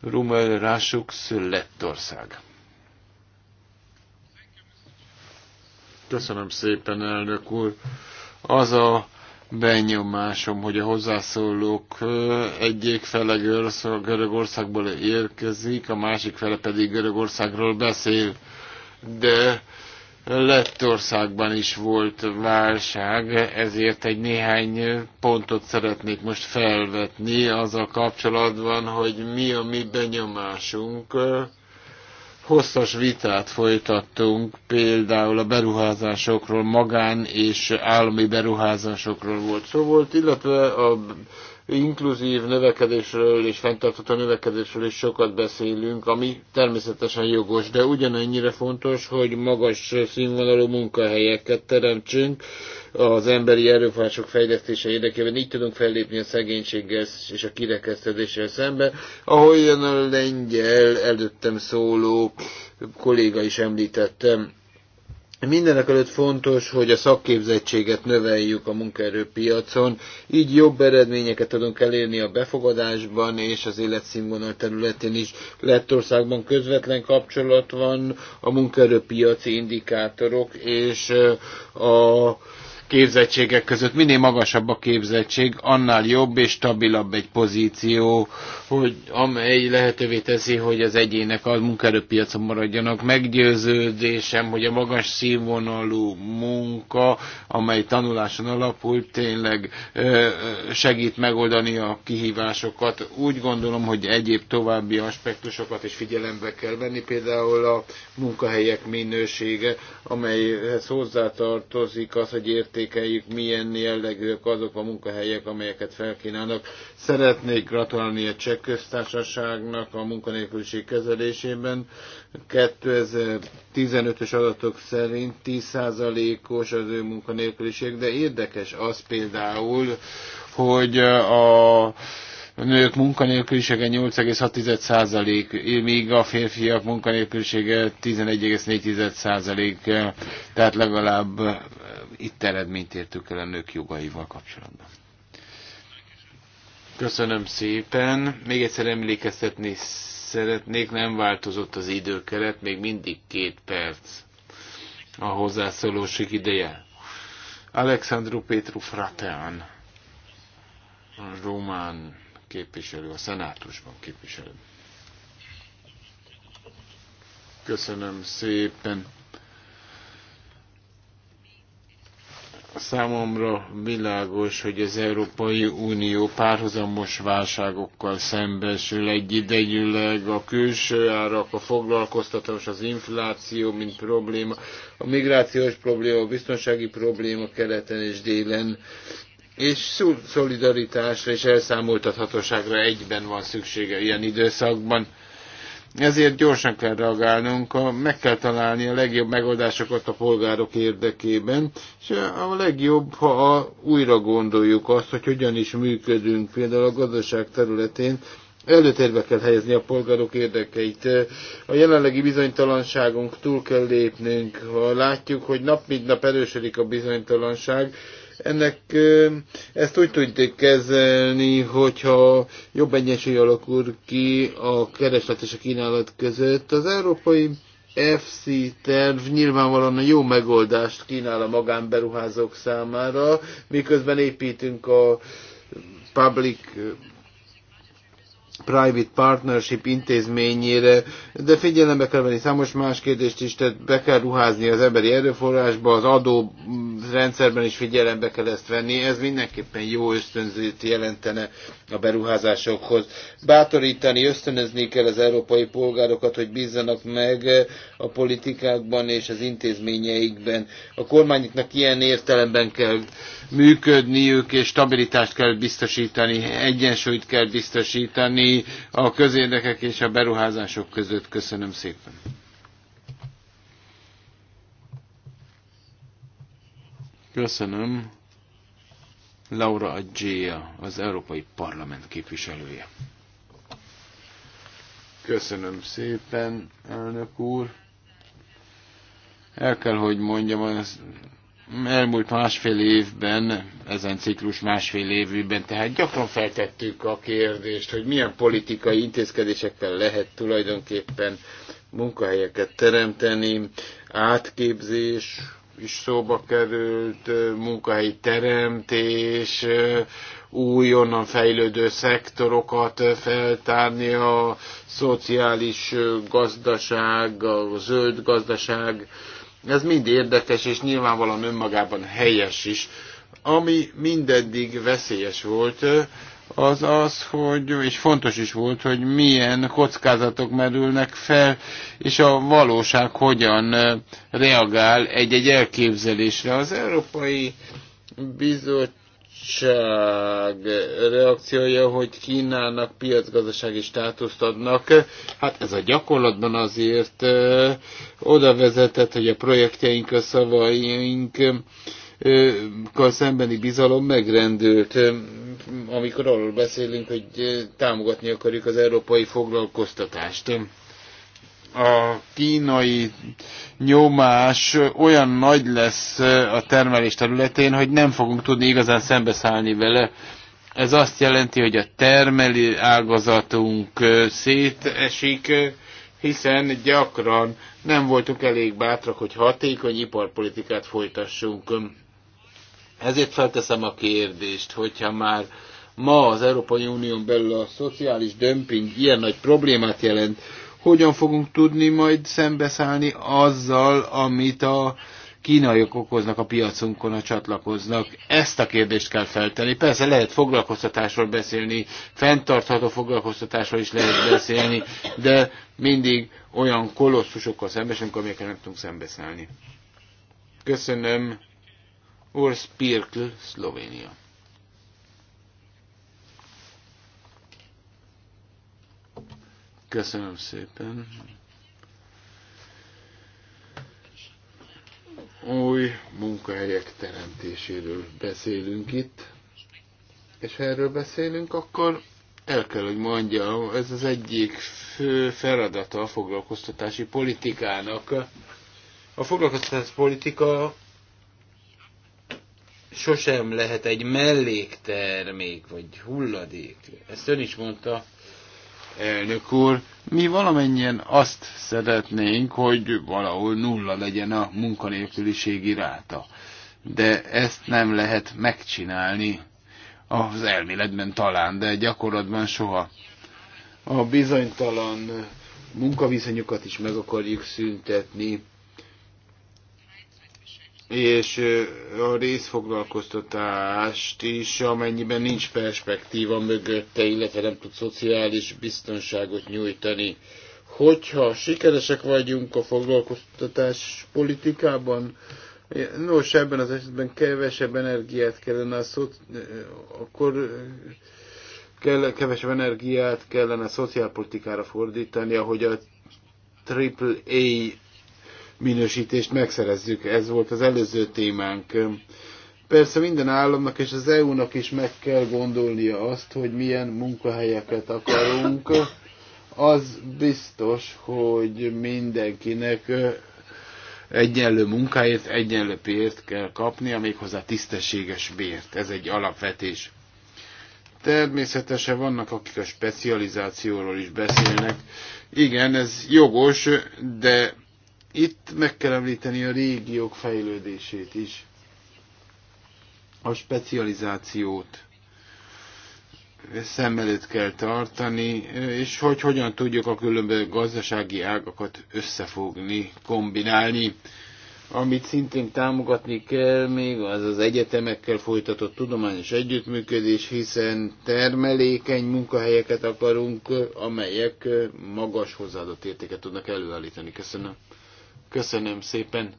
Rumel Rásux, Lettország. Köszönöm szépen, elnök úr. Az a benyomásom, hogy a hozzászólók egyik fele Görögországból érkezik, a másik fele pedig Görögországról beszél, de Lettországban is volt válság, ezért egy néhány pontot szeretnék most felvetni az a kapcsolatban, hogy mi a mi benyomásunk. Hosszas vitát folytattunk, például a beruházásokról, magán és állami beruházásokról volt szó volt, illetve a inkluzív növekedésről és fenntartható növekedésről is sokat beszélünk, ami természetesen jogos, de ugyanennyire fontos, hogy magas színvonalú munkahelyeket teremtsünk az emberi erőfások fejlesztése érdekében. Így tudunk fellépni a szegénységgel és a kirekesztedéssel szembe, ahogyan a lengyel előttem szóló kolléga is említettem Mindenek előtt fontos, hogy a szakképzettséget növeljük a munkaerőpiacon, így jobb eredményeket tudunk elérni a befogadásban és az életszínvonal területén is. Lettországban közvetlen kapcsolat van a munkaerőpiaci indikátorok és a képzettségek között. Minél magasabb a képzettség, annál jobb és stabilabb egy pozíció, hogy amely lehetővé teszi, hogy az egyének a munkaerőpiacon maradjanak. Meggyőződésem, hogy a magas színvonalú munka, amely tanuláson alapul, tényleg segít megoldani a kihívásokat. Úgy gondolom, hogy egyéb további aspektusokat is figyelembe kell venni, például a munkahelyek minősége, amelyhez hozzátartozik az, hogy érték értékeljük, milyen jellegűek azok a munkahelyek, amelyeket felkínálnak. Szeretnék gratulálni a Cseh köztársaságnak a munkanélküliség kezelésében. 2015-ös adatok szerint 10%-os az ő munkanélküliség, de érdekes az például, hogy a a nők munkanélkülisége 8,6%, míg a férfiak munkanélkülisége 11,4%, tehát legalább eh, itt eredményt értük el a nők jogaival kapcsolatban. Köszönöm szépen. Még egyszer emlékeztetni szeretnék, nem változott az időkeret, még mindig két perc a hozzászólósik ideje. Alexandru Petru Fratean, román képviselő, a szenátusban képviselő. Köszönöm szépen. Számomra világos, hogy az Európai Unió párhuzamos válságokkal szembesül egyidejűleg a külső árak, a foglalkoztatás, az infláció, mint probléma, a migrációs probléma, a biztonsági probléma keleten és délen és szolidaritásra és elszámoltathatóságra egyben van szüksége ilyen időszakban. Ezért gyorsan kell reagálnunk, meg kell találni a legjobb megoldásokat a polgárok érdekében, és a legjobb, ha a, újra gondoljuk azt, hogy hogyan is működünk, például a gazdaság területén, előtérbe kell helyezni a polgárok érdekeit. A jelenlegi bizonytalanságunk túl kell lépnünk. Ha látjuk, hogy nap mint nap erősödik a bizonytalanság, ennek ezt úgy tudjuk kezelni, hogyha jobb egyensúly alakul ki a kereslet és a kínálat között. Az európai FC terv nyilvánvalóan jó megoldást kínál a magánberuházók számára, miközben építünk a public Private Partnership intézményére, de figyelembe kell venni számos más kérdést is, tehát be kell ruházni az emberi erőforrásba, az adó rendszerben is figyelembe kell ezt venni, ez mindenképpen jó ösztönzőt jelentene a beruházásokhoz. Bátorítani, ösztönözni kell az európai polgárokat, hogy bízzanak meg a politikákban és az intézményeikben. A kormányoknak ilyen értelemben kell működniük, és stabilitást kell biztosítani, egyensúlyt kell biztosítani, a közérdekek és a beruházások között. Köszönöm szépen. Köszönöm. Laura Adjéa, az Európai Parlament képviselője. Köszönöm szépen, elnök úr. El kell, hogy mondjam, az elmúlt másfél évben, ezen ciklus másfél évűben, tehát gyakran feltettük a kérdést, hogy milyen politikai intézkedésekkel lehet tulajdonképpen munkahelyeket teremteni, átképzés is szóba került, munkahelyi teremtés, újonnan fejlődő szektorokat feltárni, a szociális gazdaság, a zöld gazdaság, ez mind érdekes, és nyilvánvalóan önmagában helyes is. Ami mindeddig veszélyes volt, az az, hogy, és fontos is volt, hogy milyen kockázatok merülnek fel, és a valóság hogyan reagál egy-egy elképzelésre. Az Európai Bizottság bizottság reakciója, hogy Kínának piacgazdasági státuszt adnak. Hát ez a gyakorlatban azért ö, oda vezetett, hogy a projektjeink, a szavaink szembeni bizalom megrendült, amikor arról beszélünk, hogy támogatni akarjuk az európai foglalkoztatást a kínai nyomás olyan nagy lesz a termelés területén, hogy nem fogunk tudni igazán szembeszállni vele. Ez azt jelenti, hogy a termeli ágazatunk szétesik, hiszen gyakran nem voltunk elég bátrak, hogy hatékony iparpolitikát folytassunk. Ezért felteszem a kérdést, hogyha már ma az Európai Unión belül a szociális dömping ilyen nagy problémát jelent, hogyan fogunk tudni majd szembeszállni azzal, amit a kínaiok okoznak a piacunkon, a csatlakoznak. Ezt a kérdést kell feltenni. Persze lehet foglalkoztatásról beszélni, fenntartható foglalkoztatásról is lehet beszélni, de mindig olyan kolosszusokkal szembesünk, amikkel nem tudunk szembeszállni. Köszönöm. Urs Pirkl, Szlovénia. Köszönöm szépen. Új munkahelyek teremtéséről beszélünk itt, és ha erről beszélünk, akkor el kell, hogy mondjam, ez az egyik fő feladata a foglalkoztatási politikának. A foglalkoztatási politika sosem lehet egy melléktermék, vagy hulladék. Ezt ön is mondta, elnök úr. Mi valamennyien azt szeretnénk, hogy valahol nulla legyen a munkanélküliségi ráta. De ezt nem lehet megcsinálni. Az elméletben talán, de gyakorlatban soha. A bizonytalan munkaviszonyokat is meg akarjuk szüntetni, és a részfoglalkoztatást is, amennyiben nincs perspektíva mögötte, illetve nem tud szociális biztonságot nyújtani. Hogyha sikeresek vagyunk a foglalkoztatás politikában, nos, ebben az esetben kevesebb energiát kellene, a szo- akkor kell, kevesebb energiát kellene a szociálpolitikára fordítani, ahogy a AAA minősítést megszerezzük. Ez volt az előző témánk. Persze minden államnak és az EU-nak is meg kell gondolnia azt, hogy milyen munkahelyeket akarunk. Az biztos, hogy mindenkinek egyenlő munkáért, egyenlő bért kell kapnia, méghozzá tisztességes bért. Ez egy alapvetés. Természetesen vannak, akik a specializációról is beszélnek. Igen, ez jogos, de itt meg kell említeni a régiók fejlődését is, a specializációt szem előtt kell tartani, és hogy hogyan tudjuk a különböző gazdasági ágakat összefogni, kombinálni. Amit szintén támogatni kell még, az az egyetemekkel folytatott tudományos együttműködés, hiszen termelékeny munkahelyeket akarunk, amelyek magas hozzáadott értéket tudnak előállítani. Köszönöm. Köszönöm szépen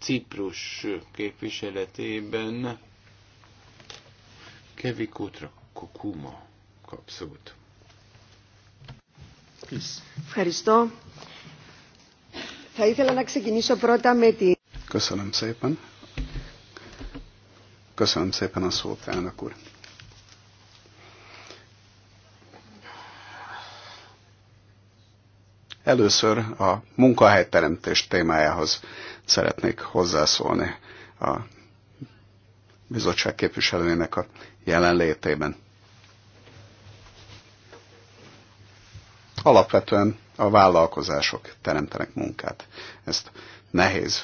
Ciprus képviseletében Kevi Kutra Kokuma kap szót. Köszönöm szépen. Köszönöm szépen a szót, elnök úr. Először a munkahelyteremtés témájához szeretnék hozzászólni a bizottság képviselőjének a jelenlétében. Alapvetően a vállalkozások teremtenek munkát. Ezt nehéz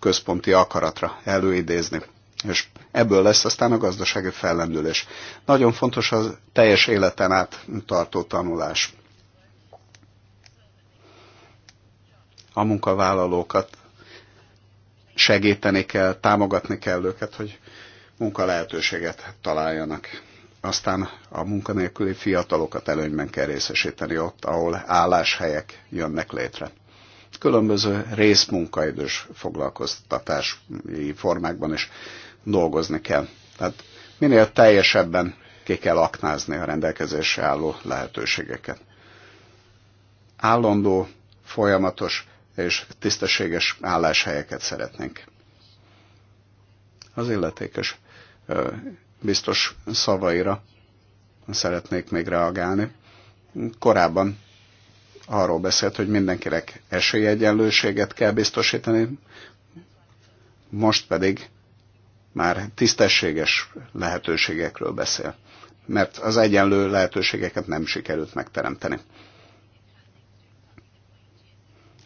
központi akaratra előidézni, és ebből lesz aztán a gazdasági fellendülés. Nagyon fontos az teljes életen át tartó tanulás. a munkavállalókat segíteni kell, támogatni kell őket, hogy munka lehetőséget találjanak. Aztán a munkanélküli fiatalokat előnyben kell részesíteni ott, ahol álláshelyek jönnek létre. Különböző részmunkaidős foglalkoztatási formákban is dolgozni kell. Tehát minél teljesebben ki kell aknázni a rendelkezésre álló lehetőségeket. Állandó, folyamatos és tisztességes álláshelyeket szeretnénk. Az illetékes biztos szavaira szeretnék még reagálni. Korábban arról beszélt, hogy mindenkinek esélyegyenlőséget kell biztosítani, most pedig már tisztességes lehetőségekről beszél, mert az egyenlő lehetőségeket nem sikerült megteremteni.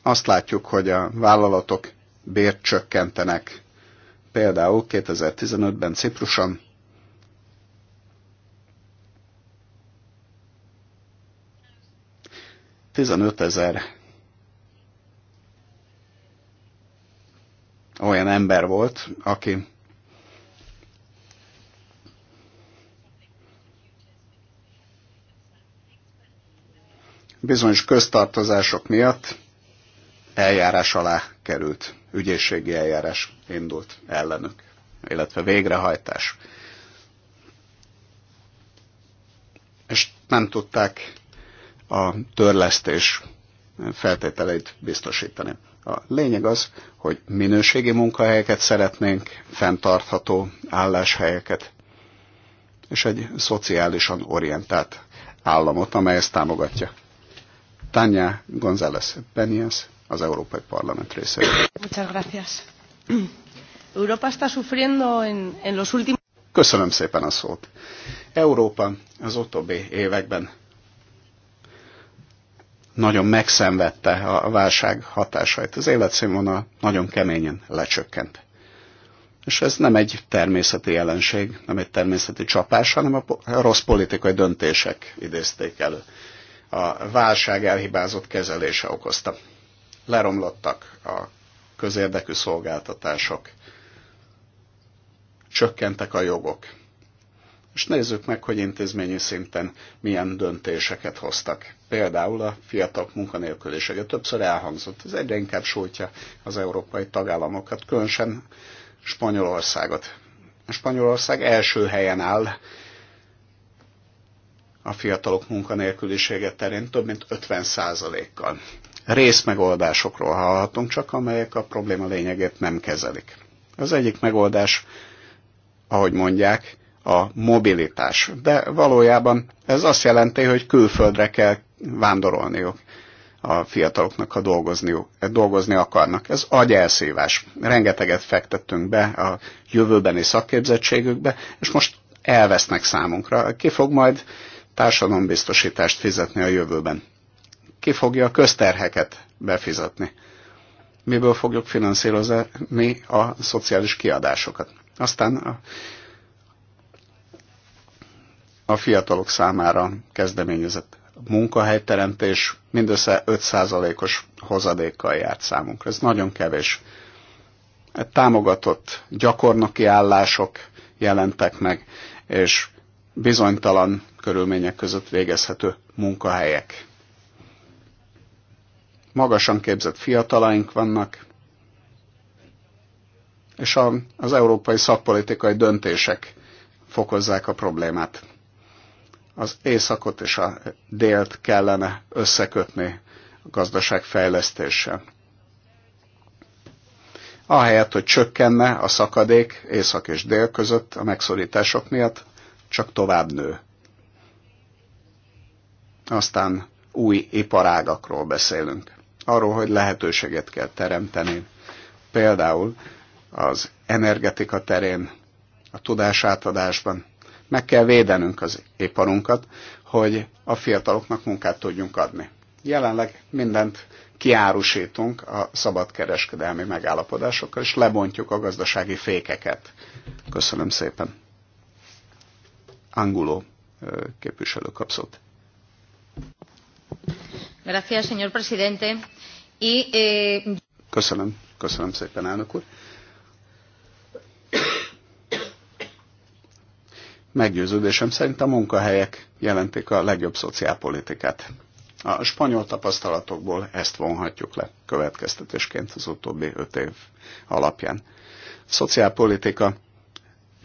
Azt látjuk, hogy a vállalatok bért csökkentenek. Például 2015-ben Cipruson ezer olyan ember volt, aki bizonyos köztartozások miatt eljárás alá került, ügyészségi eljárás indult ellenük, illetve végrehajtás. És nem tudták a törlesztés feltételeit biztosítani. A lényeg az, hogy minőségi munkahelyeket szeretnénk, fenntartható álláshelyeket, és egy szociálisan orientált államot, amely ezt támogatja. Tanya González Penias az Európai Parlament részéről. Köszönöm szépen a szót. Európa az utóbbi években nagyon megszenvedte a válság hatásait. Az életszínvonal nagyon keményen lecsökkent. És ez nem egy természeti jelenség, nem egy természeti csapás, hanem a rossz politikai döntések idézték elő. A válság elhibázott kezelése okozta leromlottak a közérdekű szolgáltatások, csökkentek a jogok. És nézzük meg, hogy intézményi szinten milyen döntéseket hoztak. Például a fiatalok munkanélkülisége többször elhangzott, ez egyre inkább sújtja az európai tagállamokat, különösen Spanyolországot. A Spanyolország első helyen áll a fiatalok munkanélkülisége terén több mint 50 kal részmegoldásokról hallhatunk csak, amelyek a probléma lényegét nem kezelik. Az egyik megoldás, ahogy mondják, a mobilitás. De valójában ez azt jelenti, hogy külföldre kell vándorolniuk a fiataloknak, ha dolgozni, dolgozni akarnak. Ez agyelszívás. Rengeteget fektettünk be a jövőbeni szakképzettségükbe, és most elvesznek számunkra. Ki fog majd társadalombiztosítást fizetni a jövőben? Ki fogja a közterheket befizetni? Miből fogjuk finanszírozni a szociális kiadásokat? Aztán a, a fiatalok számára kezdeményezett munkahelyteremtés mindössze 5%-os hozadékkal járt számunkra. Ez nagyon kevés. Támogatott gyakornoki állások jelentek meg, és bizonytalan körülmények között végezhető munkahelyek magasan képzett fiatalaink vannak, és a, az európai szakpolitikai döntések fokozzák a problémát. Az északot és a délt kellene összekötni a gazdaságfejlesztéssel. Ahelyett, hogy csökkenne a szakadék észak és dél között a megszorítások miatt, csak tovább nő. Aztán új iparágakról beszélünk arról, hogy lehetőséget kell teremteni. Például az energetika terén, a tudásátadásban meg kell védenünk az iparunkat, hogy a fiataloknak munkát tudjunk adni. Jelenleg mindent kiárusítunk a szabadkereskedelmi megállapodásokkal, és lebontjuk a gazdasági fékeket. Köszönöm szépen. Anguló képviselő kapszott señor presidente. Y, eh... Köszönöm, köszönöm szépen, elnök úr. Meggyőződésem szerint a munkahelyek jelentik a legjobb szociálpolitikát. A spanyol tapasztalatokból ezt vonhatjuk le következtetésként az utóbbi öt év alapján. A szociálpolitika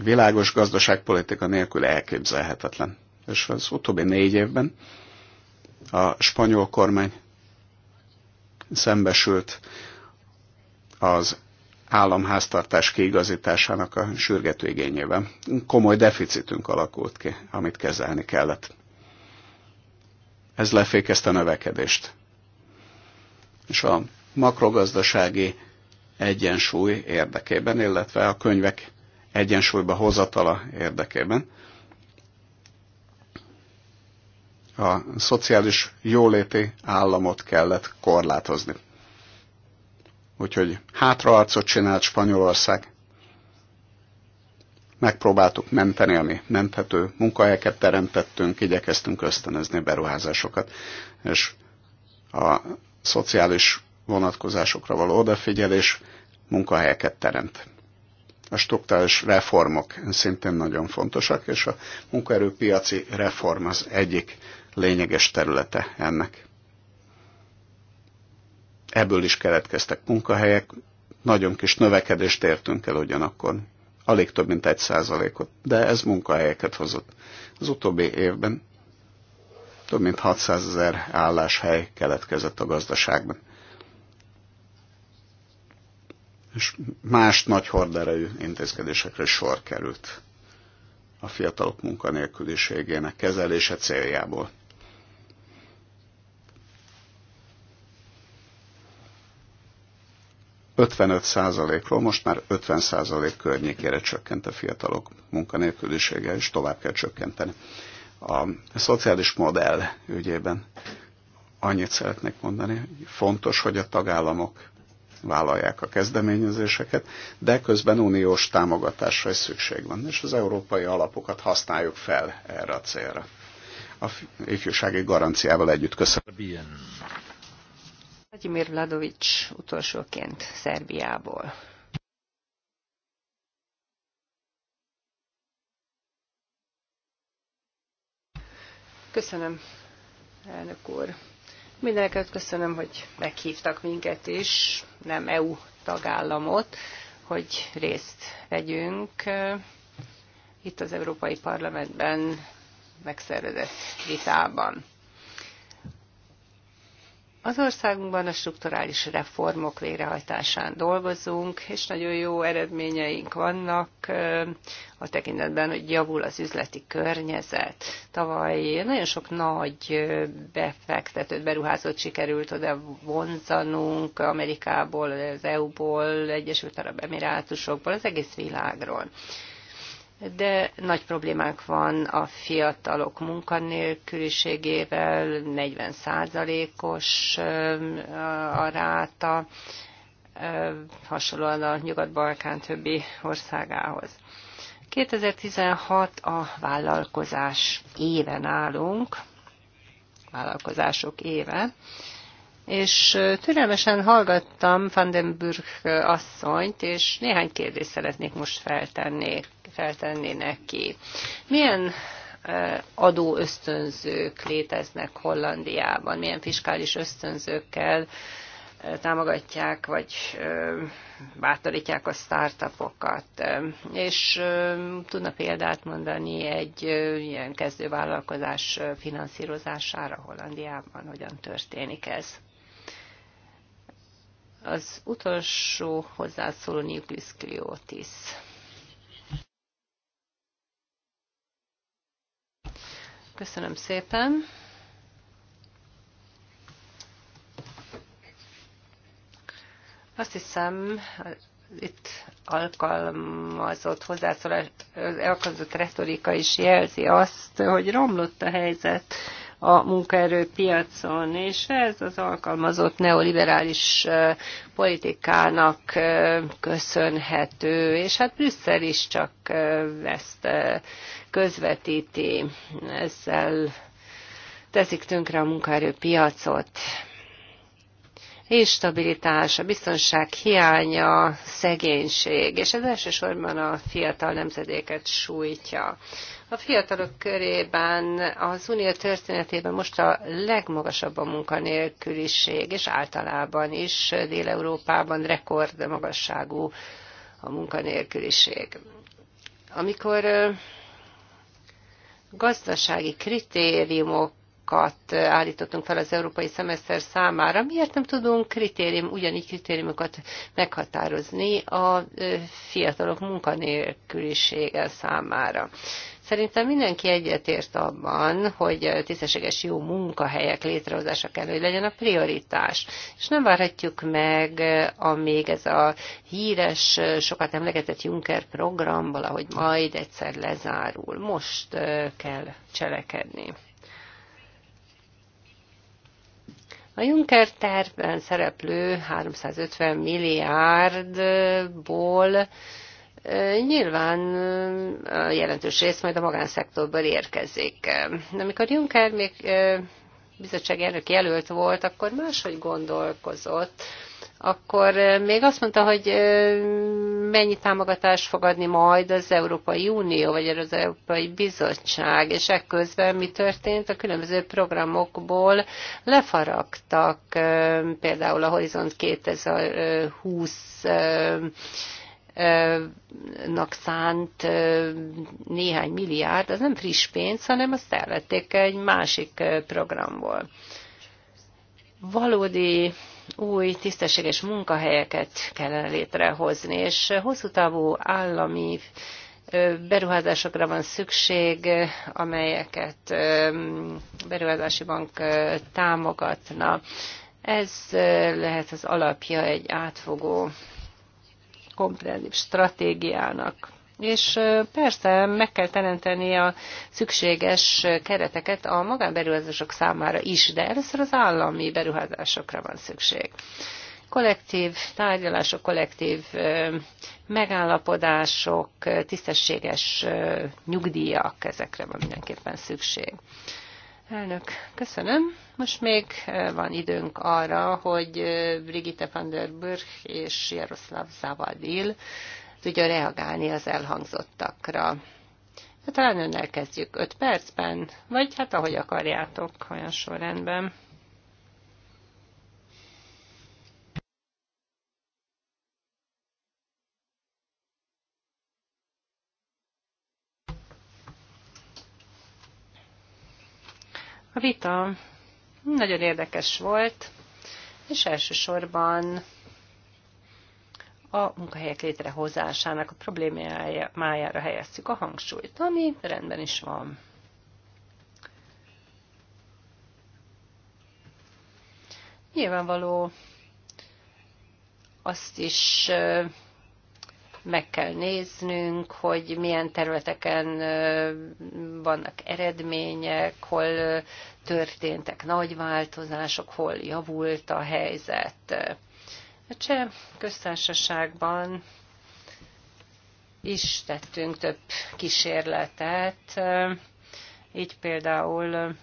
világos gazdaságpolitika nélkül elképzelhetetlen. És az utóbbi négy évben a spanyol kormány szembesült az államháztartás kiigazításának a sürgető igényével. Komoly deficitünk alakult ki, amit kezelni kellett. Ez lefékezte a növekedést. És a makrogazdasági egyensúly érdekében, illetve a könyvek egyensúlyba hozatala érdekében a szociális jóléti államot kellett korlátozni. Úgyhogy hátraarcot csinált Spanyolország. Megpróbáltuk menteni, ami menthető, munkahelyeket teremtettünk, igyekeztünk ösztönözni beruházásokat, és a szociális vonatkozásokra való odafigyelés munkahelyeket teremt. A struktúrális reformok szintén nagyon fontosak, és a munkaerőpiaci reform az egyik lényeges területe ennek. Ebből is keletkeztek munkahelyek, nagyon kis növekedést értünk el ugyanakkor, alig több mint egy százalékot, de ez munkahelyeket hozott. Az utóbbi évben több mint 600 ezer álláshely keletkezett a gazdaságban. És más nagy horderejű intézkedésekre sor került a fiatalok munkanélküliségének kezelése céljából. 55%-ról most már 50% környékére csökkent a fiatalok munkanélkülisége, és tovább kell csökkenteni. A szociális modell ügyében annyit szeretnék mondani, hogy fontos, hogy a tagállamok vállalják a kezdeményezéseket, de közben uniós támogatásra is szükség van, és az európai alapokat használjuk fel erre a célra. A ifjúsági garanciával együtt köszönöm. Vladimir Vladovics utolsóként Szerbiából. Köszönöm, elnök úr. Mindeneket köszönöm, hogy meghívtak minket is, nem EU tagállamot, hogy részt vegyünk itt az Európai Parlamentben megszervezett vitában. Az országunkban a strukturális reformok végrehajtásán dolgozunk, és nagyon jó eredményeink vannak a tekintetben, hogy javul az üzleti környezet. Tavaly nagyon sok nagy befektetőt, beruházót sikerült oda vonzanunk Amerikából, az EU-ból, Egyesült Arab Emirátusokból, az egész világról de nagy problémák van a fiatalok munkanélküliségével, 40 százalékos a ráta, hasonlóan a Nyugat-Balkán többi országához. 2016 a vállalkozás éven állunk, vállalkozások éve, és türelmesen hallgattam Vandenburg asszonyt, és néhány kérdést szeretnék most feltenni, feltenni neki. Milyen adó ösztönzők léteznek Hollandiában, milyen fiskális ösztönzőkkel támogatják, vagy bátorítják a startupokat. És tudna példát mondani egy ilyen kezdővállalkozás finanszírozására Hollandiában, hogyan történik ez? Az utolsó hozzászóló Nuklis Kliotis. Köszönöm szépen. Azt hiszem, itt alkalmazott hozzászólás, alkalmazott retorika is jelzi azt, hogy romlott a helyzet a munkaerőpiacon, és ez az alkalmazott neoliberális politikának köszönhető, és hát Brüsszel is csak ezt közvetíti, ezzel teszik tönkre a munkaerőpiacot instabilitás, a biztonság hiánya, szegénység, és ez elsősorban a fiatal nemzedéket sújtja. A fiatalok körében az unió történetében most a legmagasabb a munkanélküliség, és általában is Dél-Európában rekord magasságú a munkanélküliség. Amikor gazdasági kritériumok kritériumokat állítottunk fel az európai szemeszter számára. Miért nem tudunk kritérium, ugyanígy kritériumokat meghatározni a fiatalok munkanélkülisége számára? Szerintem mindenki egyetért abban, hogy tisztességes jó munkahelyek létrehozása kell, hogy legyen a prioritás. És nem várhatjuk meg, amíg ez a híres, sokat emlegetett Juncker program valahogy majd egyszer lezárul. Most kell cselekedni. A Juncker tervben szereplő 350 milliárdból Nyilván a jelentős rész majd a magánszektorból érkezik. Amikor Juncker még bizottság elnök jelölt volt, akkor máshogy gondolkozott akkor még azt mondta, hogy mennyi támogatást fog adni majd az Európai Unió, vagy az Európai Bizottság, és ekközben mi történt, a különböző programokból lefaragtak, például a Horizont 2020 nak szánt néhány milliárd, az nem friss pénz, hanem azt elvették egy másik programból. Valódi új tisztességes munkahelyeket kellene létrehozni, és hosszú távú állami beruházásokra van szükség, amelyeket beruházási bank támogatna. Ez lehet az alapja egy átfogó komprehenszív stratégiának és persze meg kell teremteni a szükséges kereteket a magánberuházások számára is, de először az állami beruházásokra van szükség kollektív tárgyalások, kollektív megállapodások, tisztességes nyugdíjak, ezekre van mindenképpen szükség. Elnök, köszönöm. Most még van időnk arra, hogy Brigitte van der Burg és Jaroszláv Zavadil tudja reagálni az elhangzottakra. Hát talán önnel kezdjük 5 percben, vagy hát ahogy akarjátok, olyan sorrendben. A vita nagyon érdekes volt, és elsősorban a munkahelyek létrehozásának a problémájára helyezzük a hangsúlyt, ami rendben is van. Nyilvánvaló azt is meg kell néznünk, hogy milyen területeken vannak eredmények, hol történtek nagy változások, hol javult a helyzet. A cseh köztársaságban is tettünk több kísérletet, így például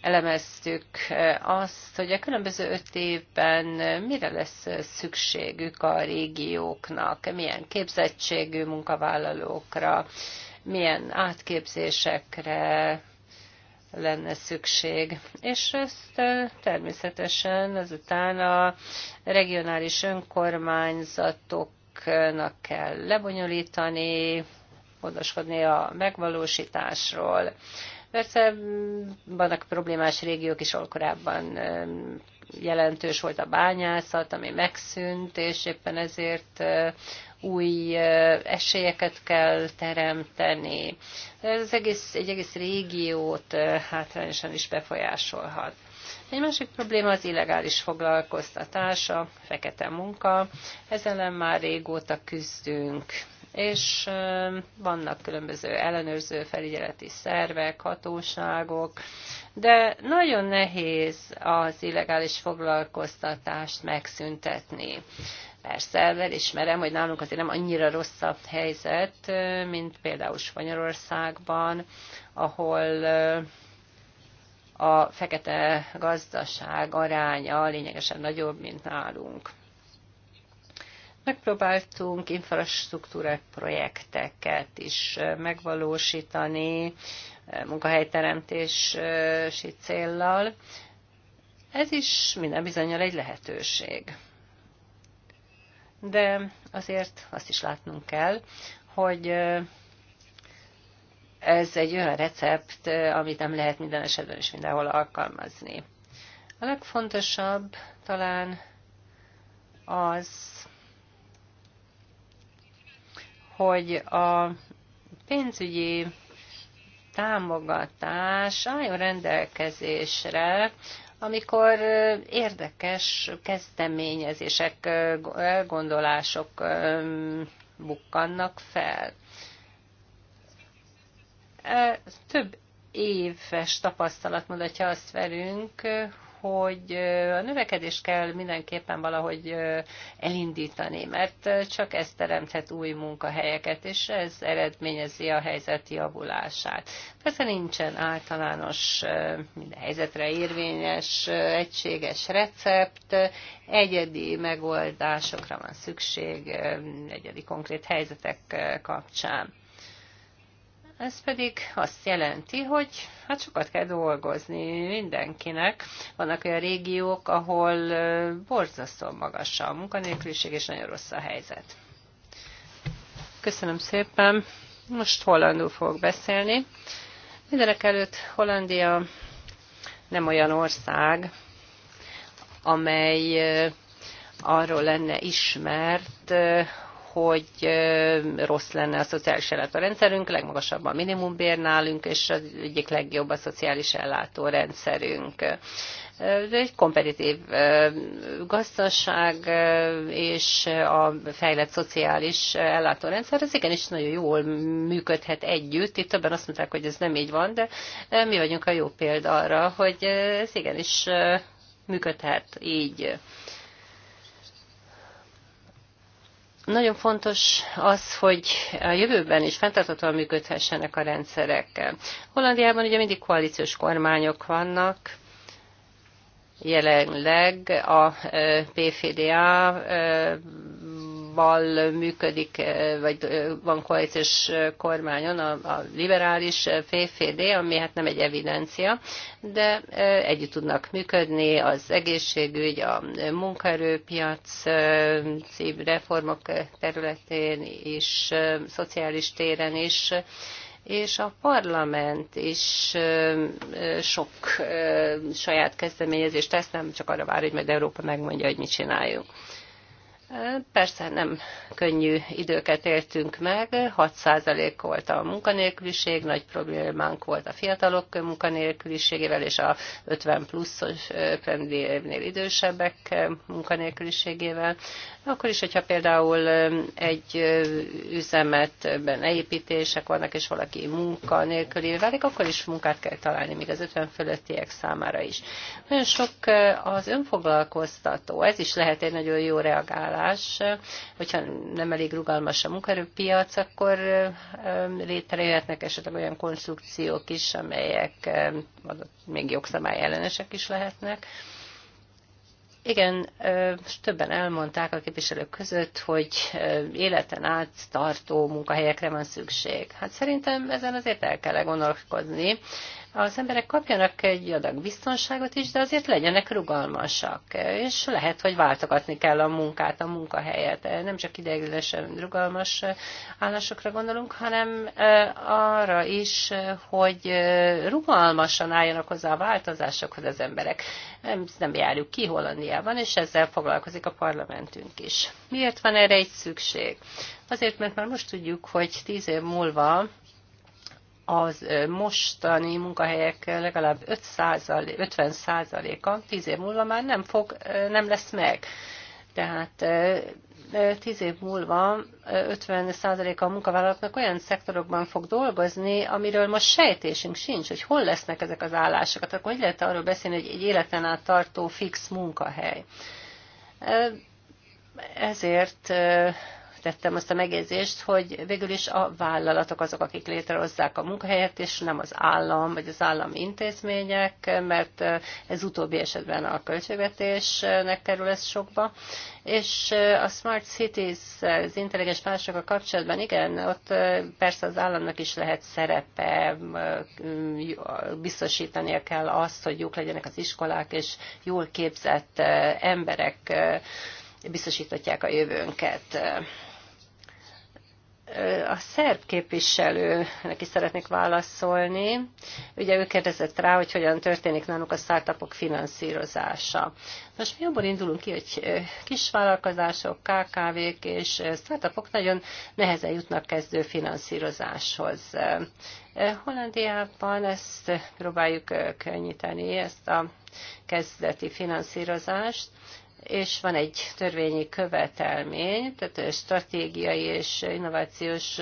elemeztük azt, hogy a különböző öt évben mire lesz szükségük a régióknak, milyen képzettségű munkavállalókra, milyen átképzésekre, lenne szükség. És ezt természetesen azután a regionális önkormányzatoknak kell lebonyolítani, gondoskodni a megvalósításról. Persze vannak problémás régiók is, ahol korábban jelentős volt a bányászat, ami megszűnt, és éppen ezért új esélyeket kell teremteni. Ez egész, egy egész régiót hátrányosan is befolyásolhat. Egy másik probléma az illegális foglalkoztatása, fekete munka. Ezzel már régóta küzdünk, és vannak különböző ellenőrző felügyeleti szervek, hatóságok, de nagyon nehéz az illegális foglalkoztatást megszüntetni. Persze, elismerem, hogy nálunk azért nem annyira rosszabb helyzet, mint például Spanyolországban, ahol a fekete gazdaság aránya lényegesen nagyobb, mint nálunk. Megpróbáltunk infrastruktúra projekteket is megvalósítani munkahelyteremtési céllal. Ez is minden bizonyal egy lehetőség de azért azt is látnunk kell, hogy ez egy olyan recept, amit nem lehet minden esetben is mindenhol alkalmazni. A legfontosabb talán az, hogy a pénzügyi támogatás álljon rendelkezésre amikor érdekes kezdeményezések, elgondolások bukkannak fel. Több éves tapasztalat mutatja azt velünk, hogy a növekedést kell mindenképpen valahogy elindítani, mert csak ez teremthet új munkahelyeket, és ez eredményezi a helyzet javulását. Persze nincsen általános minden helyzetre érvényes, egységes recept, egyedi megoldásokra van szükség, egyedi konkrét helyzetek kapcsán. Ez pedig azt jelenti, hogy hát sokat kell dolgozni mindenkinek. Vannak olyan régiók, ahol borzasztó magas a munkanélküliség, és nagyon rossz a helyzet. Köszönöm szépen. Most hollandul fogok beszélni. Mindenek előtt Hollandia nem olyan ország, amely arról lenne ismert, hogy rossz lenne a szociális ellátórendszerünk, legmagasabb a minimumbér nálunk, és az egyik legjobb a szociális ellátórendszerünk egy kompetitív gazdaság és a fejlett szociális ellátórendszer, ez igenis nagyon jól működhet együtt. Itt többen azt mondták, hogy ez nem így van, de mi vagyunk a jó példa arra, hogy ez igenis működhet így. Nagyon fontos az, hogy a jövőben is fenntarthatóan működhessenek a rendszerek. Hollandiában ugye mindig koalíciós kormányok vannak, jelenleg a PFDA bal működik, eh, vagy eh, van koalíciós kormányon a, a liberális eh, FFD, ami hát nem egy evidencia, de együtt tudnak működni az egészségügy, a munkaerőpiac reformok területén is, szociális téren is, és a parlament is sok saját kezdeményezést tesz, nem csak arra vár, hogy majd Európa megmondja, hogy mit csináljunk. Persze nem könnyű időket éltünk meg, 6% volt a munkanélküliség, nagy problémánk volt a fiatalok munkanélküliségével és a 50 pluszos évnél idősebbek munkanélküliségével. Akkor is, hogyha például egy üzemetben építések vannak, és valaki munkanélkülévé válik, akkor is munkát kell találni, még az 50 fölöttiek számára is. Nagyon sok az önfoglalkoztató, ez is lehet egy nagyon jó reagálás más, Hogyha nem elég rugalmas a munkaerőpiac, akkor létrejöhetnek esetleg olyan konstrukciók is, amelyek még jogszabály ellenesek is lehetnek. Igen, többen elmondták a képviselők között, hogy életen át tartó munkahelyekre van szükség. Hát szerintem ezen azért el kell gondolkodni az emberek kapjanak egy adag biztonságot is, de azért legyenek rugalmasak, és lehet, hogy váltogatni kell a munkát, a munkahelyet. Nem csak ideiglenesen rugalmas állásokra gondolunk, hanem arra is, hogy rugalmasan álljanak hozzá a változásokhoz az emberek. Nem, nem járjuk ki Hollandiában, és ezzel foglalkozik a parlamentünk is. Miért van erre egy szükség? Azért, mert már most tudjuk, hogy tíz év múlva az mostani munkahelyek legalább 50 a 10 év múlva már nem, fog, nem lesz meg. Tehát 10 év múlva 50%-a a munkavállalóknak olyan szektorokban fog dolgozni, amiről most sejtésünk sincs, hogy hol lesznek ezek az állások. Tehát akkor hogy lehet arról beszélni, hogy egy életen át tartó fix munkahely? Ezért megtettem azt a megjegyzést, hogy végül is a vállalatok azok, akik létrehozzák a munkahelyet, és nem az állam vagy az állami intézmények, mert eh, ez utóbbi esetben a költségvetésnek kerül ez sokba. És eh, a Smart Cities, az intelligens a kapcsolatban, igen, ott eh, persze az államnak is lehet szerepe, biztosítania kell azt, hogy jók legyenek az iskolák, és jól képzett emberek biztosítatják a jövőnket a szerb képviselőnek is szeretnék válaszolni. Ugye ő kérdezett rá, hogy hogyan történik nálunk a startupok finanszírozása. Most mi abból indulunk ki, hogy kisvállalkozások, KKV-k és startupok nagyon nehezen jutnak kezdő finanszírozáshoz. Hollandiában ezt próbáljuk könnyíteni, ezt a kezdeti finanszírozást, és van egy törvényi követelmény, tehát stratégiai és innovációs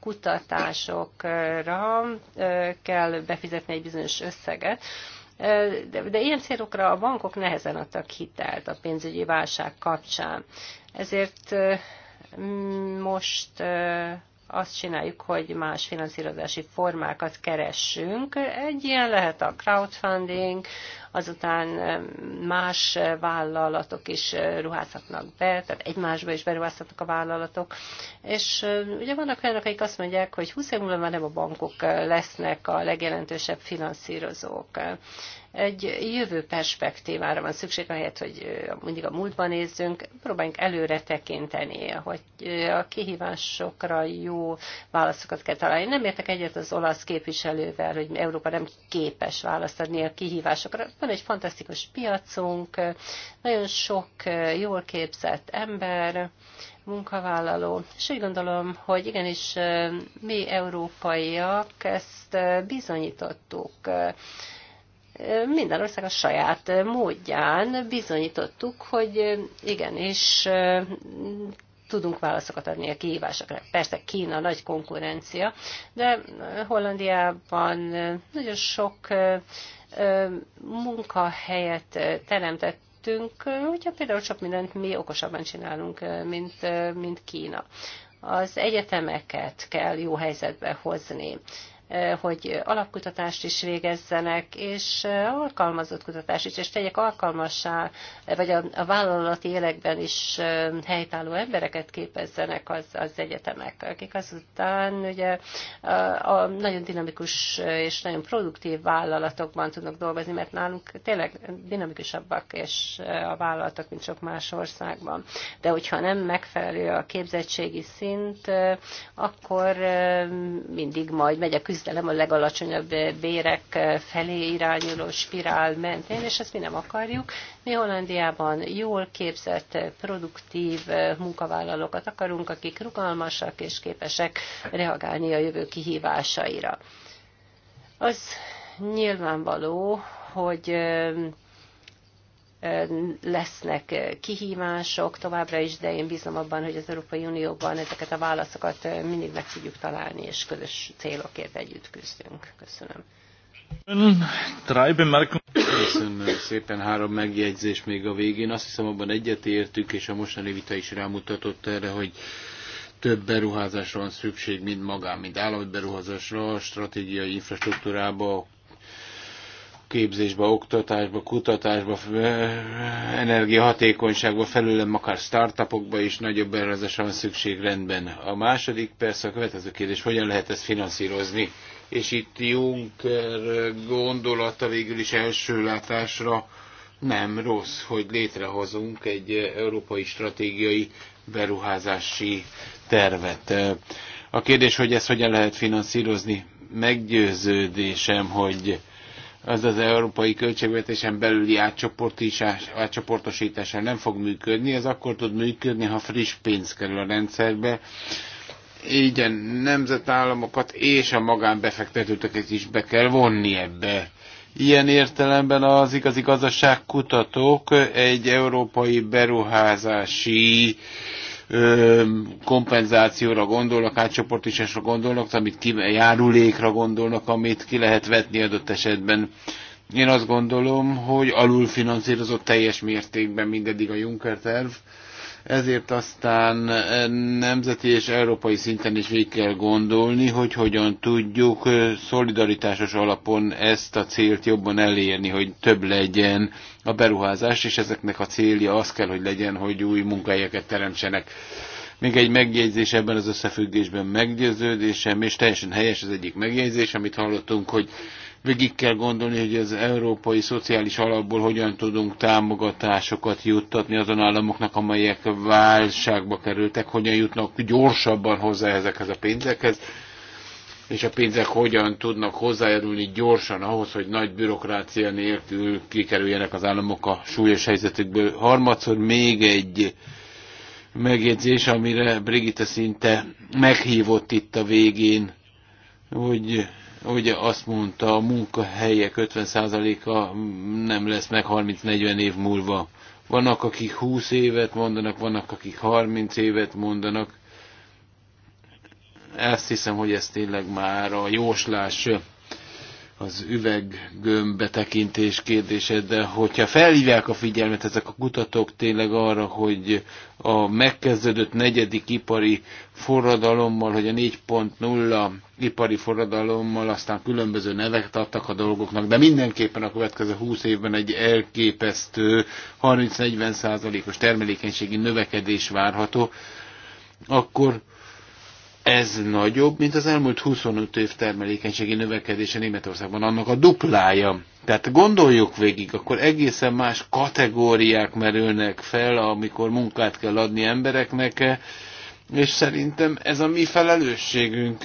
kutatásokra kell befizetni egy bizonyos összeget, de, de ilyen célokra a bankok nehezen adtak hitelt a pénzügyi válság kapcsán. Ezért most azt csináljuk, hogy más finanszírozási formákat keressünk. Egy ilyen lehet a crowdfunding, azután más vállalatok is ruházhatnak be, tehát egymásba is beruházhatnak a vállalatok. És ugye vannak olyanok, akik azt mondják, hogy 20 év múlva már nem a bankok lesznek a legjelentősebb finanszírozók egy jövő perspektívára van szükség, ahelyett, hogy mindig a múltban nézzünk, próbáljunk előre tekinteni, hogy a kihívásokra jó válaszokat kell találni. Nem értek egyet az olasz képviselővel, hogy Európa nem képes választ adni a kihívásokra. Van egy fantasztikus piacunk, nagyon sok eh, jól képzett ember, munkavállaló, és úgy gondolom, hogy igenis eh, mi európaiak ezt eh, bizonyítottuk minden ország a saját módján bizonyítottuk, hogy igenis tudunk válaszokat adni a kihívásokra. Persze Kína nagy konkurencia, de Hollandiában nagyon sok munkahelyet teremtettünk, hogyha például sok mindent mi okosabban csinálunk, mint, mint Kína. Az egyetemeket kell jó helyzetbe hozni hogy alapkutatást is végezzenek, és alkalmazott kutatást is, és tegyek alkalmassá, vagy a, a vállalati élekben is helytálló embereket képezzenek az, az egyetemek, akik azután ugye a, a nagyon dinamikus és nagyon produktív vállalatokban tudnak dolgozni, mert nálunk tényleg dinamikusabbak és a vállalatok, mint sok más országban. De hogyha nem megfelelő a képzettségi szint, akkor mindig majd megy a küzdelem, küzdelem a legalacsonyabb bérek felé irányuló spirál mentén, és ezt mi nem akarjuk. Mi Hollandiában jól képzett, produktív munkavállalókat akarunk, akik rugalmasak és képesek reagálni a jövő kihívásaira. Az nyilvánvaló, hogy lesznek kihívások továbbra is, de én bízom abban, hogy az Európai Unióban ezeket a válaszokat mindig meg tudjuk találni, és közös célokért együtt küzdünk. Köszönöm. Köszönöm szépen, három megjegyzés még a végén. Azt hiszem, abban értük és a mostani vita is rámutatott erre, hogy több beruházásra van szükség, mind magán, mind állami beruházásra, a stratégiai infrastruktúrába, a képzésbe, oktatásba, kutatásba, energiahatékonyságba, felülem akár startupokba is nagyobb beruházásra van szükség rendben. A második persze a következő kérdés, hogyan lehet ezt finanszírozni? És itt Juncker gondolata végül is első látásra nem rossz, hogy létrehozunk egy európai stratégiai beruházási tervet. A kérdés, hogy ezt hogyan lehet finanszírozni, meggyőződésem, hogy az az európai költségvetésen belüli átcsoportosítással nem fog működni, ez akkor tud működni, ha friss pénz kerül a rendszerbe. Így a nemzetállamokat és a magánbefektetőket is be kell vonni ebbe. Ilyen értelemben az igazi gazdaságkutatók egy európai beruházási kompenzációra gondolnak, átcsoportosásra gondolnak, amit ki, járulékra gondolnak, amit ki lehet vetni adott esetben. Én azt gondolom, hogy alulfinanszírozott teljes mértékben mindedig a Juncker terv, ezért aztán eh, nemzeti és európai szinten is végig kell gondolni, hogy hogyan tudjuk eh, szolidaritásos alapon ezt a célt jobban elérni, hogy több legyen a beruházás, és ezeknek a célja az kell, hogy legyen, hogy új munkahelyeket teremtsenek. Még egy megjegyzés ebben az összefüggésben meggyőződésem, és teljesen helyes az egyik megjegyzés, amit hallottunk, hogy végig kell gondolni, hogy az európai szociális alapból hogyan tudunk támogatásokat juttatni azon államoknak, amelyek válságba kerültek, hogyan jutnak gyorsabban hozzá ezekhez a pénzekhez, és a pénzek hogyan tudnak hozzájárulni gyorsan ahhoz, hogy nagy bürokrácia nélkül kikerüljenek az államok a súlyos helyzetükből. Harmadszor még egy megjegyzés, amire Brigitte szinte meghívott itt a végén, hogy ugye azt mondta, a munkahelyek 50%-a nem lesz meg 30-40 év múlva. Vannak, akik 20 évet mondanak, vannak, akik 30 évet mondanak. Ezt hiszem, hogy ez tényleg már a jóslás az üveggömb betekintés kérdése, de hogyha felhívják a figyelmet ezek a kutatók tényleg arra, hogy a megkezdődött negyedik ipari forradalommal, hogy a 4.0 ipari forradalommal aztán különböző neveket adtak a dolgoknak, de mindenképpen a következő 20 évben egy elképesztő 30-40 százalékos termelékenységi növekedés várható, akkor ez nagyobb, mint az elmúlt 25 év termelékenységi növekedése Németországban, annak a duplája. Tehát gondoljuk végig, akkor egészen más kategóriák merülnek fel, amikor munkát kell adni embereknek, és szerintem ez a mi felelősségünk.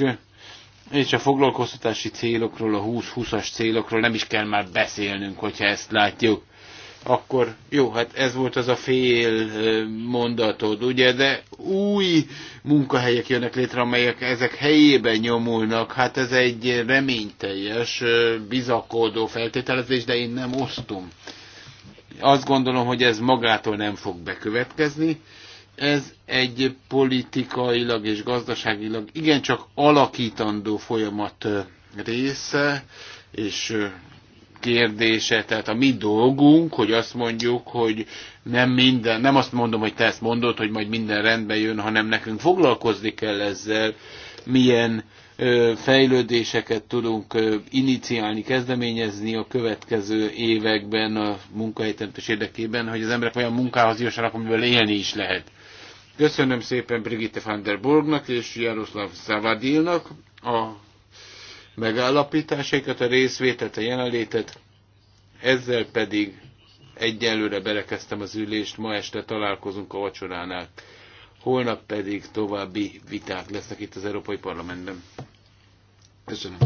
És a foglalkoztatási célokról, a 20-20-as célokról nem is kell már beszélnünk, hogyha ezt látjuk akkor jó, hát ez volt az a fél mondatod, ugye, de új munkahelyek jönnek létre, amelyek ezek helyében nyomulnak, hát ez egy reményteljes, bizakodó feltételezés, de én nem osztom. Azt gondolom, hogy ez magától nem fog bekövetkezni, ez egy politikailag és gazdaságilag igencsak alakítandó folyamat része, és kérdése, tehát a mi dolgunk, hogy azt mondjuk, hogy nem minden, nem azt mondom, hogy te ezt mondod, hogy majd minden rendbe jön, hanem nekünk foglalkozni kell ezzel, milyen fejlődéseket tudunk iniciálni, kezdeményezni a következő években a munkahelyteremtés érdekében, hogy az emberek olyan munkához jussanak, amiből élni is lehet. Köszönöm szépen Brigitte van der Borgnak és Jaroszláv Szavadilnak a megállapításaikat, a részvételt, a jelenlétet. Ezzel pedig egyelőre berekeztem az ülést, ma este találkozunk a vacsoránál. Holnap pedig további viták lesznek itt az Európai Parlamentben. Köszönöm.